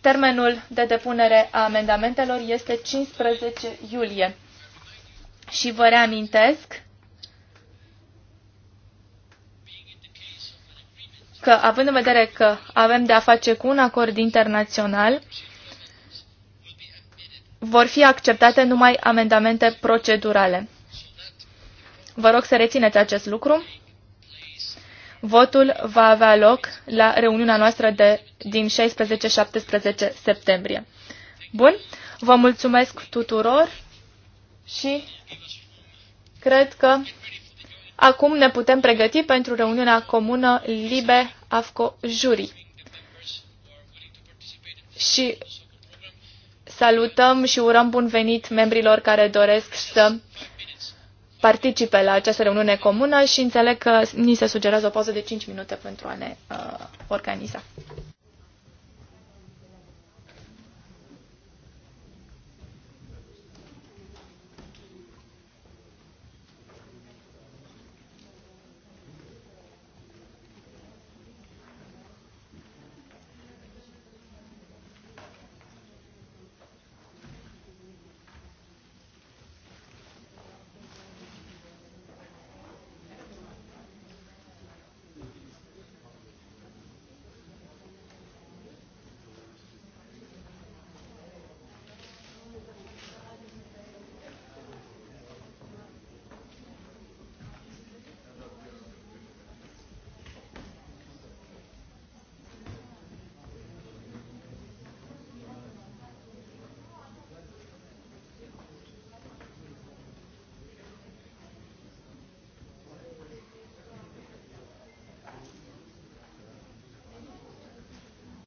Termenul de depunere a amendamentelor este 15 iulie. Și vă reamintesc că, având în vedere că avem de a face cu un acord internațional, vor fi acceptate numai amendamente procedurale. Vă rog să rețineți acest lucru. Votul va avea loc la reuniunea noastră de, din 16-17 septembrie. Bun, vă mulțumesc tuturor și cred că acum ne putem pregăti pentru reuniunea comună Libe Afco Jury. Și salutăm și urăm bun venit membrilor care doresc să participe la această reuniune comună și înțeleg că ni se sugerează o pauză de 5 minute pentru a ne uh, organiza.